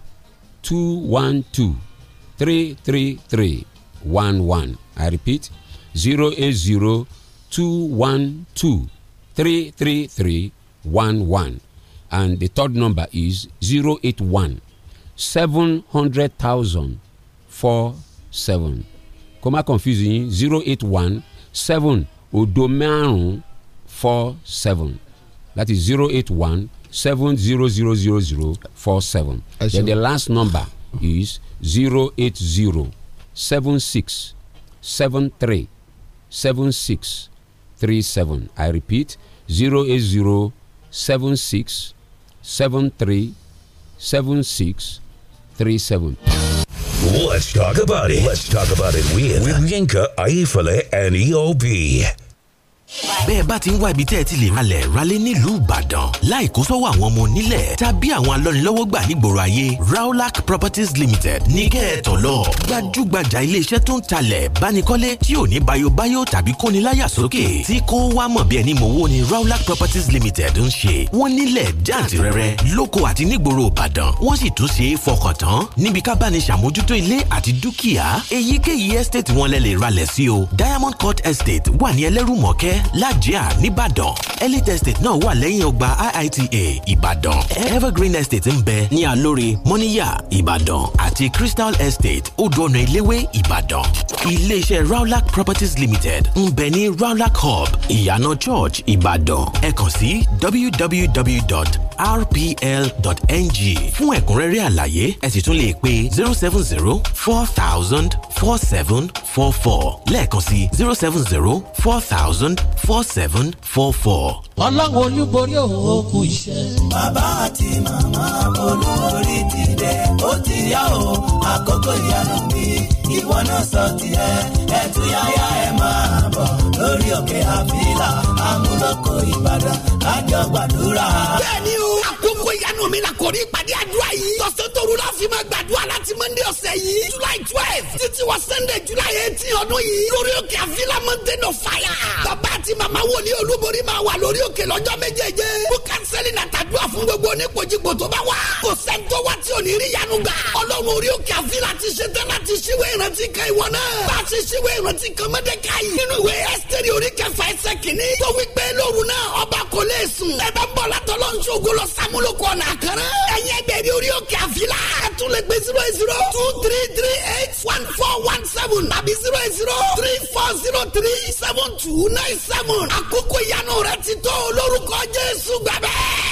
two one two three three three one one. I repeat zero eight zero two one two three three three one one and the third number is 081 700,000 47 kó confuse 081 7 odo 47 that is 081 700047. then the last number is 080 76 73 76 37 I repeat 080 76 737637. Let's talk about it. Let's talk about it with, with Yinka, Aifale, and EOB. bẹ́ẹ̀ bá ti ń wá ibi tẹ́ ẹ ti lè ralẹ̀ ralé nílùú ìbàdàn láì kó sọ́wọ́ àwọn ọmọ onílẹ̀ tàbí àwọn alọ́nilọ́wọ́ gbà nígboro ayé Raulac Properties Limited ní kẹ́ẹ̀tọ́ lọ. gbajúgbajà iléeṣẹ́ tó ń talẹ̀ bánikọ́lé tí ò ní bayobayo tàbí kóniláyà sókè tí kò wá mọ̀ bí ẹni mọ̀wó ni Raulac Properties Limited ń ṣe. wọ́n nílẹ̀ jáàntìrẹrẹ lóko àti nígboro ìbàdàn wọ́n sì tún ṣe é fọkàn tán níbi ká bá ní ṣàmójútó ilé àti dúkìá èyíkéyìí estate wọn lẹ lè ralẹ̀ sí Diamond Court Estate wà ní ẹlẹ́rùmọ̀kẹ́ lajia nìbàdàn elite estate náà wà lẹ́yìn ọgbà iita ìbàdàn evergreen estate ń bẹ ní alórí mọ́níyà ìbàdàn àti crystal estate odòọ̀nà eléwé ìbàdàn iléeṣẹ́ rawlac properties limited ń bẹ ní rawlac hub ìyànà church ìbàdàn ẹ kàn sí www.rpl.ng fún ẹ̀kúnrẹ́rẹ́ àlàyé ẹ sì tún lè pè zero seven zero four thousand four seven four four lẹ́ẹ̀kan sí zero seven zero four thousand four seven four four. olúborí òun iṣẹ́. bàbá àti màmá olórí ti dé ó ti yá o àkókò ìyanu mi ìwọ náà sọ tiẹ̀ ẹ̀túyáyá ẹ̀ máa bọ̀ lórí òkè àfíìlà àmúlòkọ ìbàdàn lájọ gbàdúrà. bẹ́ẹ̀ni o àkókò ìyanu mi la kò rí ìpàdé àdúrà yìí tọ̀sán tòru la fi máa gbàdúrà láti monday ọ̀sẹ̀ yìí july twelve títí wọ sunday july eighteen ọdún yìí lórí òkè àfíìlà mountain no fire. bàbá àti màmá wòlíì olúborí máa wà lórí òkè lọ́jọ́ méjèèjì kó kánsẹ́lì nàtàdúrà fún gbogbo oníkojúgbò tó bá wà kò sẹ́ńtọ́ wá tí ò ní rí ìyanu gbà ọlọ́run orí òkè àfíìlà ti ṣetán láti ṣíwèé ìrántí kan ìwọ náà. bá a ṣe ṣíwé ìrántí kan Mọ́dékáì. nínú ìwé ẹ́sítẹ́rì orí ẹsẹ̀ kìíní. tó wí pé lóru náà ọba kò lè sùn. ẹ bá bọ̀ látọ̀ lọ ṣogo lọ sàmúlòkọ ọ̀nà àkàrà. ẹ̀yin ẹgbẹ́ orí òkè àfilà. ẹ lè gbé zero zero two three three eight one four one seven àbí zero zero three four zero three seven two nine seven. àkókò ìyanu rẹ ti tó lórúkọ Jésù gbàgbẹ́.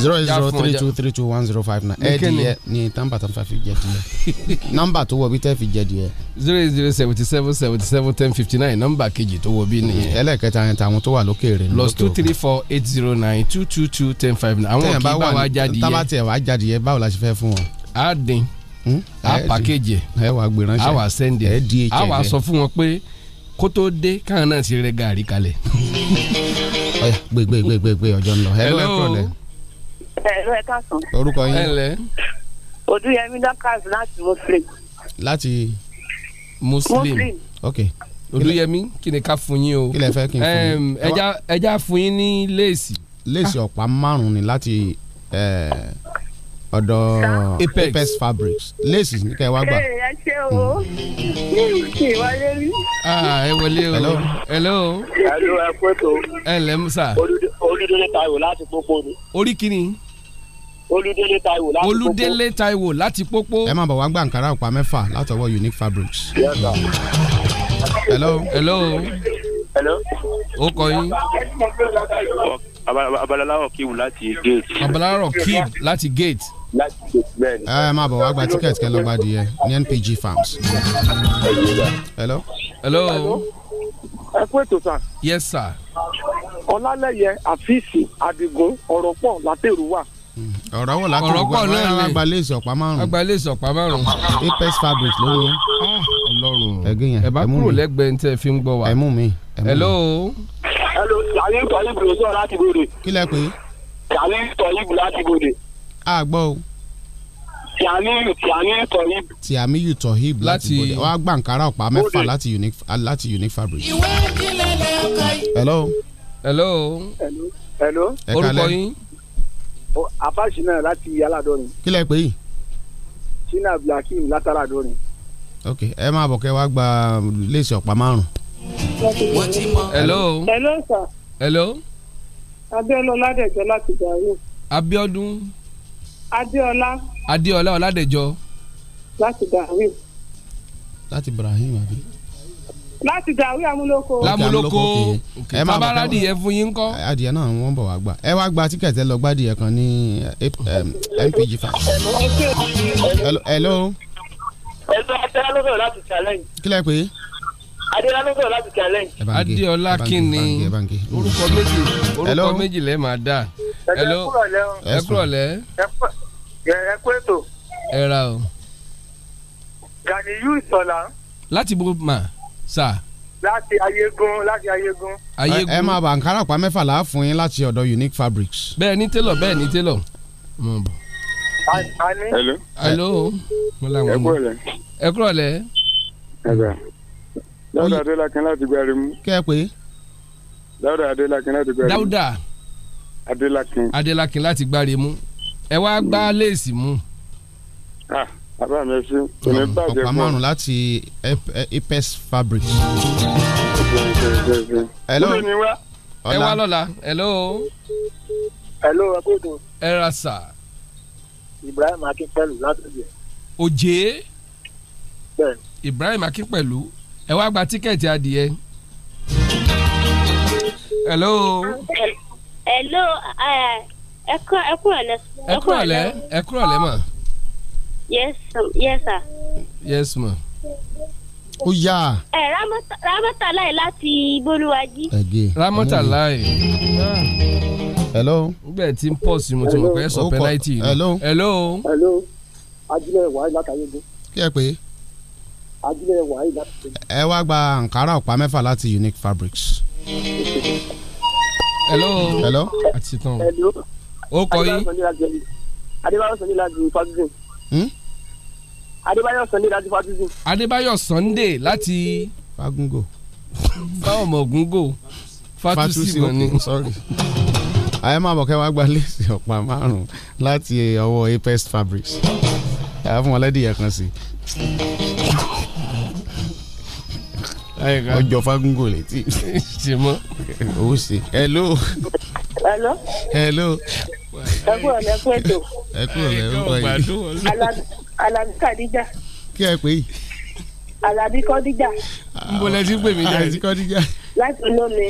zero zero three two three two one zero five nine ẹ eh, diẹ ni nọ́mbà tó ń fa fi jẹ diẹ nọ́mbà tó wọ bí tẹ́ fi jẹ diẹ. zero zero seventy seven seventy seven ten fifty nine nọ́mbà kejì tó wọ bí nìyẹn. Eh, ẹlẹ́kẹta yẹn tàwọn tó wà lókèèrè. plus two three four eight zero nine two two two ten five nine. àwọn kì í bá wa jáde yẹ. tábà tẹ̀ wá jáde yẹ báwo la ṣe fẹ́ fún wọn. a dín hmm? a eh, pàkéjì ẹ wà gbèrànṣẹ a wà sẹ́ndì ẹ a wà sọ fún wọn pé kó tó dé káwọn náà ti rẹ gàrí kalẹ̀. gbẹgbẹgbẹgbẹ ọjọ́ ń lọ hello ẹ ẹ̀rọ ẹ̀ káàsán. orúkọ yín. odúyẹmí dọ́kàs láti muslim. láti muslim. muslim. ok odúyẹmí kí ni ká fún yín o. kí lẹ fẹ́ kí n fún yín. ẹja fún yín ní léèsì. léèsì ọ̀pá márùn-ún ni láti ọ̀dọ̀ apex fabrics léèsì ní kẹ́ gbà. ẹ ẹ ṣe o hmm. kì í wọlé rí. Ah, ẹ wọlé o hello. hello ẹ kú ètò. ẹ lẹ́mú sá. olùdó ní tayọ̀ láti pópó ni. orí kìíní olúdélé taiwo láti pópó olúdélé taiwo láti pópó. ẹ máa bọ̀ wá gba Ankara ọ̀pá mẹ́fà látọwọ́ unique fabrics. Yes, hello. hello. hello. ó kọ yín. abalalawo kiw láti gate. abalalawo kiw láti gate. láti gate bẹ́ẹ̀ ni. ẹ máa bọ̀ wá gba tíkẹ́ẹ̀tì kẹ́ lọ́ọ́ gba adìyẹ ní NPG Farms. hello. hello. hello ẹ kú ètò sàn. yes sir. ọlálẹyẹ àfíìsì àdìgún ọ̀rọ̀ pọ̀ látẹ̀rù wà ọ̀rọ̀ wò látò gbọ́ ọ̀rọ̀ agbalẹ̀ ìsọ̀pá márùn. agbalẹ̀ ìsọ̀pá márùn. apex fabric ló ń ọlọ́run ẹ̀gìn yẹn ẹ bá kúrò lẹ́gbẹ̀ẹ́ ní fi ń gbọ́ wa. ẹ̀mú mi. hello. hello yàrá ìtọ́ ìbùdó sọ̀rọ̀ láti bòde. kí lẹ pé. yàrá ìtọ́ ìbùdó láti bòde. a gbọ́ o. Tìàmí yù Tohib láti bòde ọ̀ agbàǹkárá ọ̀pá mẹ́fà láti Unique Fabric. ìwé ìdílé lẹ́yìn hello. hello. hello. orúkọ yín a fa sinna láti yàrá dọ́ni. kílẹ̀ pé yìí. sinna blakim látara dọ́ni. ok ẹ máa bọ̀ kẹ́ wá gba léèsì ọ̀pá márùn. hello. hello sir. hello. Abíọ́lá Ọládẹ̀jọ láti Gàrí. Abíọ́dún. Adéọlá. Adéọlá Ọládẹ̀jọ. láti Gàrí. láti Ibrahim àbí láti gàrí amúlòkó. lámúlòkó ẹ má bàtà adìyẹ fún yín kọ. adìyẹ náà wọ́n bọ̀ wá gbà ẹ wá gba tíkẹ̀tì ẹ lọ gba adìyẹ kan ní MPG fa. hello. ẹ̀sọ́ adéyà ló bẹ̀rẹ̀ láti challenge. kílẹ̀ pé. adéyà ló bẹ̀rẹ̀ láti challenge. adéọlá kínní orúkọ méjì orúkọ méjì lẹ́ẹ̀ máa dà. hello ẹ kúrọ̀ lẹ́. ẹ kú ètò. ẹ ra o. Gàníyù Ìsọ̀lá. láti bó ma sà. láti ayégún láti ayégún. ayégún ẹ máa bá àǹkárá pa mẹ́fà láà fún yín láti ọ̀dọ̀ unique fabrics. bẹ́ẹ̀ ni télọ̀ bẹ́ẹ̀ ni télọ̀. hello. hello. ẹ kúrọ̀ lẹ́. dáúdà adélakẹ́ láti gbárí mú. kẹ́ dáúdà adélakẹ́ láti gbárí mú. dáúdà. adélakẹ́. adélakẹ́ láti gbárí mú. ẹ wá gbá léèsì mú. ah bàbá mi bàjẹ́ fún ọ. láti apes fabric. hello ẹ wá lọ́la hello. hello akoto. ẹ ra sà. Ibrahim Akínpẹ̀lú látọ̀jẹ. òjé. bẹ́ẹ̀. Ibrahim Akínpẹ̀lú ẹ wá gba tíkẹ́ẹ̀tì adìyẹ. hello. hello ẹ kúrọ̀lẹ́. ẹ kúrọ̀lẹ́ ẹ kúrọ̀lẹ́ mà yes um, yes sir. yes ma. ó yá. ẹ Rámọ́tàláì láti Bolúwàjí. Rámọ́tàláì. hello. nígbà tí ń pọ̀ sí mo ti mọ̀ pé ẹ sọ pẹ́náìtì. hello. hello. hello. ajílẹ̀ wàhálà látàyégún. kí ẹ pè é. ajílẹ̀ wàhálà látàyégún. ẹ wá gba ankara ọ̀pá mẹ́fà láti Unique Fabrics. hello. hello. àti tán. hello. ó kọ yín. adébáyọ̀ sọ ní láti fagilé. Hmm? adébáyọ̀ sunday láti fagungo. adébáyọ̀ sunday láti. fagungo. báwọn ọmọ ògúngò fatusi wọn ni. sorry ayé máa bọ̀ kẹ́ wá gba léèsì ọ̀pá márùn-ún láti ọwọ́ apest fabrics ẹ̀ fún wọn lẹ́dìyẹ kan sí ọjọ́ fagungo létí. ṣe mọ́. o ṣe. hello. hello. hello ẹ kú ọ̀lẹ́ kú ètò. ẹ kú ọ̀lẹ́ ó bá yìí. Àlàbí Kàdíjà. kí ẹ pè é. Àlàbí Kọ́díjà. n bọ̀lẹ̀ tí pèmí Àlàbí Kọ́díjà. láti olómi.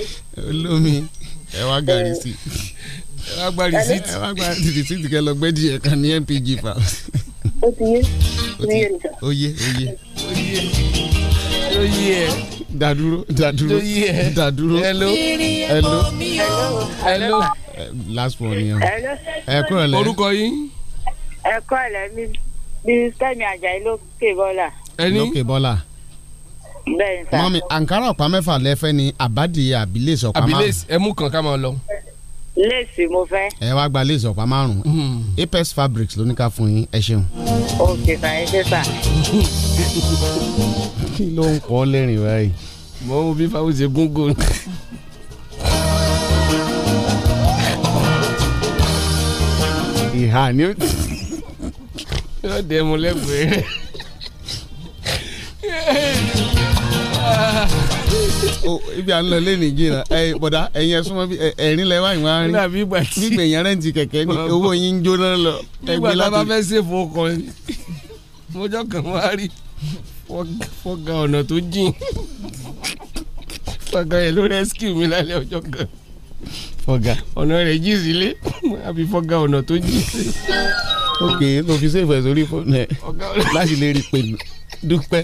olómi ẹ wá gàrí sí ẹ wá gba rìsíìtì ẹ wá gba rìsíìtì kẹ lọ gbẹ́dì ẹ̀ kan ní MPG Farms. O ti yé ó yé ó O ó yé ó yé ẹ dàdúró dàdúró dàdúró hello hello hello last one yẹn ẹ kúrò lẹ. orúkọ yín. ẹ kọ́ mi bíi sẹ́mi àjàyí lókè bọ́là. ẹni lókè bọ́là. bẹ́ẹ̀ sá. mọ́mi àǹkárá ọ̀pá mẹ́fà lẹ́fẹ́ ni abadi àbílẹ̀sì ọ̀pá márùn. àbílẹ̀sì ẹ mú kan ká máa lọ. léèsì mo fẹ́. ẹ wá gba léèsì ọ̀pá márùn. Hmm. apex fabrics ló ní ká fún yín ẹ ṣeun. òkè fàyè ṣe sà. kí ló ń kọ́ lẹ́rìn báyìí. mo ń bí fáwọn ṣe gúngún. ìhà ni ó ti yóò dé mu lẹ́gbẹ̀ẹ́ rẹ̀. ibi à ń lọ lé nìjíríà ẹ bọ̀dá ẹ̀yin ẹ̀sùn mọ́ bí ẹ̀rín lẹ́wà ìwọ̀n àárín nígbà èèyàn rẹ̀ ń ti kẹ̀kẹ́ ni owó yín ń jóná lọ. nígbà tá a bá fẹ́ ṣèfò ọkàn ni mọ́jọ́ kan wá rí fọ́gà ọ̀nà tó jìn fọ́gà yẹn ló rẹ́síkì mi lálẹ́ ọjọ́ kan fọgà. ọ̀nà rẹ̀ jì sílé àfi fọgà ọ̀nà tó jì sí. ok tó fi ṣèfù ẹ̀ sórí fóònù ẹ̀ láti lè rí i pé dúpẹ́.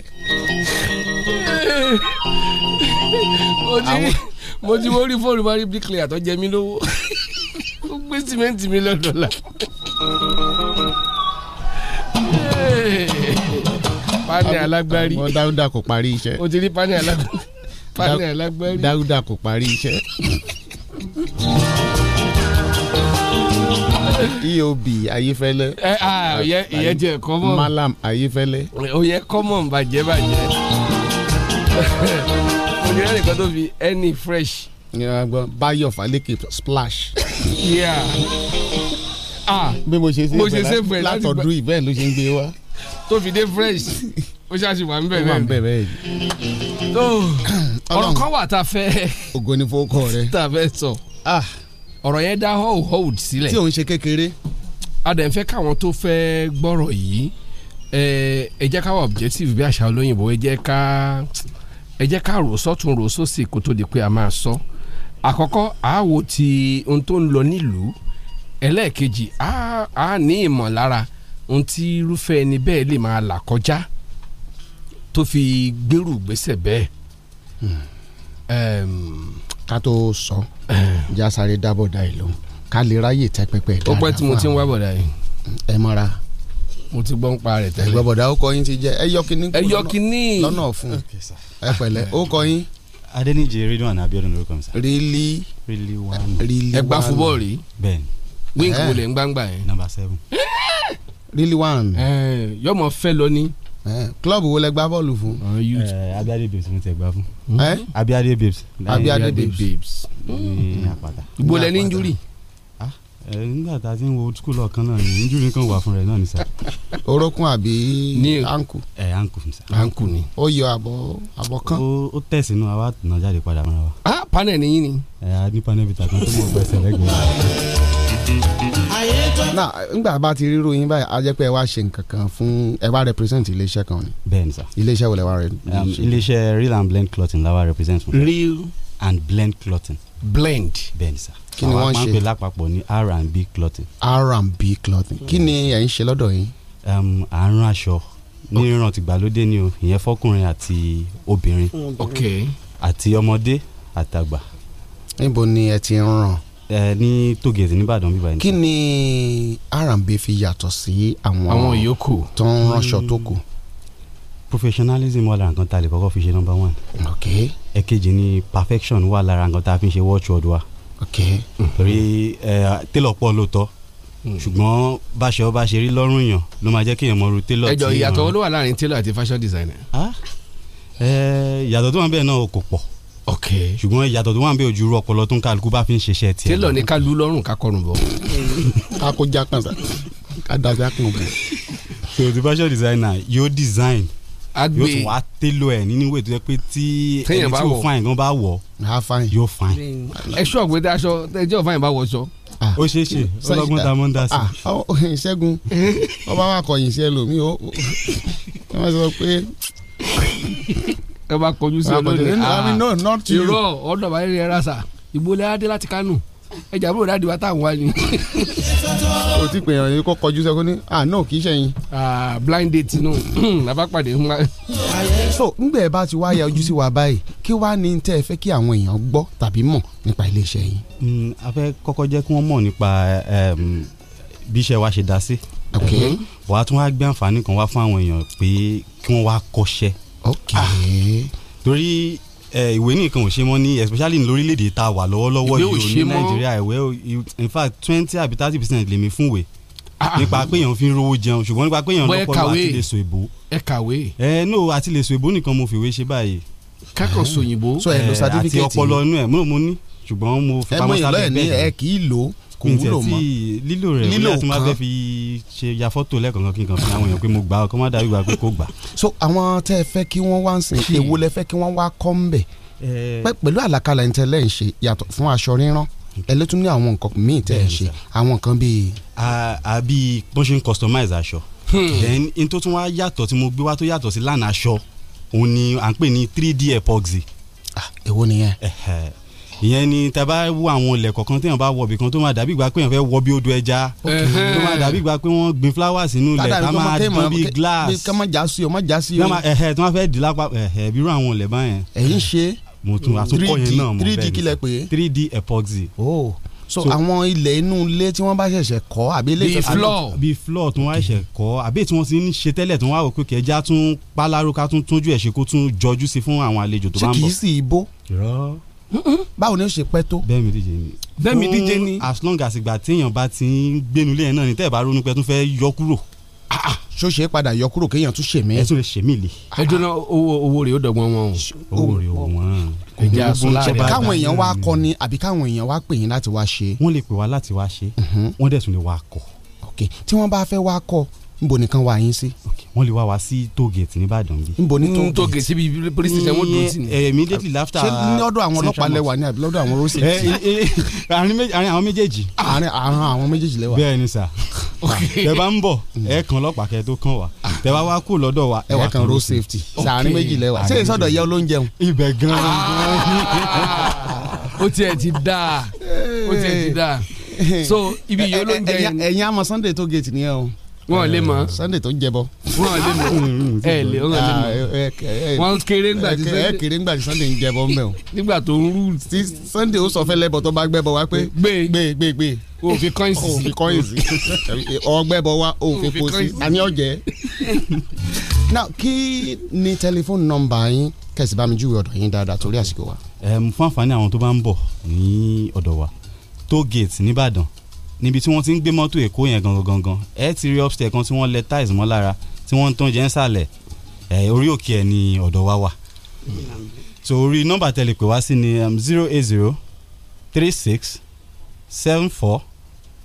mo ti wọ́n rí fóònù bá rí bíríkìlì àtọ́ jẹ mí lówó ó gbé sìmẹ́ǹtì mi lọ́dọ̀ la. pani alágbárí. ọmọ dáúdà kò parí iṣẹ́. o ti rí pani alágbárí. pani alágbárí. dáúdà kò parí iṣẹ́ eob ayífẹ́lẹ́. ẹ aa yẹ ìyẹn jẹ common. malam ayífẹ́lẹ́. o yẹ common bàjẹ́ bàjẹ́. òyìnbó nìkan tó fi any fresh. báyọ̀ falẹ́kẹ̀ splash. yeah. ah bí mo ṣe ṣe pẹ̀lú látọ̀dún ìbẹ́ẹ̀ ló ṣe ń gbé wa. tó fi dé fresh. ó ṣáàṣì wà ń bẹ̀ bẹ́ẹ̀. ó wà ń bẹ̀ bẹ́ẹ̀ yìí. Oh, ọ̀rọ̀ kan wà tá a fẹ́. ògo ni fowó kọ rẹ. tá a fẹ́ sọ. Ah. ọ̀rọ̀ yẹn dá hold hold sílẹ̀. tí òun ṣe kékeré. a dẹ̀ ń fẹ́ káwọn tó fẹ́ gbọ́rọ̀ yìí ẹ jẹ́ ká wà objective bí àṣà olóyìnbó ẹ jẹ́ ká ẹ jẹ́ ká rò sọ́tún rò sósì kó tó di pé a máa sọ àkọ́kọ́ àáwò ti ohun tó ń lọ nílùú ẹlẹ́ẹ̀kejì àá ní ìmọ̀lára ohun tí irúfẹ́ ẹni bẹ́ẹ̀ lè máa là kọjá tó fi gbèrú gbèsè bẹ́ẹ̀. Hmm. ká tó sọ já sáré dábọ̀ dá ìlú ká lè ráyè tẹ́ pẹ́pẹ́ dáadáa. ó pẹ́ tí mo ti ń wá bọ̀dá yìí. ẹ mọ́ra mo ti gbọ́ ń pa rẹ̀ tẹ́lẹ̀. gbọ́bọ̀dà ó kọ yín ti jẹ́ ẹ yọ kínní kúrò lọ́nà ọ̀fun ẹ pẹ̀lẹ́ ó yín. Adéníjì Ridwan Abiodun lórúkọ mi sá. rili rili wanu ẹ gba fúbọ́ọ̀lù bẹ́ẹ̀ni wíńkì wọlé ń gbangba yẹn. number seven. rili wanu. yọmọ fẹ lọ ni club wo lẹ gbá bọ́ọ̀lù fún. abiade babes mo tẹ gbá fún. abiade babes. abiade babes. Hmm. ibo lẹ ní injury. Ah, nígbà tá a ti ń wo old school ọ̀kan náà ni injury kan wà fún rẹ̀ náà ni sá. orókùn àbí anku. ẹ anku ni sá. anku ni. ó yọ àbọ̀ àbọ̀ kan. ó tẹ̀sí inú àwa tún náà jáde padà mọ́ra wa. Ah, panel ni yín ni. ẹ a ní panel bíi tàkàn tó mọ̀ gbẹ́sẹ̀ lẹ́gbẹ̀ẹ́ na ngbà bá ti ríru yín báyìí a jẹ́ pé ẹ wá ṣe nǹkan kan fún ẹ wá represent iléeṣẹ́ kan ni. bẹ́ẹ̀ni sá iléeṣẹ́ wo lẹ wá rẹ. Um, iléeṣẹ́ real and blend clothing la wá represent fún. real and blend clothing. blend. bẹ́ẹ̀ni sá kí ni wọ́n ṣe àwọn àpapọ̀ lápapọ̀ ní R&B clothing. R&B clothing kí ni ẹ̀ ń ṣe lọ́dọ̀ yín. Um, à ń rán aṣọ ní ìran tìgbàlódé ni o ìyẹn fọkùnrin àti obìnrin. ok àti ọmọdé àtàgbà. níbo ni ẹ ti ń rán ẹ ní tògèdè nìbàdàn bíbá yẹn. kí ni R&B fi yàtọ̀ sí àwọn àwọn yòókù tó ń ránṣọ tó kù. professionalism wà lára nǹkan tá a lè kọ́kọ́ fi ṣe number one. ok ẹ̀kejì ni perfection wà lára nǹkan tá a fi ṣe watchword wa. ok torí ẹ télọ̀ pọ̀ lóòótọ́ hmm. ṣùgbọ́n báṣọ bá ṣe rí lọ́rùn èèyàn ló máa jẹ́ kéèyàn mọ irú télọ̀ tí. ẹjọ ìyàtọ̀ ló wà láàrin télọ̀ àti fashion designer. Ah, ìyàtọ̀ tó wà bẹ́ẹ̀ náà kò pọ̀ ok ṣùgbọ́n ìyàtọ̀ tó wà ń bẹ ojú ọpọlọ tó ń kálukú bá fi ń ṣiṣẹ́ tiẹ̀. télọ̀ ni kálu lọ́rùn kakọrùn bọ̀. kakó jákàn sa kádàsá kan bọ̀. so the fashion designer yóò design yóò tún wá télọ̀ ẹ̀ nínú ìwé tó yẹ pé tí ẹni tí yóò fine gan bá wọ̀ yóò fine. ẹ ṣọ́ ọ̀gbẹ́dẹ aṣọ ẹjọ́ fine bá wọ̀ ṣọ́ ah. ó ṣeé ṣe ọlọ́gbọ́n ta mọ́ ń dá sí. Ah, ṣẹ́gun ọba wa kọ̀yìn sí ẹlòmíì ó ẹ bá kọjú sí olóde irọ́ ọ̀dọ̀ bá yẹn rà sà ìgbólẹ̀ adé láti kánò ẹjà àbúrò dáàdi wa táwọn wá ni. o ti pè é ọ̀rẹ́ kọ́ kọjú sẹ́kọ́ ní ah no kì í ṣẹ́yìn. blind date nù abápàdé ńlá. so ngbẹ ẹ bá ti wá ya ojú sí wa báyìí kí wàá ní tẹ́ ẹ fẹ́ kí àwọn èèyàn gbọ́ tàbí mọ̀ nípa iléeṣẹ́ yìí. Mm, a fẹ́ kọ́kọ́ jẹ́ kí wọ́n mọ̀ nípa bí iṣẹ́ wa ṣe dá sí. wàá tún wá gbé àǹfààní kan wá fún àwọn èèyàn pé kí wọ́n wá kọ́ṣẹ́ ok ah, torí eh, ìwé nìkan ò ṣe mọ́ ní especially ní lórílẹ̀‐èdè tá wà lọ́wọ́lọ́wọ́ yìí ní nàìjíríà ìwé in fact twenty àbí thirty percent lèmi fún ìwé ah, ah. nípa pé èèyàn fi ń rówó jẹun ṣùgbọ́n nípa pé èèyàn lọ́pọ̀lọ́ àti lè so ìbò. ẹ kàwé. ẹ eh, no àti lè so ìbò nìkan mo fìwé ṣe báyìí. kákan sòyìnbó. sọ eh, ẹ certificate yìí àti ọpọlọ inú ẹ mo ní ṣùgbọ́n mo fi pamọ́ sábẹ́ bẹ́ẹ̀. ẹ mọ ìlọ ẹ ní ẹ kì í lò ó kò wúlò mọ́ lílò rẹ̀ lílò kan máa fẹ́ fi ṣe ya fọ́tò lẹ́ẹ̀kọ̀ọ̀kan kí n kàn fún àwọn èèyàn pé mo gbà ọ kọ́ má dàbí wà pé kò gbà. so àwọn tẹ́ ẹ fẹ́ kí wọ́n wá ń sìn èwo lẹ fẹ́ kí wọ́n wá kọ́ ń bẹ̀ eh. pẹ̀lú àlàkalẹ̀ ní tẹ́lẹ̀ ń ṣe yàtọ̀ fún aṣọ rírán ẹlẹ́tún ní àwọn nǹkan míì tẹ́ ẹ ṣe àwọn nǹkan bíi. àbí bó ṣe ń customize aṣọ hmm. then in tó tún wá yàtọ̀ tí mo gbé wá tó yàtọ̀ sí lánàá aṣọ òun ni à ń pè ní 3D epoxy. Ah, èwo nìyẹn ìyẹn ni tàbá wo àwọn ilẹ̀ kọ̀ọ̀kan téèyàn bá wọ̀ bìkan tó máa dàbí ìgbà pé èèyàn fẹ́ wọ bí odò ẹja tó máa dàbí ìgbà pé wọ́n gbin flowers inú ilẹ̀ tá máa dán bí glass. ká má já o má já o. ẹ̀hẹ̀ tí wọ́n fẹ́ dì lápá ẹ̀hẹ̀ bírú àwọn ilẹ̀ báyẹn. ẹ̀yin ṣe mo d kílẹ̀ pé 3D epoxy. oh so àwọn ilẹ̀ inú ilé tí wọ́n bá ṣẹ̀ṣẹ̀ kọ́ àbí ilé ìtọ́jú. bíi floor bíi floor tí wọ́n ṣẹ̀ṣẹ̀ kọ́ àbí tí wọ́n ti ń ṣe tẹ́lẹ̀ tí wọ́n á wò kẹjá tún pálárò ká tún tójú ẹ̀ ṣe kó tún jọjú sí fún àwọn àlejò tó bá ń bọ̀. ṣé kìí sì í bó báwo ni ó ṣe pẹ́ tó. bẹ́ẹ̀ mi díje ni bẹ́ẹ̀ mi díje ni. as long as ìgbà téèyàn bá ti ń gbénu lẹ́yìn náà ni tẹ́ẹ̀ bá ronú pé tún fẹ́ yọ kúrò. Ah, ah, ṣó ṣe é padà yọ kúrò kéèyàn tún ṣe mí. ẹ tún lè ṣe mí le. Ah, ẹ dúró owó owó rèé ó dọ̀gbọ́n wọn o. owó rèé ó wọ́n. ìjà sọlá rẹ káwọn èèyàn wá kọ ni àbí káwọn èèyàn wá pè yín láti wá ṣe. wọ́n lè pè wá láti wá ṣe mm-hmm. wọ́n dẹ̀ tún lè wá kọ. ok tí wọ́n bá fẹ́ wá kọ nbo nìkan wà yín sí. wọ́n lè wá wá sí tóògèètì níbàdàn bí. nbo ní tóògèètì bíi police station wọ́n dùn sí ni. Eh, immediately after. ṣé ní ọ̀dọ̀ àwọn ọlọ́pàá lẹ wà ní àbí lọ́dọ̀ àwọn rosi. Eh, eh, àárín àwọn méjèèjì. àárín àwọn méjèèjì lẹ wà. bẹ́ẹ̀ ni sà tẹ bá ń bọ̀ mm. ẹ kan ọlọ́pàá kẹ tó kàn wá tẹ bá wá kú lọ́dọ̀ wa ẹ wà kan road safety. sàárín méjì lẹ wà ṣé ìsọdọ̀ yẹ olóúnjẹun. ibẹ̀ gan-an ó tiẹ̀ ti dáa ó tiẹ̀ ti dáa so ibi yìí olóúnjẹ yẹn. ẹ̀yin àmọ́ Sunday tó gate nìyẹn o wọn ò lè mọ. Eh, Sunday tó ń jẹbọ. wọn ò lè mọ mm, mm, mm. ẹ lè wọn ò lè ah, mọ. Eh, eh, wọn kéré ńgbà tí Sunday. ẹ kéré ńgbà tí Sunday ń jẹbọ mbẹ o. nígbà tó ń rú. tí Sunday ó sọ fẹ́ lẹ́bọ̀ tó bá gbẹ́bọ̀ wá pé. gbé gbé gbé gbé. o fi coins sí. o fi coins sí. ọgbẹ́bọ̀ wá o fi kó sí. àní ọ̀jẹ̀. now kí ni tẹlifóònù nọ́mbà yín kẹsì bá mi júwe ọ̀dọ̀ yín dáadáa torí àsìkò wa. fún àǹfààní àwọn tó bá ń bọ̀ ní ọ̀dọ̀ wa toll gate níbi tí wọ́n ti ń gbé mọ́tò èkó yẹn gangan gangan ẹ ti rí upstair kan tí wọ́n lẹ tiles mọ́ lára tí wọ́n ń tán jẹ́ ń sàlẹ̀ ẹ orí òkè ẹ̀ ni ọ̀dọ̀ wa wà. so orí nọ́mbà tẹ̀lé wá sí ni um, zero eight zero three six seven four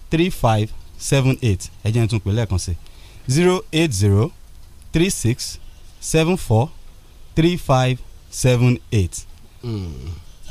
three five seven eight ẹ jẹ́ n tún pè lẹ́ẹ̀kan sí zero eight zero three six seven four three five seven eight. Hmm.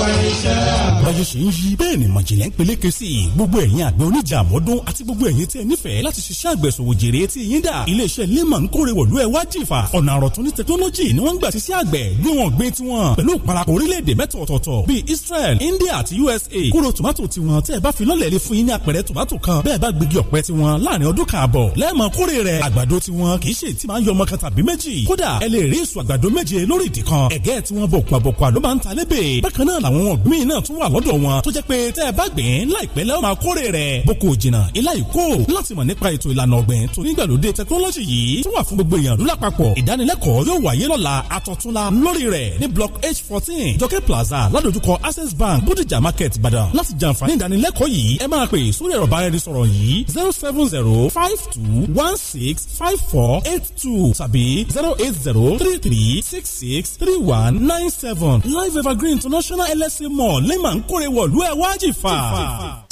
wá iṣẹ́. báyé ṣe ń yí bẹ́ẹ̀ ni mọ̀jìnlẹ̀ ń peléke sí i gbogbo ẹ̀yin àgbẹ̀ oníjà mọ́dún àti gbogbo ẹ̀yin tí ẹ nífẹ̀ẹ́ láti ṣiṣẹ́ àgbẹ̀sòwò jèrè tí yín dà iléeṣẹ́ lema ń kórè wọ̀lú ẹ̀ wá jìfà ọ̀nà àrọ̀tún ní tẹkinọ́lọ́jì ni wọ́n ń gbà ṣiṣẹ́ àgbẹ̀ gbé wọn gbé tiwọn pẹ̀lú ìparapọ̀ orílẹ̀-èdè mẹ́ta ọ̀tọ̀ọ̀tọ̀ bíi Israel India àti USA kóró tòmátò tiwọn tẹ́ ẹ bá fi lọ́lẹ̀ lè fún yín ní apẹ̀rẹ̀ tòmátò kan bẹ́ẹ̀ bá gbégi ọ̀pẹ tiwọn láàrin ọdún kààbọ̀ lẹ́ẹ̀mọ kórè rẹ̀ àgbàdo tiwọn kì í ṣe tí máa ń yọ ọmọ kan tàbí méjì kódà ẹ lè rí èso àgbàdo méje lórí ìdí kan ẹ̀gẹ́ tiwọn bọ̀kùàbọ̀kùà ló máa ń ta lébè bákan náà làwọn ọ̀gbìn náà tún wà lọ́dọ̀ wọn tó jẹ́ pé tẹ́ ẹ bá gbìn e, láìpẹ́ lẹ́wọ̀n máa kórè rẹ̀ boko jìnnà ilá ìkó láti mọ̀ nípa ètò ìlànà ọ̀gbìn tó nígbàlódé tẹkinọ́lọ́jì yìí tó wà fún gbogbo èèyàn lápapọ̀ ìdánilẹ́kọ̀ọ́ yóò wáyé lọ́la àtọ̀túnla lórí rẹ̀ ní block h fourteen Jockey plaza ládojúkọ access bank bódìjà market ìbàdàn láti jàǹfààní ìdánilẹ́kọ̀ọ́ yìí ẹ máa pè sórí ẹ̀rọ ìbáraẹnisọ̀rọ̀ yìí zero seven zero five two one six five four eight two tàbí zero eight zero three three six six three one nine seven live evergreen international ẹlẹ́sìn mọ̀ lẹ́mà ń kórè wọ̀lú ẹ̀ wájì fà.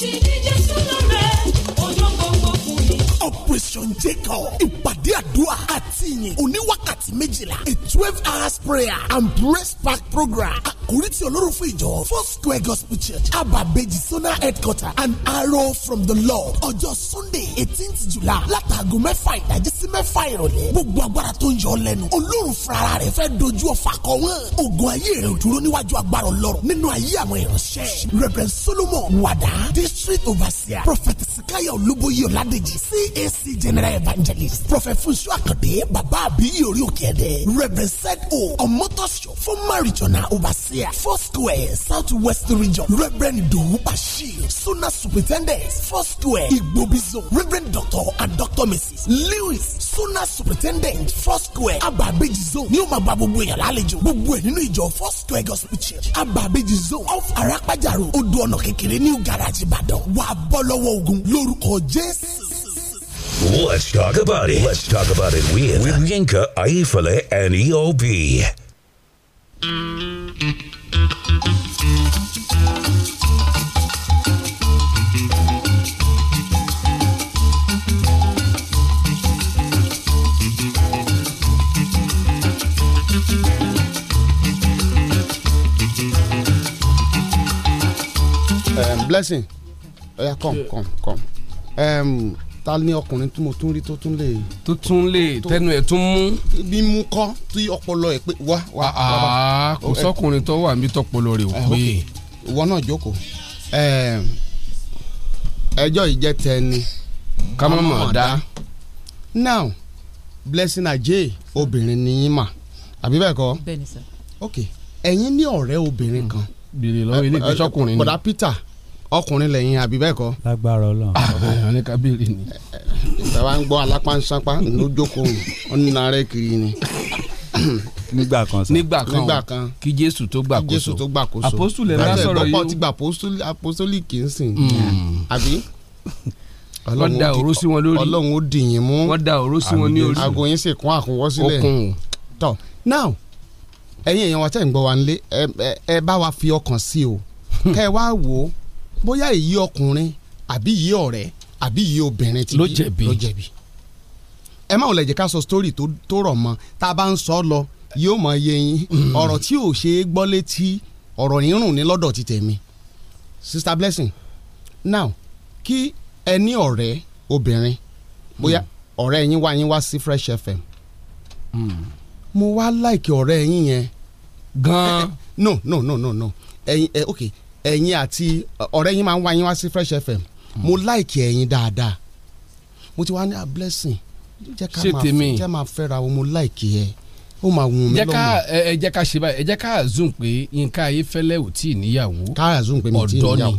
jìnnì jésù rẹ̀ ojú operation jacob ìpàdé àdúrà àti ìyìn oníwákàtí méjìlá a twelve hours prayer and breast pack program àkórí tí olóró fún ìjọ four square gospel church ababeji sona headquarter and arrow from the lord ọjọ́ sunday eighteenth july látàgò mẹ́fà ìdájí sí mẹ́fà ìrọ̀lẹ́ gbogbo agbára tó ń yọ lẹ́nu olórun fúnra rẹ̀ fẹ́ dojú ọ̀fà kọ wọ́n ogun ayé rẹ̀ dúró níwájú agbára ọlọ́run nínú ayé àwọn ìránṣẹ́ reverend solomon wada district overseer prophet sikaya olúbóyè ọ̀ládèjì sí AC general evangelist prophet funsu akande baba abiyi orí òkè reverend said o ọmọtọ́sọ former regional overseer four square south west region reverend dowu bashir suna superintendent four square igbobizo reverend doctor and doctor mrs lewis suna superintendent four square Aba ababeji zone ní o máa gba gbogbo èèyàn lálejò gbogbo ẹ̀ nínú ìjọ four square gospel church Aba ababeji zone off arapajaro odò ọ̀nà kékeré new garage ìbàdàn Wa á bọ́ lọ́wọ́ ogun lórúkọ jésù. Let's talk about it. Let's talk about it with, with Yinka, Aifale, and EOB. Um, blessing, oh, yeah, come, come, come. Um, ta ni ọkùnrin tí mo tún rí tó tún lè. tó tún lè tẹnu ẹ tún mú. bí mú kọ́ tí ọpọlọ ẹ pé wá wá. Ah, ah, kò sọkùnrin tó wà níbi tọpọlọ rẹ ò eh, pé. ìwọ náà jókòó ẹjọ́ ìjẹ́ tẹni. ká má mọ̀ dá. now Blessing Ajay obìnrin ni yín mà àbí bẹ́ẹ̀ kọ́. bẹ́ẹ̀ ni sir. ok ẹ̀yin ní ọ̀rẹ́ obìnrin hmm. kan. bèrè lọ́wọ́ ilé eh, ìgbésọ́kùnrin eh, ni. bọ̀dá Peter ọkùnrin lẹ́yìn àbí bẹ́ẹ̀ kọ́. lágbára Ọlọ́run. àwọn ah, ah, ní kábíyèrè ni. ìtawà ń gbọ́ alápánsápá ló ọ̀nà rẹ̀ kiri ni. nígbà kan sọ nígbà kan nígbà kan kí Jésù tó gbàkóso Jésù tó gbàkóso apostole ẹ̀ bá yìí ó ti gba apostole kì í sìn mm. àbí wọ́n da òró sí wọn lórí ọlọ́run ó dìyìn mú wọ́n da òró sí wọn ní orí aago yín sì kún àkúnwọ́ sílẹ̀ okun tọ́ now ẹ̀yin èèyàn wa tẹ̀ ń gbọ́ wa nílé ẹ bá wa fi ọkàn sí o kẹ́ wá wò ó bóyá èyí ọkùnrin àbí yìí ọ̀rẹ́ àbí yìí obìnrin ti bí ló jẹ̀bi ẹ má wọlé jẹ́ ká sọ story tó rọ̀ mọ́ tá a bá ń sọ lọ yóò mọ iye yín mm. ọ̀rọ̀ tí ò ṣe gbọ́ létí ọ̀rọ̀ rírùn ní lọ́dọ̀ ti tèmi sister blessing now kí ẹ ní ọ̀rẹ́ obìnrin bóyá mm. ọ̀rẹ́ yín wá yín wá sí fresh fm mm. mo wá láìkí ọ̀rẹ́ yín yẹn gan no no no no no ẹyin ẹ okay ẹ̀yin àti ọ̀rẹ́ yín máa ń wá yín wá sí Fresh FM mo hmm. láìkì ẹ̀yin dáadáa mo ti wá ní a ah, blessing jẹ́ ká máa jẹ́ máa fẹ́ra o mo láìkì ẹ̀ ó máa wù mí lọ́wọ́. ẹ jẹ́ ká ṣe báyìí ẹ jẹ́ ká zoom pé Yínká Ayéfẹ́lẹ́ ò tí ì níyàwó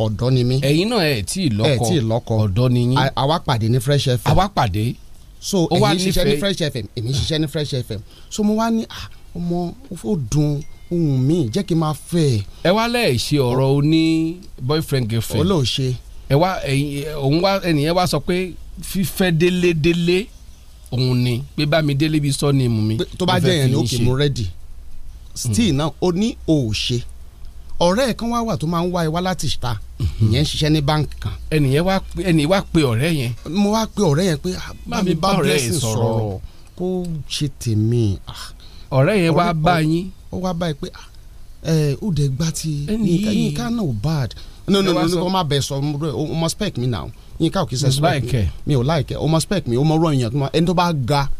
ọ̀dọ́ ni mí ẹ̀yin náà ẹ̀ tí ì lọ́kọ ọ̀dọ́ ni yín. àwa pàdé ní Fresh FM. àwa pàdé. so èmi ṣiṣẹ́ ní Fresh FM èmi ṣiṣẹ́ ní Fresh FM so mo wá ní ah, ọmọ ó dùn ohun mi jẹ́ kí n máa fẹ́ ẹ. ẹ wá lẹ́ẹ̀ ṣe ọ̀rọ̀ o ní boyfriend girlfriend. ó lóò ṣe. ẹ wá òun wá ẹnìyẹn wá sọ pé fífẹ́ délédélé òun ni pé bá mi délé bí sọ ni mú mi. tó bá jẹ́ yẹn ni ó kì í mú rẹ́dì still hmm. náà ó ní òòṣe ọ̀rẹ́ ẹ̀ kan wá wà tó máa ń wá ẹ wá láti ìta hmm. ìyẹn ń ṣiṣẹ́ ní báǹkì kan. ẹnìyẹn wá ẹnìyẹn wá pe ọ̀rẹ́ yẹn. mo wá pe ọ̀rẹ́ yẹn pé ah, bá mi bá ọ̀rẹ́ yẹn sọ̀rọ̀ kó ṣe tèmi. Ah. ọ̀rẹ́ yẹn wá bá yín ó wá báyìí pé ẹ ah, eh, ó dẹ̀ gbá ti Yínká náà bad no no no kò má sọ o spec mi now Yínká ò kì í sẹ́ spec mi mi ò láìkẹ́ o spec mi o mọ rọ ìyàn ẹni tó bá ga